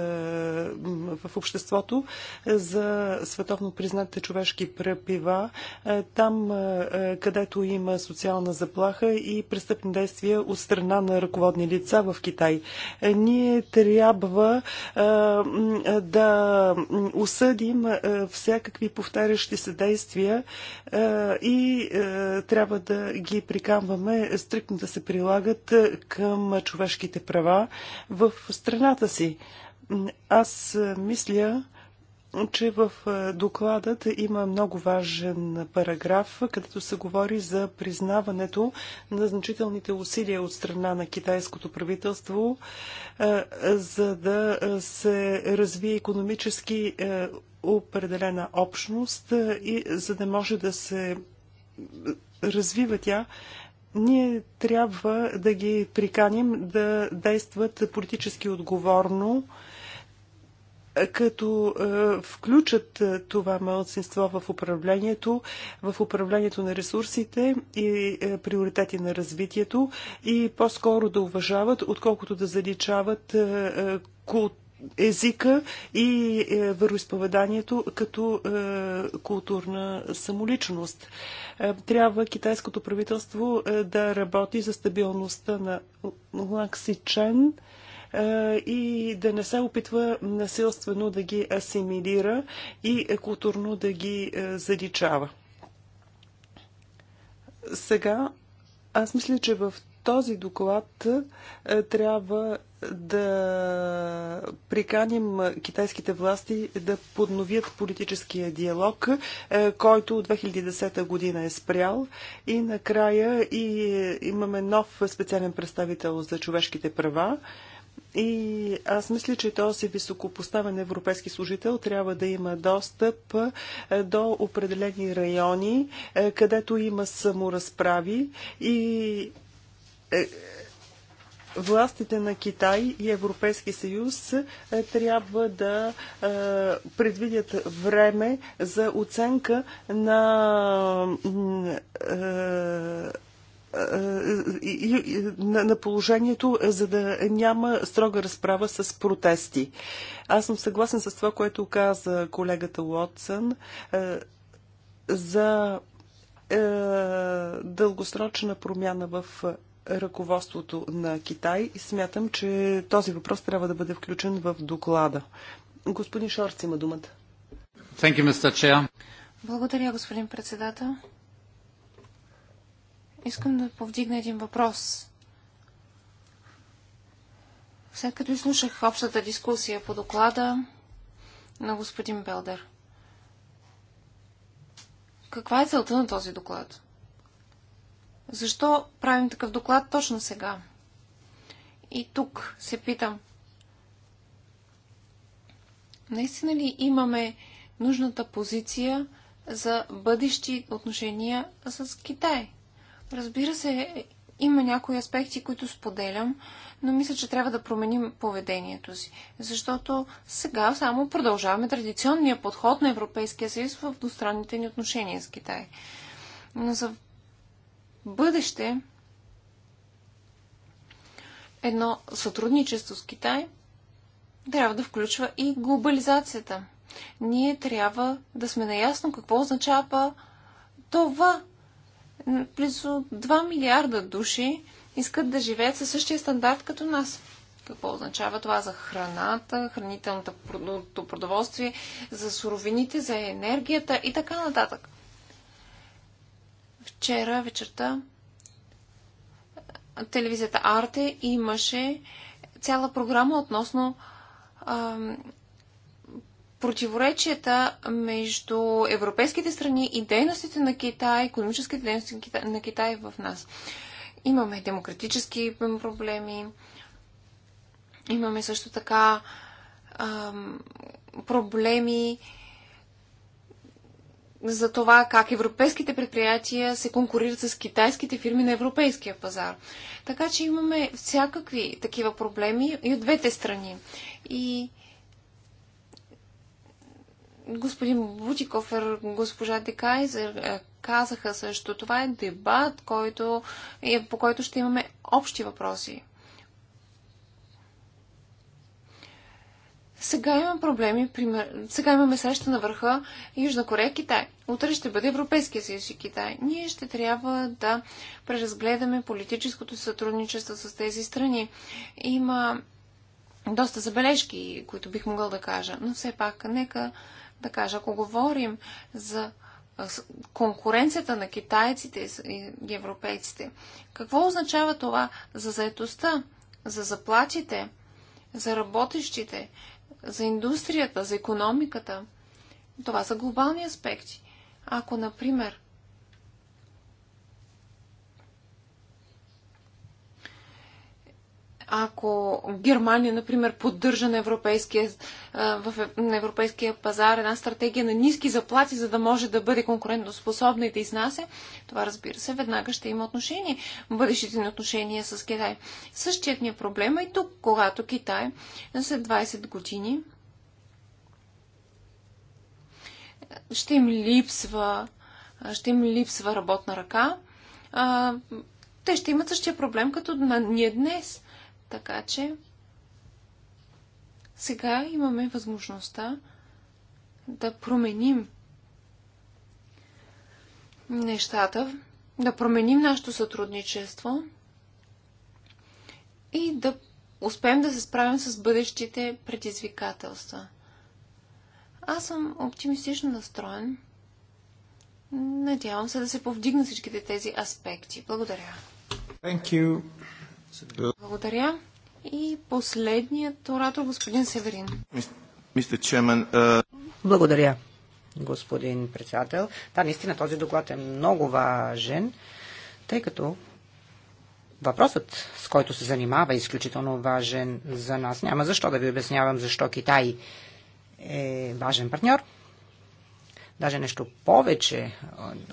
в обществото е, за световно признатите човешки препива, там където има социална заплаха и престъпни действия от страна на ръководни лица в Китай. Ние трябва да осъдим всякакви повтарящи се действия и трябва да ги приканваме стрикно да се прилагат е, към човешките права в страната си. Аз е, мисля, че в е, докладът има много важен параграф, където се говори за признаването на значителните усилия от страна на китайското правителство, за да се развие економически определена общност и за да може да се развива тя, ние трябва да ги приканим да действат политически отговорно, като е, включат е, това мълцинство в управлението, в управлението на ресурсите и е, приоритети на развитието и по-скоро да уважават, отколкото да заличават културата. култ езика и е, вероисповеданието като е, културна самоличност. Е, трябва китайското правителство е, да работи за стабилността на Лакси Чен е, и да не се опитва насилствено да ги асимилира и е, културно да ги е, заличава. Сега, аз мисля, че в този доклад трябва да приканим китайските власти да подновят политическия диалог, е, който от 2010 година е спрял. И накрая и имаме нов специален представител за човешките права. И аз мисля, че този високопоставен европейски служител трябва да има достъп е, до определени райони, е, където има саморазправи и властите на Китай и Европейски съюз е, трябва да е, предвидят време за оценка е, на на положението, за да няма строга разправа с протести. Аз съм съгласен с това, което каза колегата Уотсън за дългосрочна промяна в ръководството на Китай. и Смятам, че този въпрос трябва да бъде включен в доклада. Господин Шорц има думата. You, Благодаря, господин председател. Искам да повдигна един въпрос. След като изслушах общата дискусия по доклада на господин Белдер, каква е целта на този доклад? Защо правим такъв доклад точно сега? И тук се питам, наистина ли имаме нужната позиция за бъдещи отношения с Китай? Разбира се, има някои аспекти, които споделям, но мисля, че трябва да променим поведението си. Защото сега само продължаваме традиционния подход на Европейския съюз в двустранните ни отношения с Китай. Но за бъдеще едно сътрудничество с Китай трябва да включва и глобализацията. Ние трябва да сме наясно какво означава това. Близо 2 милиарда души искат да живеят със същия стандарт като нас. Какво означава това за храната, хранителното продоволствие, за суровините, за енергията и така нататък. Вчера вечерта телевизията Арте имаше цяла програма относно а, противоречията между европейските страни и дейностите на Китай, економическите дейности на Китай в нас. Имаме демократически проблеми, имаме също така а, проблеми за това как европейските предприятия се конкурират с китайските фирми на европейския пазар. Така че имаме всякакви такива проблеми и от двете страни. И господин Бутиков, госпожа Декайзер казаха също, това е дебат, който, е, по който ще имаме общи въпроси. Сега имам проблеми, пример... сега имаме среща на върха Южна Корея, Китай. Утре ще бъде Европейския съюз и Китай. Ние ще трябва да преразгледаме политическото сътрудничество с тези страни. Има доста забележки, които бих могъл да кажа, но все пак нека да кажа, ако говорим за конкуренцията на китайците и европейците, какво означава това за заетостта, за заплатите, за работещите, за индустрията, за економиката. Това са глобални аспекти. Ако, например, Ако Германия, например, поддържа на европейския, в, на европейския пазар една стратегия на ниски заплати, за да може да бъде конкурентоспособна и да изнася, това разбира се, веднага ще има отношение, бъдещите ни отношения с Китай. Същият ни е проблем е и тук, когато Китай след 20 години ще им липсва, ще им липсва работна ръка, те ще имат същия проблем като на ние днес. Така че сега имаме възможността да променим нещата, да променим нашето сътрудничество и да успеем да се справим с бъдещите предизвикателства. Аз съм оптимистично настроен. Надявам се да се повдигна всичките тези аспекти. Благодаря. Thank you. Благодаря. И последният оратор, господин Северин. Благодаря, господин председател. Да, наистина този доклад е много важен, тъй като въпросът, с който се занимава, е изключително важен за нас. Няма защо да ви обяснявам защо Китай е важен партньор. Даже нещо повече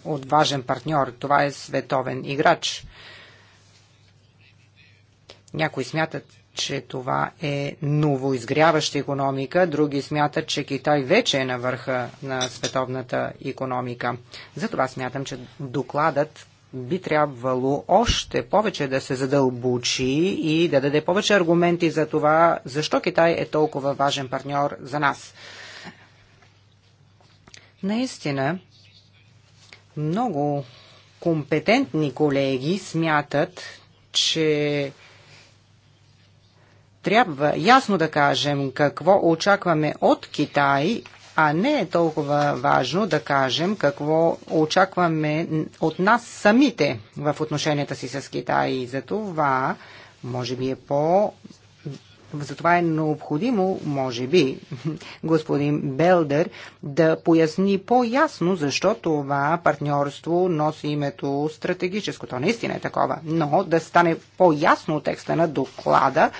от важен партньор. Това е световен играч. Някои смятат, че това е новоизгряваща економика, други смятат, че Китай вече е на върха на световната економика. Затова смятам, че докладът би трябвало още повече да се задълбочи и да даде повече аргументи за това, защо Китай е толкова важен партньор за нас. Наистина, много компетентни колеги смятат, че трябва ясно да кажем какво очакваме от Китай, а не е толкова важно да кажем какво очакваме от нас самите в отношенията си с Китай. И за това, може би е по... За това е необходимо, може би, *laughs* господин Белдер да поясни по-ясно защо това партньорство носи името стратегическото. Наистина е такова, но да стане по-ясно текста на доклада,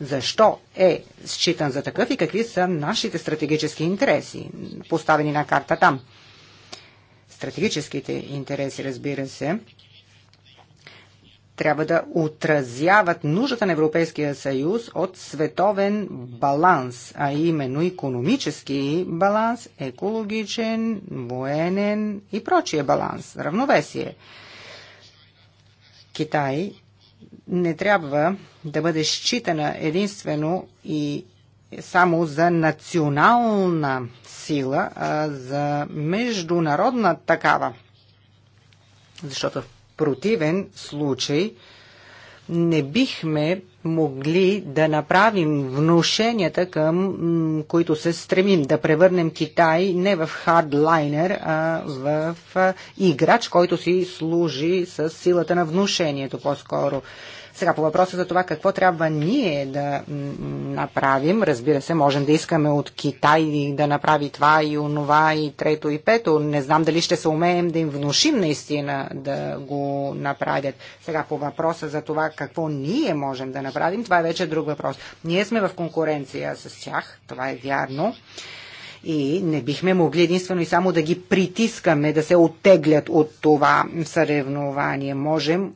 защо е считан за такъв и какви са нашите стратегически интереси, поставени на карта там? Стратегическите интереси, разбира се, трябва да отразяват нуждата на Европейския съюз от световен баланс, а именно економически баланс, екологичен, военен и прочие баланс, равновесие. Китай не трябва да бъде считана единствено и само за национална сила, а за международна такава. Защото в противен случай не бихме могли да направим внушенията, към които се стремим да превърнем Китай не в хардлайнер, а в играч, който си служи с силата на внушението по-скоро. Сега по въпроса за това какво трябва ние да направим, разбира се, можем да искаме от Китай да направи това и онова и трето и пето. Не знам дали ще се умеем да им внушим наистина да го направят. Сега по въпроса за това какво ние можем да направим, това е вече друг въпрос. Ние сме в конкуренция с тях, това е вярно и не бихме могли единствено и само да ги притискаме да се оттеглят от това съревнование. Можем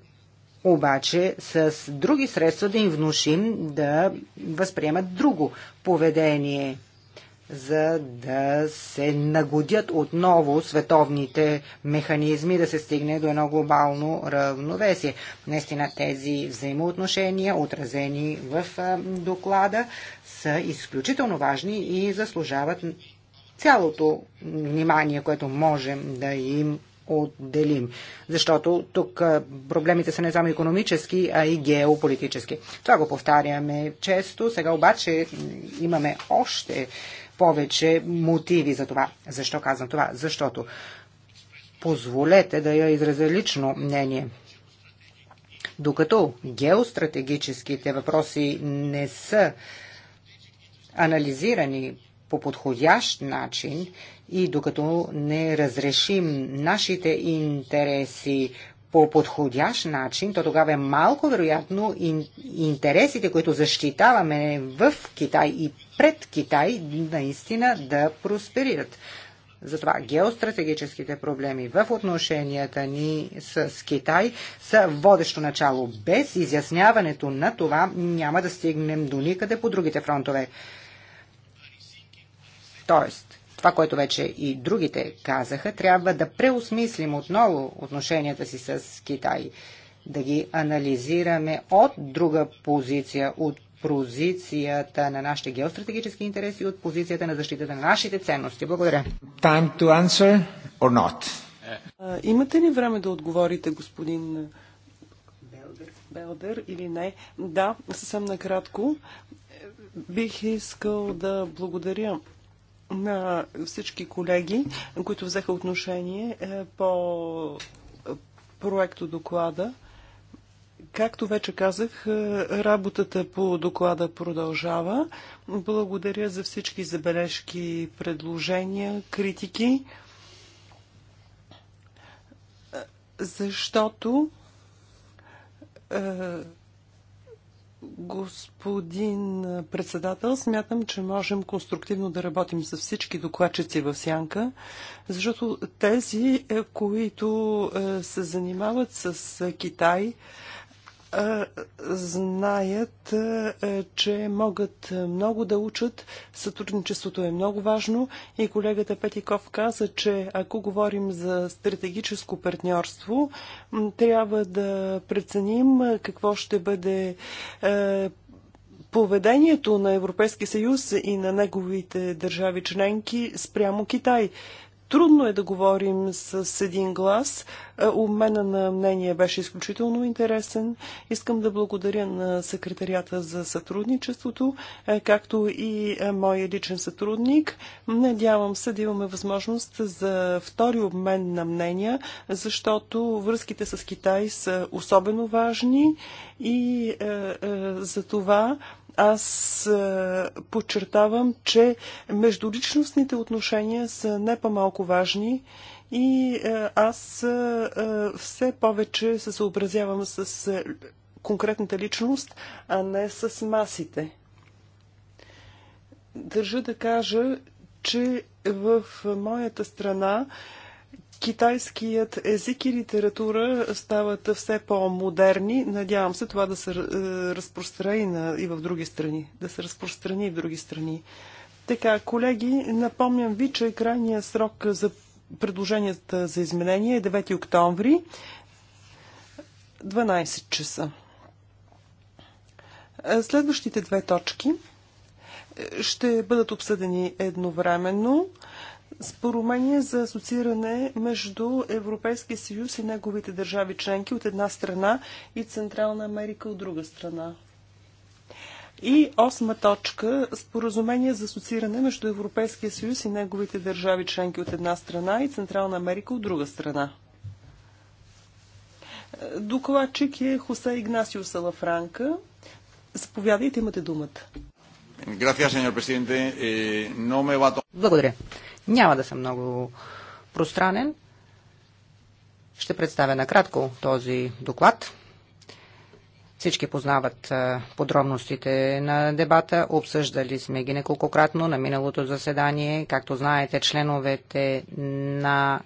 обаче с други средства да им внушим да възприемат друго поведение, за да се нагодят отново световните механизми, да се стигне до едно глобално равновесие. Наистина тези взаимоотношения, отразени в доклада, са изключително важни и заслужават цялото внимание, което можем да им отделим. Защото тук проблемите са не само економически, а и геополитически. Това го повтаряме често. Сега обаче имаме още повече мотиви за това. Защо казвам това? Защото позволете да я изразя лично мнение. Докато геостратегическите въпроси не са анализирани по подходящ начин и докато не разрешим нашите интереси по подходящ начин, то тогава е малко вероятно интересите, които защитаваме в Китай и пред Китай, наистина да просперират. Затова геостратегическите проблеми в отношенията ни с Китай са водещо начало. Без изясняването на това няма да стигнем до никъде по другите фронтове. Тоест, това, което вече и другите казаха, трябва да преосмислим отново отношенията си с Китай, да ги анализираме от друга позиция, от позицията на нашите геостратегически интереси и от позицията на защитата на нашите ценности. Благодаря. Time to answer or not? А, имате ли време да отговорите, господин Белдер, Белдер или не? Да, съвсем накратко. Бих искал да благодаря на всички колеги, които взеха отношение е, по проекто доклада. Както вече казах, е, работата по доклада продължава. Благодаря за всички забележки, предложения, критики, е, защото Господин председател, смятам, че можем конструктивно да работим с всички докладчици в сянка, защото тези, е, които е, се занимават с е, Китай, знаят, че могат много да учат. Сътрудничеството е много важно и колегата Петиков каза, че ако говорим за стратегическо партньорство, трябва да преценим какво ще бъде поведението на Европейския съюз и на неговите държави членки спрямо Китай. Трудно е да говорим с един глас. Е, обмена на мнение беше изключително интересен. Искам да благодаря на секретарията за сътрудничеството, е, както и е, моя личен сътрудник. Надявам се да имаме възможност за втори обмен на мнения, защото връзките с Китай са особено важни и за това аз е, подчертавам, че междуличностните отношения са не по-малко важни и е, аз е, все повече се съобразявам с конкретната личност, а не с масите. Държа да кажа, че в моята страна китайският език и литература стават все по-модерни. Надявам се това да се е, разпространи и в други страни. Да се разпространи и в други страни. Така, колеги, напомням ви, че крайният срок за предложенията за изменение е 9 октомври, 12 часа. Е, следващите две точки е, ще бъдат обсъдени едновременно. Споромение за асоцииране между Европейския съюз и неговите държави членки от една страна и Централна Америка от друга страна. И осма точка – споразумение за асоцииране между Европейския съюз и неговите държави членки от една страна и Централна Америка от друга страна. Докладчик е Хосе Игнасио Салафранка. Заповядайте, имате думата. Eh, Благодаря. Няма да съм много пространен. Ще представя накратко този доклад. Всички познават е, подробностите на дебата. Обсъждали сме ги неколкократно на миналото заседание. Както знаете, членовете на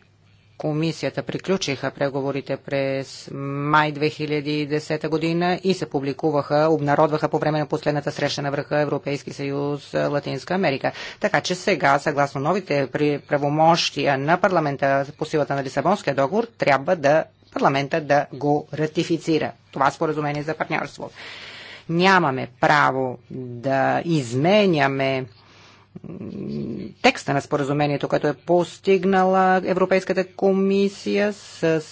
комисията приключиха преговорите през май 2010 година и се публикуваха, обнародваха по време на последната среща на върха Европейски съюз Латинска Америка. Така че сега, съгласно новите правомощия на парламента по силата на Лисабонския договор, трябва да парламента да го ратифицира. Това споразумение за партньорство. Нямаме право да изменяме текста на споразумението, което е постигнала Европейската комисия с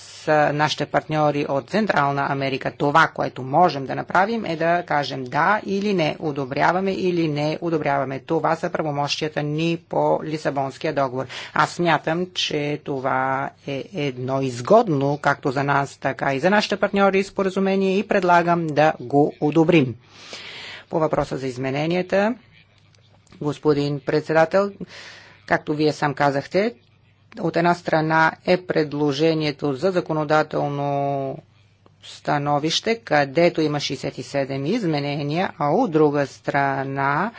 нашите партньори от Централна Америка. Това, което можем да направим е да кажем да или не, одобряваме или не одобряваме. Това са правомощията ни по Лисабонския договор. Аз смятам, че това е едно изгодно, както за нас, така и за нашите партньори споразумение и предлагам да го одобрим. По въпроса за измененията, господин председател. Както вие сам казахте, от една страна е предложението за законодателно становище, където има 67 изменения, а от друга страна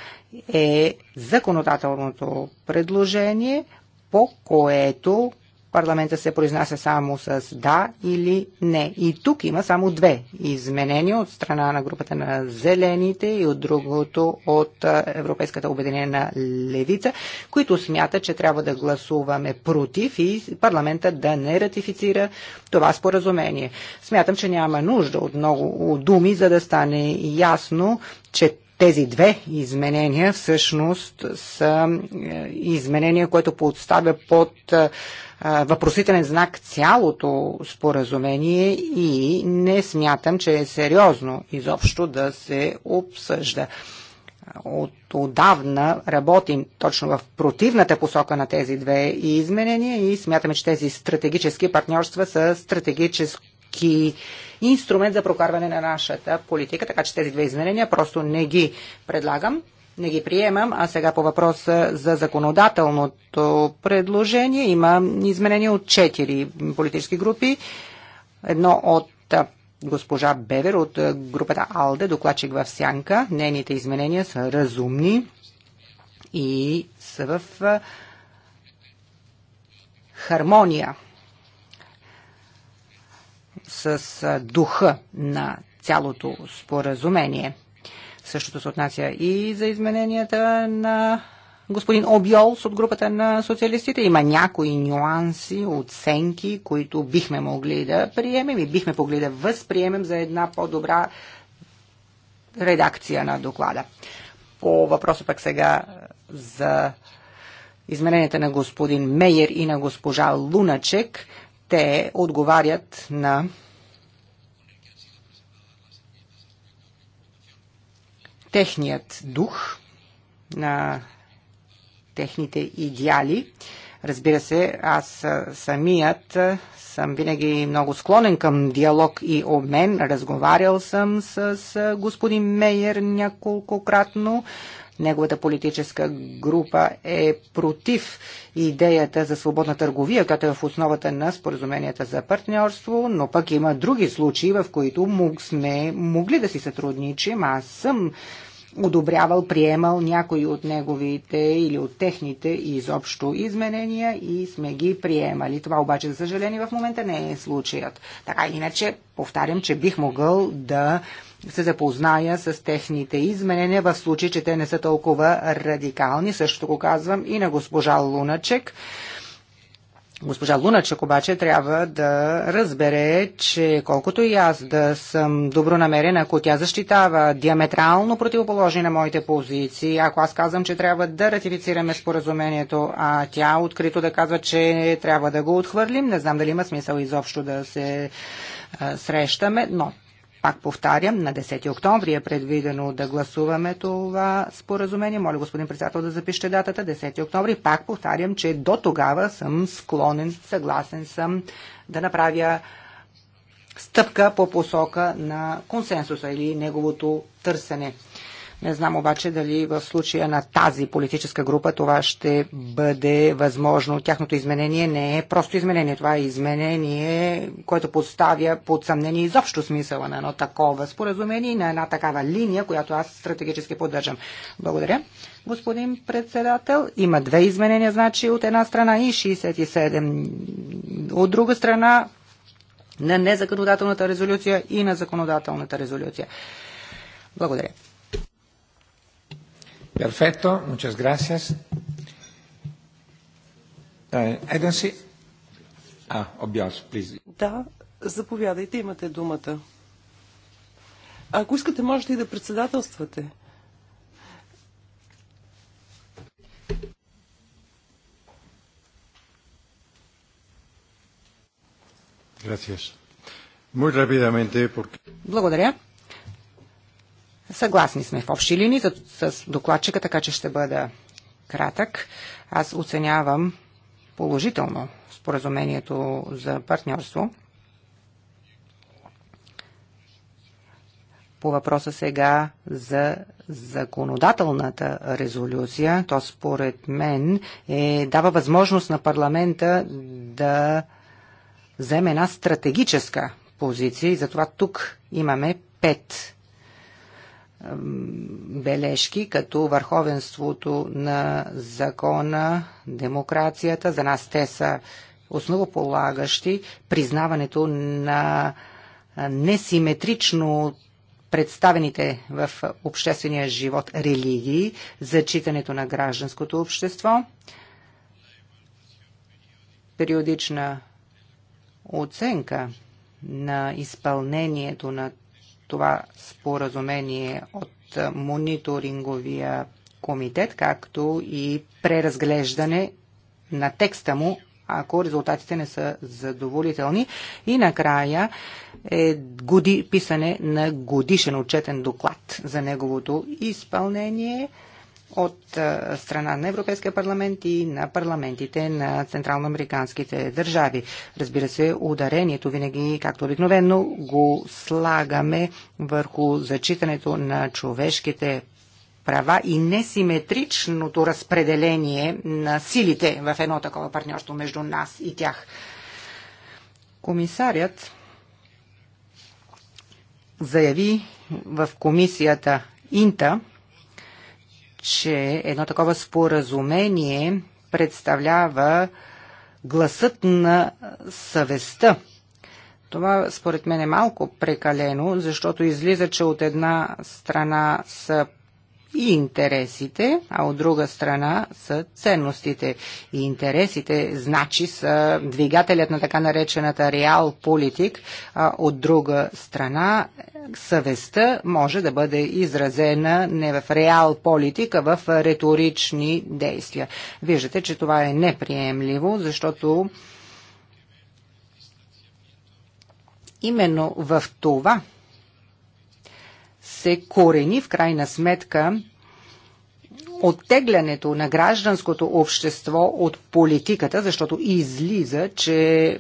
е законодателното предложение, по което парламента се произнася само с да или не. И тук има само две изменения от страна на групата на зелените и от другото от Европейската обединена левица, които смятат, че трябва да гласуваме против и парламента да не ратифицира това споразумение. Смятам, че няма нужда от много думи, за да стане ясно, че тези две изменения всъщност са е, изменения, което подставя под е, въпросителен знак цялото споразумение и не смятам, че е сериозно изобщо да се обсъжда. От, отдавна работим точно в противната посока на тези две изменения и смятаме, че тези стратегически партньорства са стратегически инструмент за прокарване на нашата политика, така че тези две изменения просто не ги предлагам не ги приемам. А сега по въпроса за законодателното предложение има изменение от четири политически групи. Едно от госпожа Бевер от групата АЛДЕ, докладчик в Сянка. Нейните изменения са разумни и са в хармония с духа на цялото споразумение. Същото се отнася и за измененията на господин Обиолс от групата на социалистите. Има някои нюанси, оценки, които бихме могли да приемем и бихме могли да възприемем за една по-добра редакция на доклада. По въпроса пък сега е, за измененията на господин Мейер и на госпожа Луначек, те отговарят на техният дух, на техните идеали. Разбира се, аз самият съм винаги много склонен към диалог и обмен. Разговарял съм с господин Мейер няколкократно. Неговата политическа група е против идеята за свободна търговия, като е в основата на споразуменията за партньорство, но пък има други случаи, в които сме могли да си сътрудничим. Аз съм одобрявал, приемал някои от неговите или от техните изобщо изменения и сме ги приемали. Това обаче, за съжаление, в момента не е случаят. Така иначе, повтарям, че бих могъл да се запозная с техните изменения в случай, че те не са толкова радикални. Същото го казвам и на госпожа Луначек. Госпожа Луначек обаче трябва да разбере, че колкото и аз да съм добронамерена, ако тя защитава диаметрално противоположни на моите позиции, ако аз казвам, че трябва да ратифицираме споразумението, а тя открито да казва, че трябва да го отхвърлим, не знам дали има смисъл изобщо да се срещаме, но пак повтарям, на 10 октомври е предвидено да гласуваме това споразумение. Моля, господин председател, да запишете датата 10 октомври. Пак повтарям, че до тогава съм склонен, съгласен съм да направя стъпка по посока на консенсуса или неговото търсене. Не знам обаче дали в случая на тази политическа група това ще бъде възможно. Тяхното изменение не е просто изменение. Това е изменение, което поставя под съмнение изобщо смисъла на едно такова споразумение и на една такава линия, която аз стратегически поддържам. Благодаря. Господин председател, има две изменения, значи от една страна и 67, от друга страна на незаконодателната резолюция и на законодателната резолюция. Благодаря. Perfecto, muchas gracias. Uh, I don't see... Ah, Да, заповядайте, имате думата. Ако искате, можете и да председателствате. Благодаря. Съгласни сме в общи линии с докладчика, така че ще бъда кратък. Аз оценявам положително споразумението за партньорство. По въпроса сега за законодателната резолюция, то според мен е, дава възможност на парламента да вземе една стратегическа позиция и затова тук имаме пет бележки, като върховенството на закона, демокрацията. За нас те са основополагащи признаването на несиметрично представените в обществения живот религии, зачитането на гражданското общество, периодична оценка на изпълнението на това споразумение от мониторинговия комитет, както и преразглеждане на текста му, ако резултатите не са задоволителни. И накрая е годи, писане на годишен отчетен доклад за неговото изпълнение – от страна на Европейския парламент и на парламентите на централноамериканските държави. Разбира се, ударението винаги, както обикновено, го слагаме върху зачитането на човешките права и несиметричното разпределение на силите в едно такова партньорство между нас и тях. Комисарят заяви в комисията Инта, че едно такова споразумение представлява гласът на съвестта. Това според мен е малко прекалено, защото излиза, че от една страна са и интересите, а от друга страна са ценностите. И интересите, значи, са двигателят на така наречената реал политик, а от друга страна съвестта може да бъде изразена не в реал политика, в риторични действия. Виждате, че това е неприемливо, защото именно в това се корени в крайна сметка оттеглянето на гражданското общество от политиката, защото излиза, че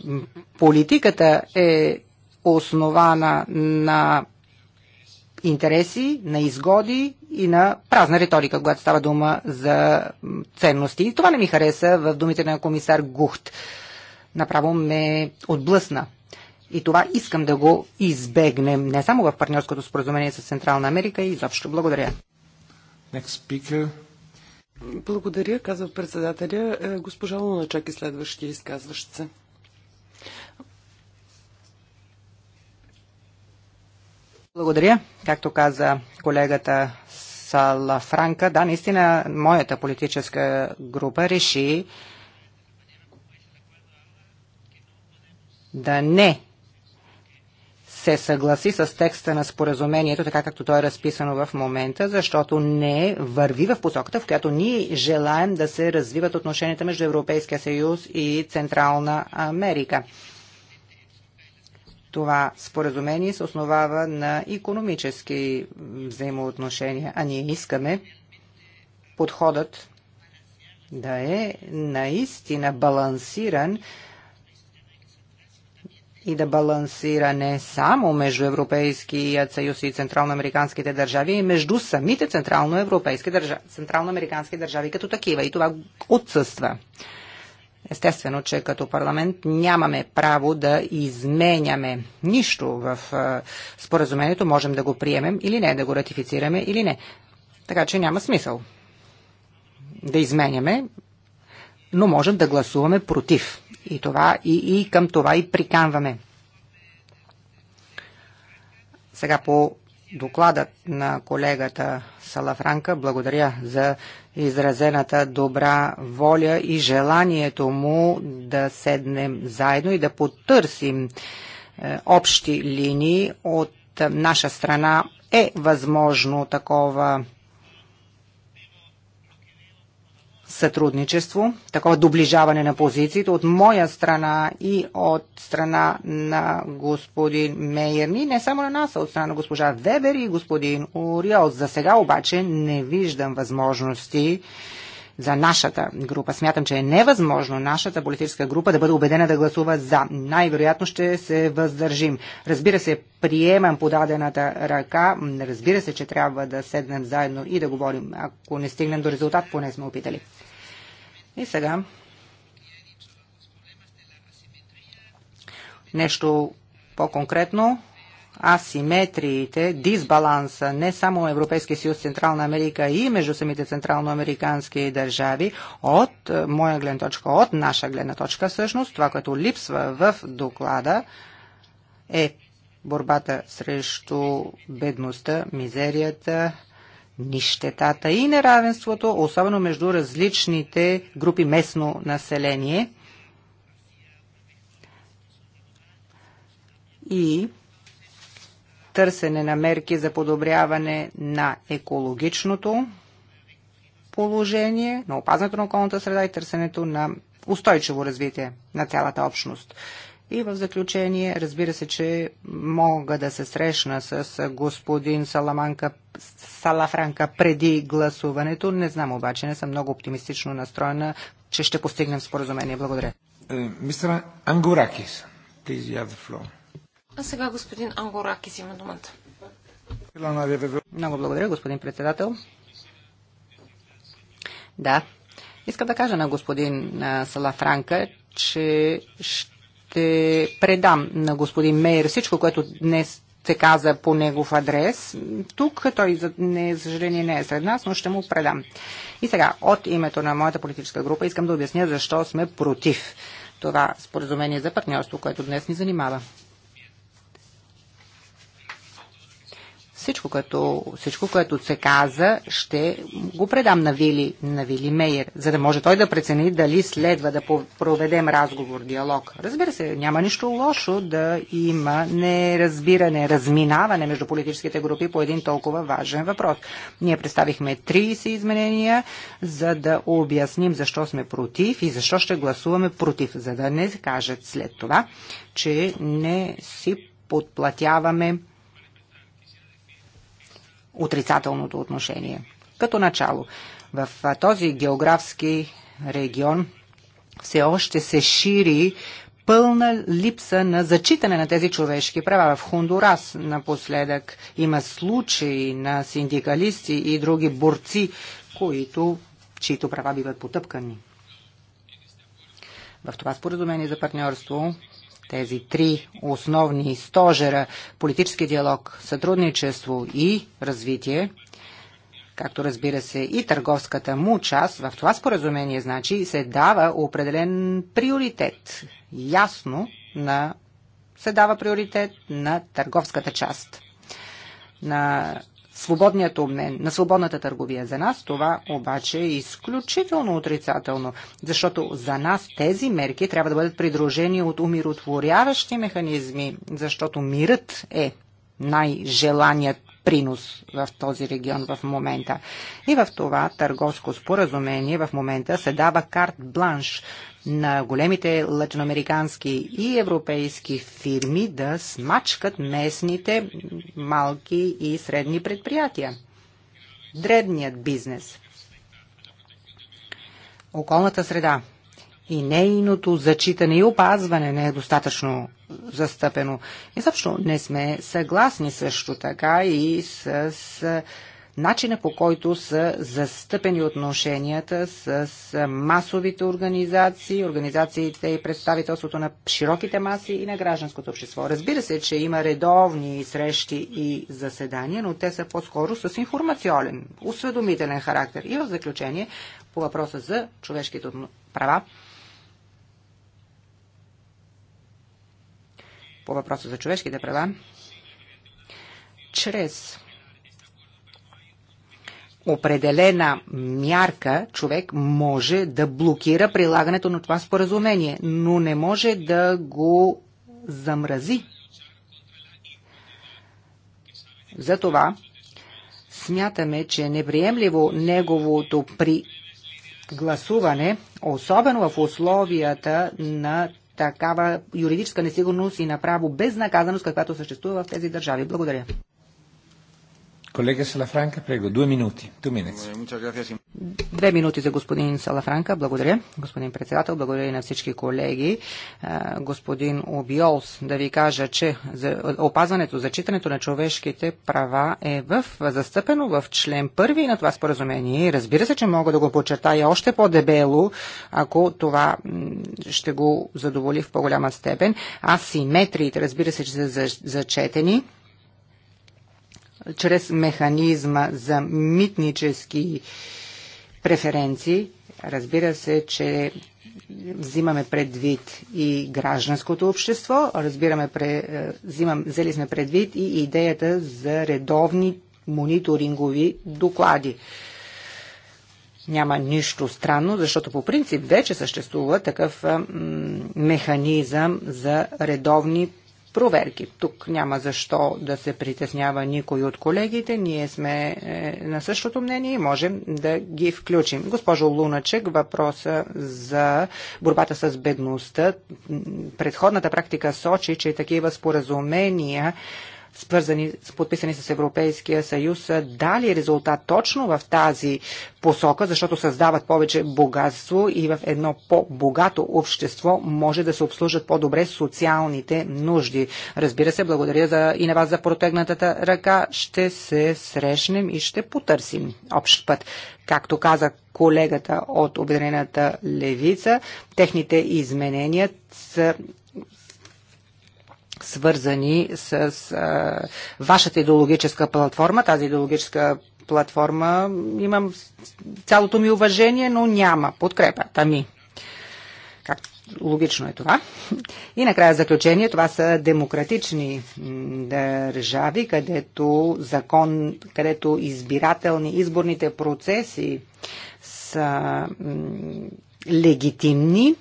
политиката е основана на интереси, на изгоди и на празна риторика, когато става дума за ценности. И това не ми хареса в думите на комисар Гухт. Направо ме отблъсна и това искам да го избегнем не само в партньорското споразумение с Централна Америка и изобщо. Благодаря. Next speaker. Благодаря, казва председателя. Е, госпожа Луначак и следващия изказващ се. Благодаря. Както каза колегата Сала Франка, да, наистина моята политическа група реши да не се съгласи с текста на споразумението, така както то е разписано в момента, защото не върви в посоката, в която ние желаем да се развиват отношенията между Европейския съюз и Централна Америка. Това споразумение се основава на економически взаимоотношения, а ние искаме подходът да е наистина балансиран и да балансира не само между Европейският съюз и централноамериканските държави, и между самите централноамерикански държави, централноамерикански държави като такива. И това отсъства. Естествено, че като парламент нямаме право да изменяме нищо в е, споразумението. Можем да го приемем или не, да го ратифицираме или не. Така че няма смисъл да изменяме, но можем да гласуваме против. И, това, и, и към това и приканваме. Сега по докладът на колегата Салафранка. Благодаря за изразената добра воля и желанието му да седнем заедно и да потърсим е, общи линии от е, наша страна е възможно такова сътрудничество, такова доближаване на позициите от моя страна и от страна на господин Мейер. И не само на нас, а от страна на госпожа Вебер и господин Ориол. За сега обаче не виждам възможности за нашата група. Смятам, че е невъзможно нашата политическа група да бъде убедена да гласува за. Най-вероятно ще се въздържим. Разбира се, приемам подадената ръка. Разбира се, че трябва да седнем заедно и да говорим. Ако не стигнем до резултат, поне сме опитали. И сега нещо по-конкретно асиметриите, дисбаланса не само Европейския съюз, Централна Америка и между самите централноамерикански държави, от е, моя гледна точка, от наша гледна точка всъщност, това, което липсва в доклада е борбата срещу бедността, мизерията, нищетата и неравенството, особено между различните групи местно население. И търсене на мерки за подобряване на екологичното положение, на опазването на околната среда и търсенето на устойчиво развитие на цялата общност. И в заключение, разбира се, че мога да се срещна с господин Саламанка, Салафранка преди гласуването. Не знам обаче, не съм много оптимистично настроена, че ще постигнем споразумение. Благодаря. Е, мистер Ангуракис, please you have the floor. А сега господин Ангоракис има думата. Много благодаря, господин председател. Да. Искам да кажа на господин Салафранка, че ще предам на господин Мейер всичко, което днес се каза по негов адрес. Тук той, не, за съжаление, не е сред нас, но ще му предам. И сега, от името на моята политическа група, искам да обясня защо сме против това споразумение за партньорство, което днес ни занимава. Всичко което, всичко, което се каза, ще го предам на Вили, на Вили Мейер, за да може той да прецени дали следва да проведем разговор, диалог. Разбира се, няма нищо лошо да има неразбиране, разминаване между политическите групи по един толкова важен въпрос. Ние представихме 30 изменения, за да обясним защо сме против и защо ще гласуваме против, за да не кажат след това, че не си подплатяваме отрицателното отношение. Като начало, в този географски регион все още се шири пълна липса на зачитане на тези човешки права. В Хондурас напоследък има случаи на синдикалисти и други борци, които, чието права биват потъпкани. В това споразумение за партньорство тези три основни стожера политически диалог, сътрудничество и развитие, както разбира се и търговската му част, в това споразумение значи се дава определен приоритет. Ясно на, се дава приоритет на търговската част на свободният обмен, на свободната търговия. За нас това обаче е изключително отрицателно, защото за нас тези мерки трябва да бъдат придружени от умиротворяващи механизми, защото мирът е най-желаният принос в този регион в момента. И в това търговско споразумение в момента се дава карт бланш на големите латиноамерикански и европейски фирми да смачкат местните малки и средни предприятия. Дребният бизнес. Околната среда и нейното зачитане и опазване не е достатъчно застъпено. И също не сме съгласни също така и с, с начина по който са застъпени отношенията с масовите организации, организациите и представителството на широките маси и на гражданското общество. Разбира се, че има редовни срещи и заседания, но те са по-скоро с информационен, осведомителен характер. И в заключение, по въпроса за човешките права, по въпроса за човешките права чрез определена мярка човек може да блокира прилагането на това споразумение, но не може да го замрази. Затова смятаме, че е неприемливо неговото при гласуване, особено в условията на такава юридическа несигурност и направо безнаказаност, каквато съществува в тези държави. Благодаря. Колега Салафранка, прего, две минути. Две минути за господин Салафранка. Благодаря, господин председател. Благодаря и на всички колеги. Господин Обиолс, да ви кажа, че за опазването, зачитането на човешките права е в, застъпено в член първи на това споразумение. Разбира се, че мога да го подчертая още по-дебело, ако това ще го задоволи в по-голяма степен. Асиметриите, разбира се, че са зачетени чрез механизма за митнически преференции. Разбира се, че взимаме предвид и гражданското общество, разбираме, е, взимам, взели сме предвид и идеята за редовни мониторингови доклади. Няма нищо странно, защото по принцип вече съществува такъв механизъм за редовни проверки. Тук няма защо да се притеснява никой от колегите. Ние сме е, на същото мнение и можем да ги включим. Госпожо Луначек, въпроса за борбата с бедността. Предходната практика сочи, че такива споразумения свързани, подписани с Европейския съюз, са дали е резултат точно в тази посока, защото създават повече богатство и в едно по-богато общество може да се обслужат по-добре социалните нужди. Разбира се, благодаря за, и на вас за протегнатата ръка. Ще се срещнем и ще потърсим общ път. Както каза колегата от Обединената левица, техните изменения са свързани с вашата идеологическа платформа. Тази идеологическа платформа имам цялото ми уважение, но няма подкрепа. Тами. Как логично е това. И накрая заключение, това са демократични държави, където закон, където избирателни, изборните процеси са легитимни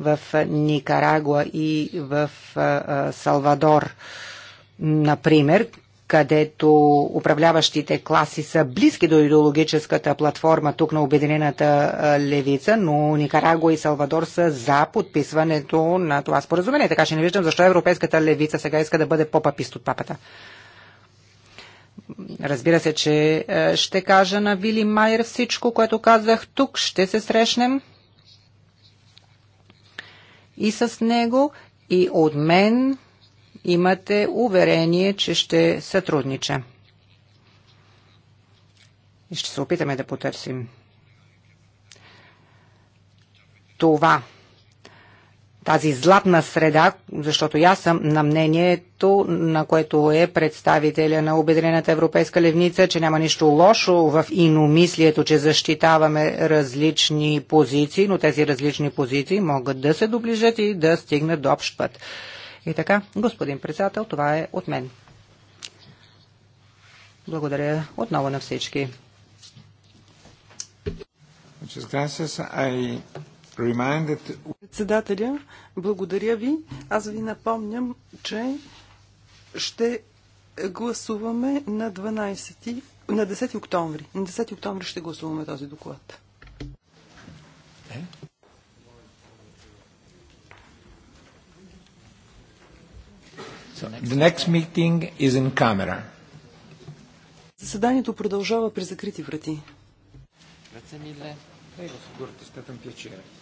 в Никарагуа и в Салвадор, например, където управляващите класи са близки до идеологическата платформа тук на Обединената левица, но Никарагуа и Салвадор са за подписването на това споразумение. Така че не виждам защо европейската левица сега иска да бъде по-папист от папата. Разбира се, че ще кажа на Вили Майер всичко, което казах тук. Ще се срещнем и с него, и от мен имате уверение, че ще сътруднича. И ще се опитаме да потърсим това тази златна среда, защото аз съм на мнението, на което е представителя на Обединената европейска левница, че няма нищо лошо в иномислието, че защитаваме различни позиции, но тези различни позиции могат да се доближат и да стигнат до общ път. И така, господин председател, това е от мен. Благодаря отново на всички. Muchas gracias. I Председателя, благодаря ви. Аз ви напомням, че ще гласуваме на 12 на 10 октомври. На 10 октомври ще гласуваме този доклад. Е? The next meeting is in camera. Заседанието продължава при закрити врати. Grazie mille. Prego, figurati, è stato un piacere.